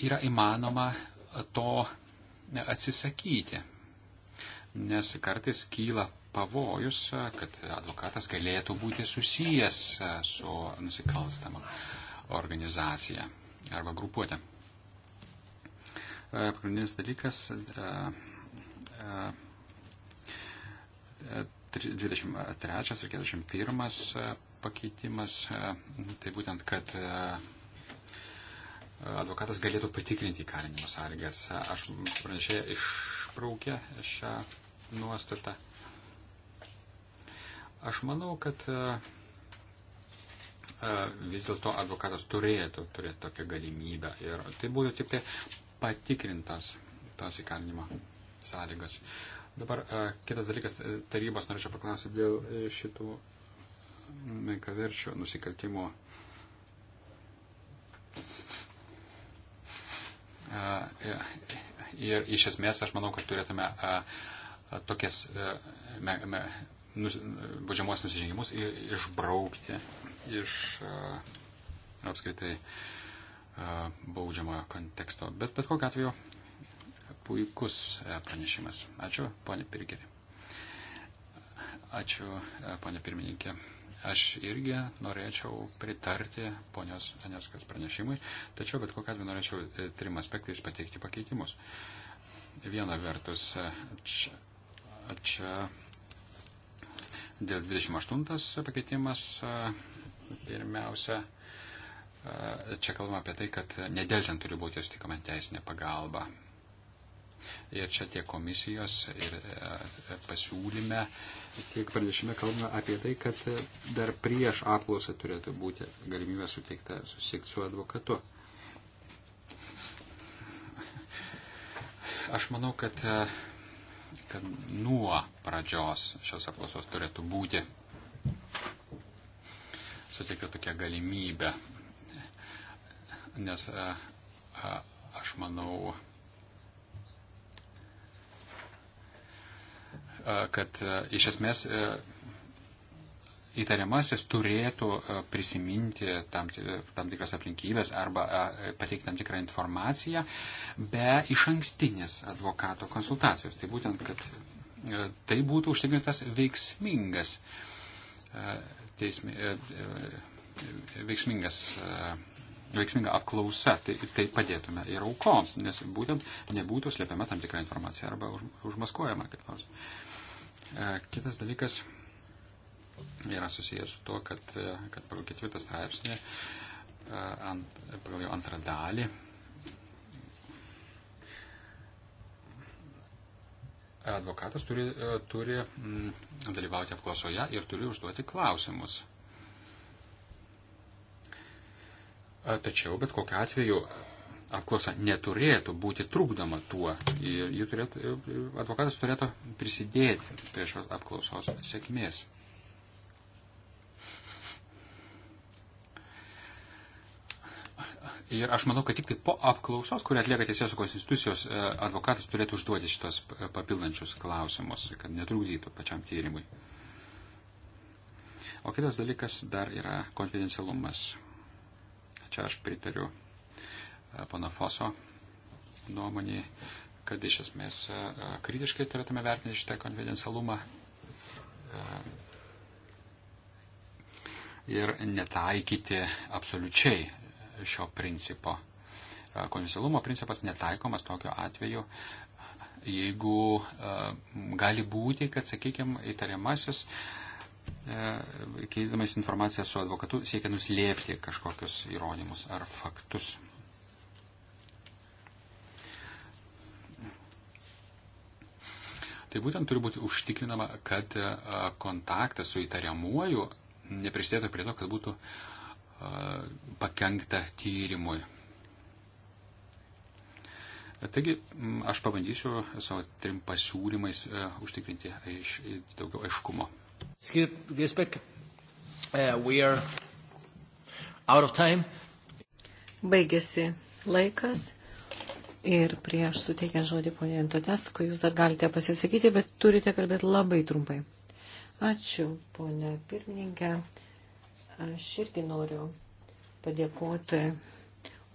yra įmanoma to atsisakyti, nes kartais kyla pavojus, kad advokatas galėtų būti susijęs su nusikalstama organizacija arba grupuotė. E, pagrindinis dalykas 23 e, e, ir 41 pakeitimas, tai būtent, kad advokatas galėtų patikrinti įkalinimo sąlygas. Aš pranešėją išbraukė šią nuostatą. Aš manau, kad e, vis dėlto advokatas turėtų turėti tokią galimybę ir tai būtų tik tai patikrintas tas įkalinimo sąlygas. Dabar e, kitas dalykas, e, tarybos norėčiau paklausyti dėl šitų menkaverčių nusikaltimų Ir iš esmės aš manau, kad turėtume tokias baudžiamos nusižengimus išbraukti iš apskritai baudžiamojo konteksto. Bet bet kokiu atveju puikus e, pranešimas. Ačiū, ponė Pirgerį. Ačiū, e, ponė pirmininkė. Aš irgi norėčiau pritarti ponios Aneskas pranešimui, tačiau bet kokią atveju norėčiau e, trim aspektais pateikti pakeitimus. Viena vertus, e, čia, čia dėl 28 pakeitimas e, pirmiausia, čia kalbama apie tai, kad nedelsiant turi būti sutikama teisinė pagalba Ir čia tiek komisijos ir e, e, pasiūlyme, tiek pranešime kalbame apie tai, kad e, dar prieš apklausą turėtų būti galimybė suteikta susiekti su advokatu. Aš manau, kad, kad nuo pradžios šios apklausos turėtų būti suteikta tokia galimybė, nes a, a, aš manau, kad iš esmės įtariamasis turėtų prisiminti tam, tam tikras aplinkybės arba pateikti tam tikrą informaciją be iš ankstinės advokato konsultacijos. Tai būtent, kad tai būtų užtikrintas veiksmingas, teismi, veiksmingas veiksminga apklausa, tai, tai padėtume ir aukoms, nes būtent nebūtų slėpiama tam tikra informacija arba už, užmaskuojama kaip nors. Uh, E, kitas dalykas yra susijęs su to, kad, e, kad pagal ketvirtą straipsnį, e, ant, pagal jo antrą dalį, advokatas turi, turi mm, dalyvauti apklausoje ir turi užduoti klausimus. Tačiau, bet kokiu atveju, apklausa neturėtų būti trukdoma tuo ir turėtų, e, e, advokatas turėtų prisidėti prie šios apklausos sėkmės. Ir aš manau, kad tik tai po apklausos, kurią atlieka Teisėsaugos institucijos, e, advokatas turėtų užduoti šitos papildančius klausimus, kad netrukdytų pačiam tyrimui. O kitas dalykas dar yra konfidencialumas. Čia aš pritariu E, pana Foso nuomonį, kad iš esmės e, kritiškai turėtume vertinti šitą konfidencialumą e, ir netaikyti absoliučiai šio principo. Konfidencialumo principas netaikomas tokiu atveju, jeigu gali būti, kad, sakykime, įtariamasis keisdamas informaciją su advokatu siekia nuslėpti kažkokius įrodymus ar faktus. Tai būtent turi būti užtikrinama, kad e, kontaktas su įtariamuoju neprisidėtų prie to, kad būtų e, pakengta tyrimui. Taigi, aš pabandysiu savo trim pasiūlymais uh, užtikrinti aiš, daugiau aiškumo. Uh, Baigėsi laikas. Ir prieš suteikiant žodį ponė Antotesku, jūs dar galite pasisakyti, bet turite kalbėti labai trumpai. Ačiū, ponė pirmininkė. Aš irgi noriu padėkoti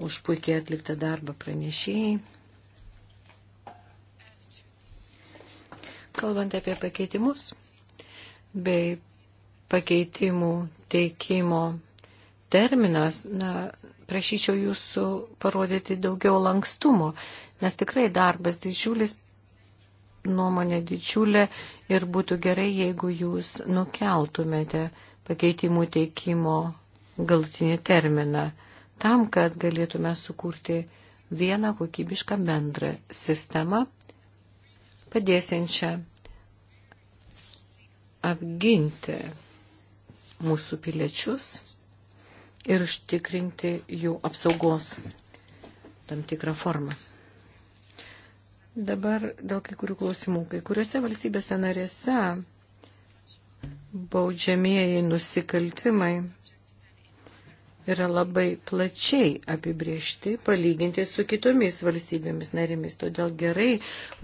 už puikiai atliktą darbą pranešėjai. Kalbant apie pakeitimus bei pakeitimų teikimo terminas, na, prašyčiau jūsų parodyti daugiau lankstumo, nes tikrai darbas didžiulis, nuomonė didžiulė ir būtų gerai, jeigu jūs nukeltumėte pakeitimų teikimo galutinį terminą, tam, kad galėtume sukurti vieną kokybišką bendrą sistemą, padėsiančią apginti mūsų piliečius ir užtikrinti jų apsaugos tam tikrą formą. Dabar dėl kai kurių klausimų. Kai kuriuose valstybėse narėse baudžiamieji nusikaltimai yra labai plačiai apibriežti palyginti su kitomis valstybėmis narėmis. Todėl gerai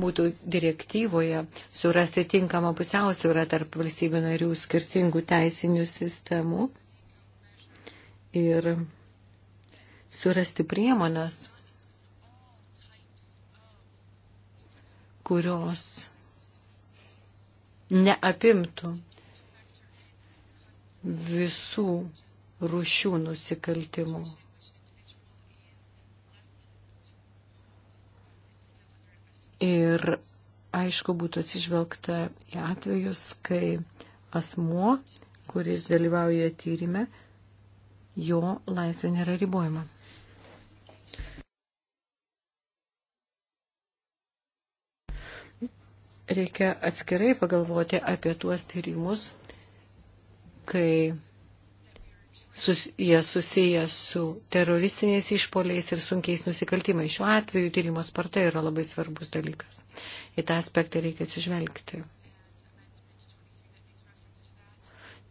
būtų direktyvoje surasti tinkamą pusiausvyrą tarp valstybių narių skirtingų teisinių sistemų ir surasti priemonės, kurios neapimtų visų rušių nusikaltimų. Ir aišku būtų atsižvelgta į atvejus, kai asmuo, kuris dalyvauja tyrime, jo laisvė nėra ribojama. Reikia atskirai pagalvoti apie tuos tyrimus, kai sus, jie susiję su teroristiniais išpoliais ir sunkiais nusikaltimais. Šiuo atveju tyrimo sparta yra labai svarbus dalykas. Į tą aspektą reikia atsižvelgti.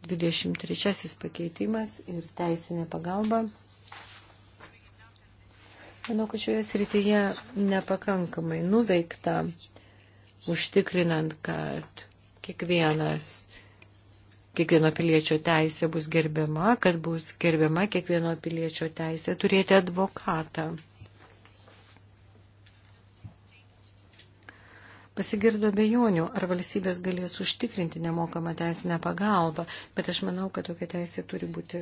23 pakeitimas ir teisinė pagalba. Manau, kad šioje srityje nepakankamai nuveikta, užtikrinant, kad kiekvienas, kiekvieno piliečio teisė bus gerbiama, kad bus gerbiama kiekvieno piliečio teisė turėti advokatą. pasigirdo bejonių, ar valstybės galės užtikrinti nemokamą teisinę pagalbą, bet aš manau, kad tokia teisė turi būti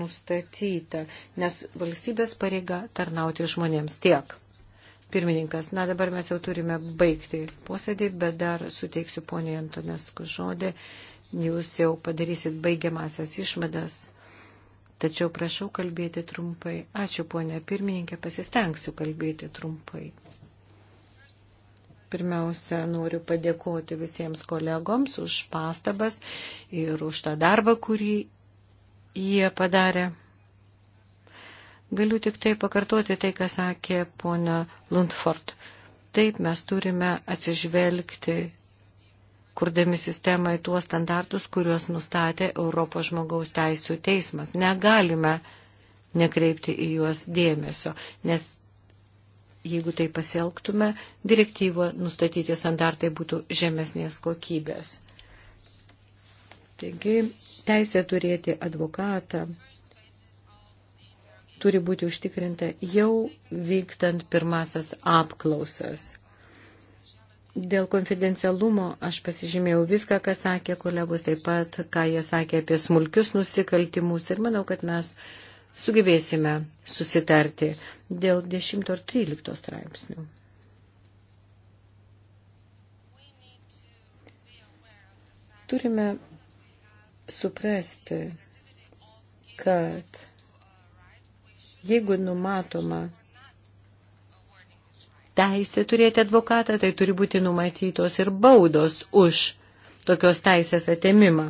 nustatyta, nes valstybės pareiga tarnauti žmonėms tiek. Pirmininkas, na dabar mes jau turime baigti posėdį, bet dar suteiksiu poniai Antonesku žodį, jūs jau padarysit baigiamasias išvadas. Tačiau prašau kalbėti trumpai. Ačiū, ponė pirmininkė, pasistengsiu kalbėti trumpai. Pirmiausia, noriu padėkoti visiems kolegoms už pastabas ir už tą darbą, kurį jie padarė. Galiu tik tai pakartoti tai, ką sakė pona Lundford. Taip mes turime atsižvelgti, kurdami sistemą į tuos standartus, kuriuos nustatė Europos žmogaus teisų teismas. Negalime nekreipti į juos dėmesio, nes jeigu tai pasielgtume, direktyvo nustatyti standartai būtų žemesnės kokybės. Taigi, teisė turėti advokatą turi būti užtikrinta jau vykstant pirmasias apklausas. Dėl konfidencialumo aš pasižymėjau viską, ką sakė kolegos, taip pat, ką jie sakė apie smulkius nusikaltimus ir manau, kad mes sugebėsime susitarti dėl 10 ir 13 straipsnių. Turime suprasti, kad jeigu numatoma teisė turėti advokatą, tai turi būti numatytos ir baudos už tokios teisės atėmimą.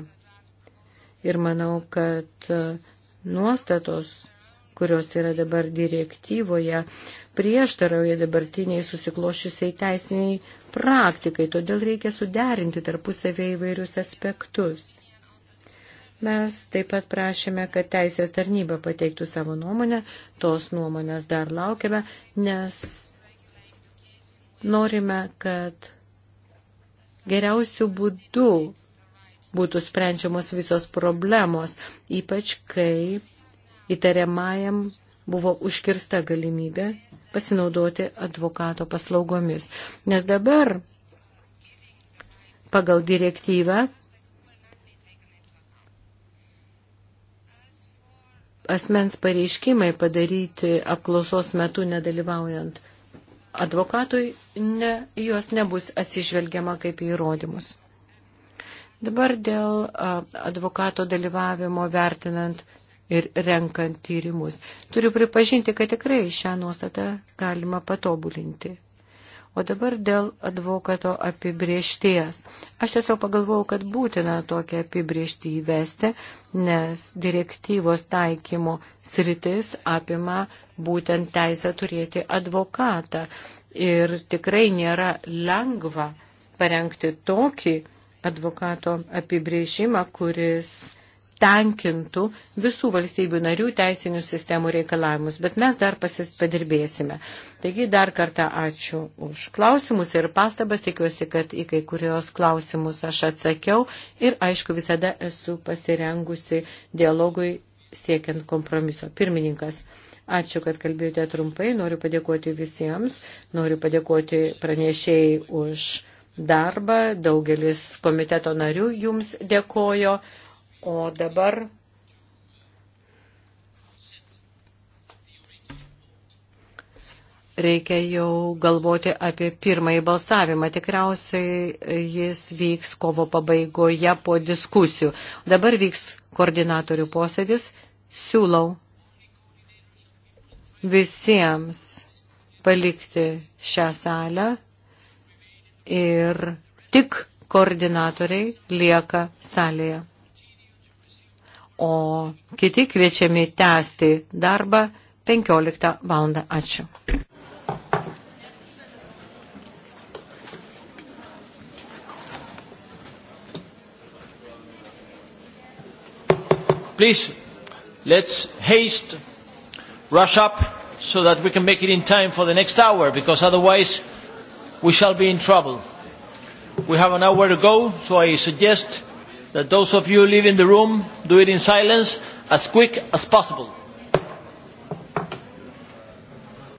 Ir manau, kad nuostatos kurios yra dabar direktyvoje, prieštarauja dabartiniai susiklošiusiai teisiniai praktikai, todėl reikia suderinti tarpusavėje įvairius aspektus. Mes taip pat prašėme, kad teisės tarnyba pateiktų savo nuomonę, tos nuomonės dar laukiame, nes norime, kad geriausių būdų būtų sprendžiamos visos problemos, ypač kai įtariamajam buvo užkirsta galimybė pasinaudoti advokato paslaugomis. Nes dabar pagal direktyvą asmens pareiškimai padaryti apklausos metu nedalyvaujant advokatui, ne, juos nebus atsižvelgiama kaip įrodymus. Dabar dėl advokato dalyvavimo vertinant ir renkant tyrimus. Turiu pripažinti, kad tikrai šią nuostatą galima patobulinti. O dabar dėl advokato apibriešties. Aš tiesiog pagalvojau, kad būtina tokią apibriežtį įvesti, nes direktyvos taikymo sritis apima būtent teisę turėti advokatą. Ir tikrai nėra lengva parengti tokį advokato apibrėžimą, kuris tenkintų visų valstybių narių teisinių sistemų reikalavimus, bet mes dar padirbėsime. Taigi dar kartą ačiū už klausimus ir pastabas, tikiuosi, kad į kai kurios klausimus aš atsakiau ir aišku visada esu pasirengusi dialogui siekiant kompromiso. Pirmininkas. Ačiū, kad kalbėjote trumpai. Noriu padėkoti visiems. Noriu padėkoti pranešėjai už darbą. Daugelis komiteto narių jums dėkojo. O dabar reikia jau galvoti apie pirmąjį balsavimą. Tikriausiai jis vyks kovo pabaigoje po diskusijų. Dabar vyks koordinatorių posėdis. Siūlau visiems palikti šią salę ir tik koordinatoriai lieka salėje o kiti kviečiami tęsti darbą 15 val. Ačiū. Please, let's haste, rush up, so that we can make it in time for the next hour, because otherwise we shall be in trouble. We have an hour to go, so I suggest that those of you leaving the room do it in silence as quick as possible.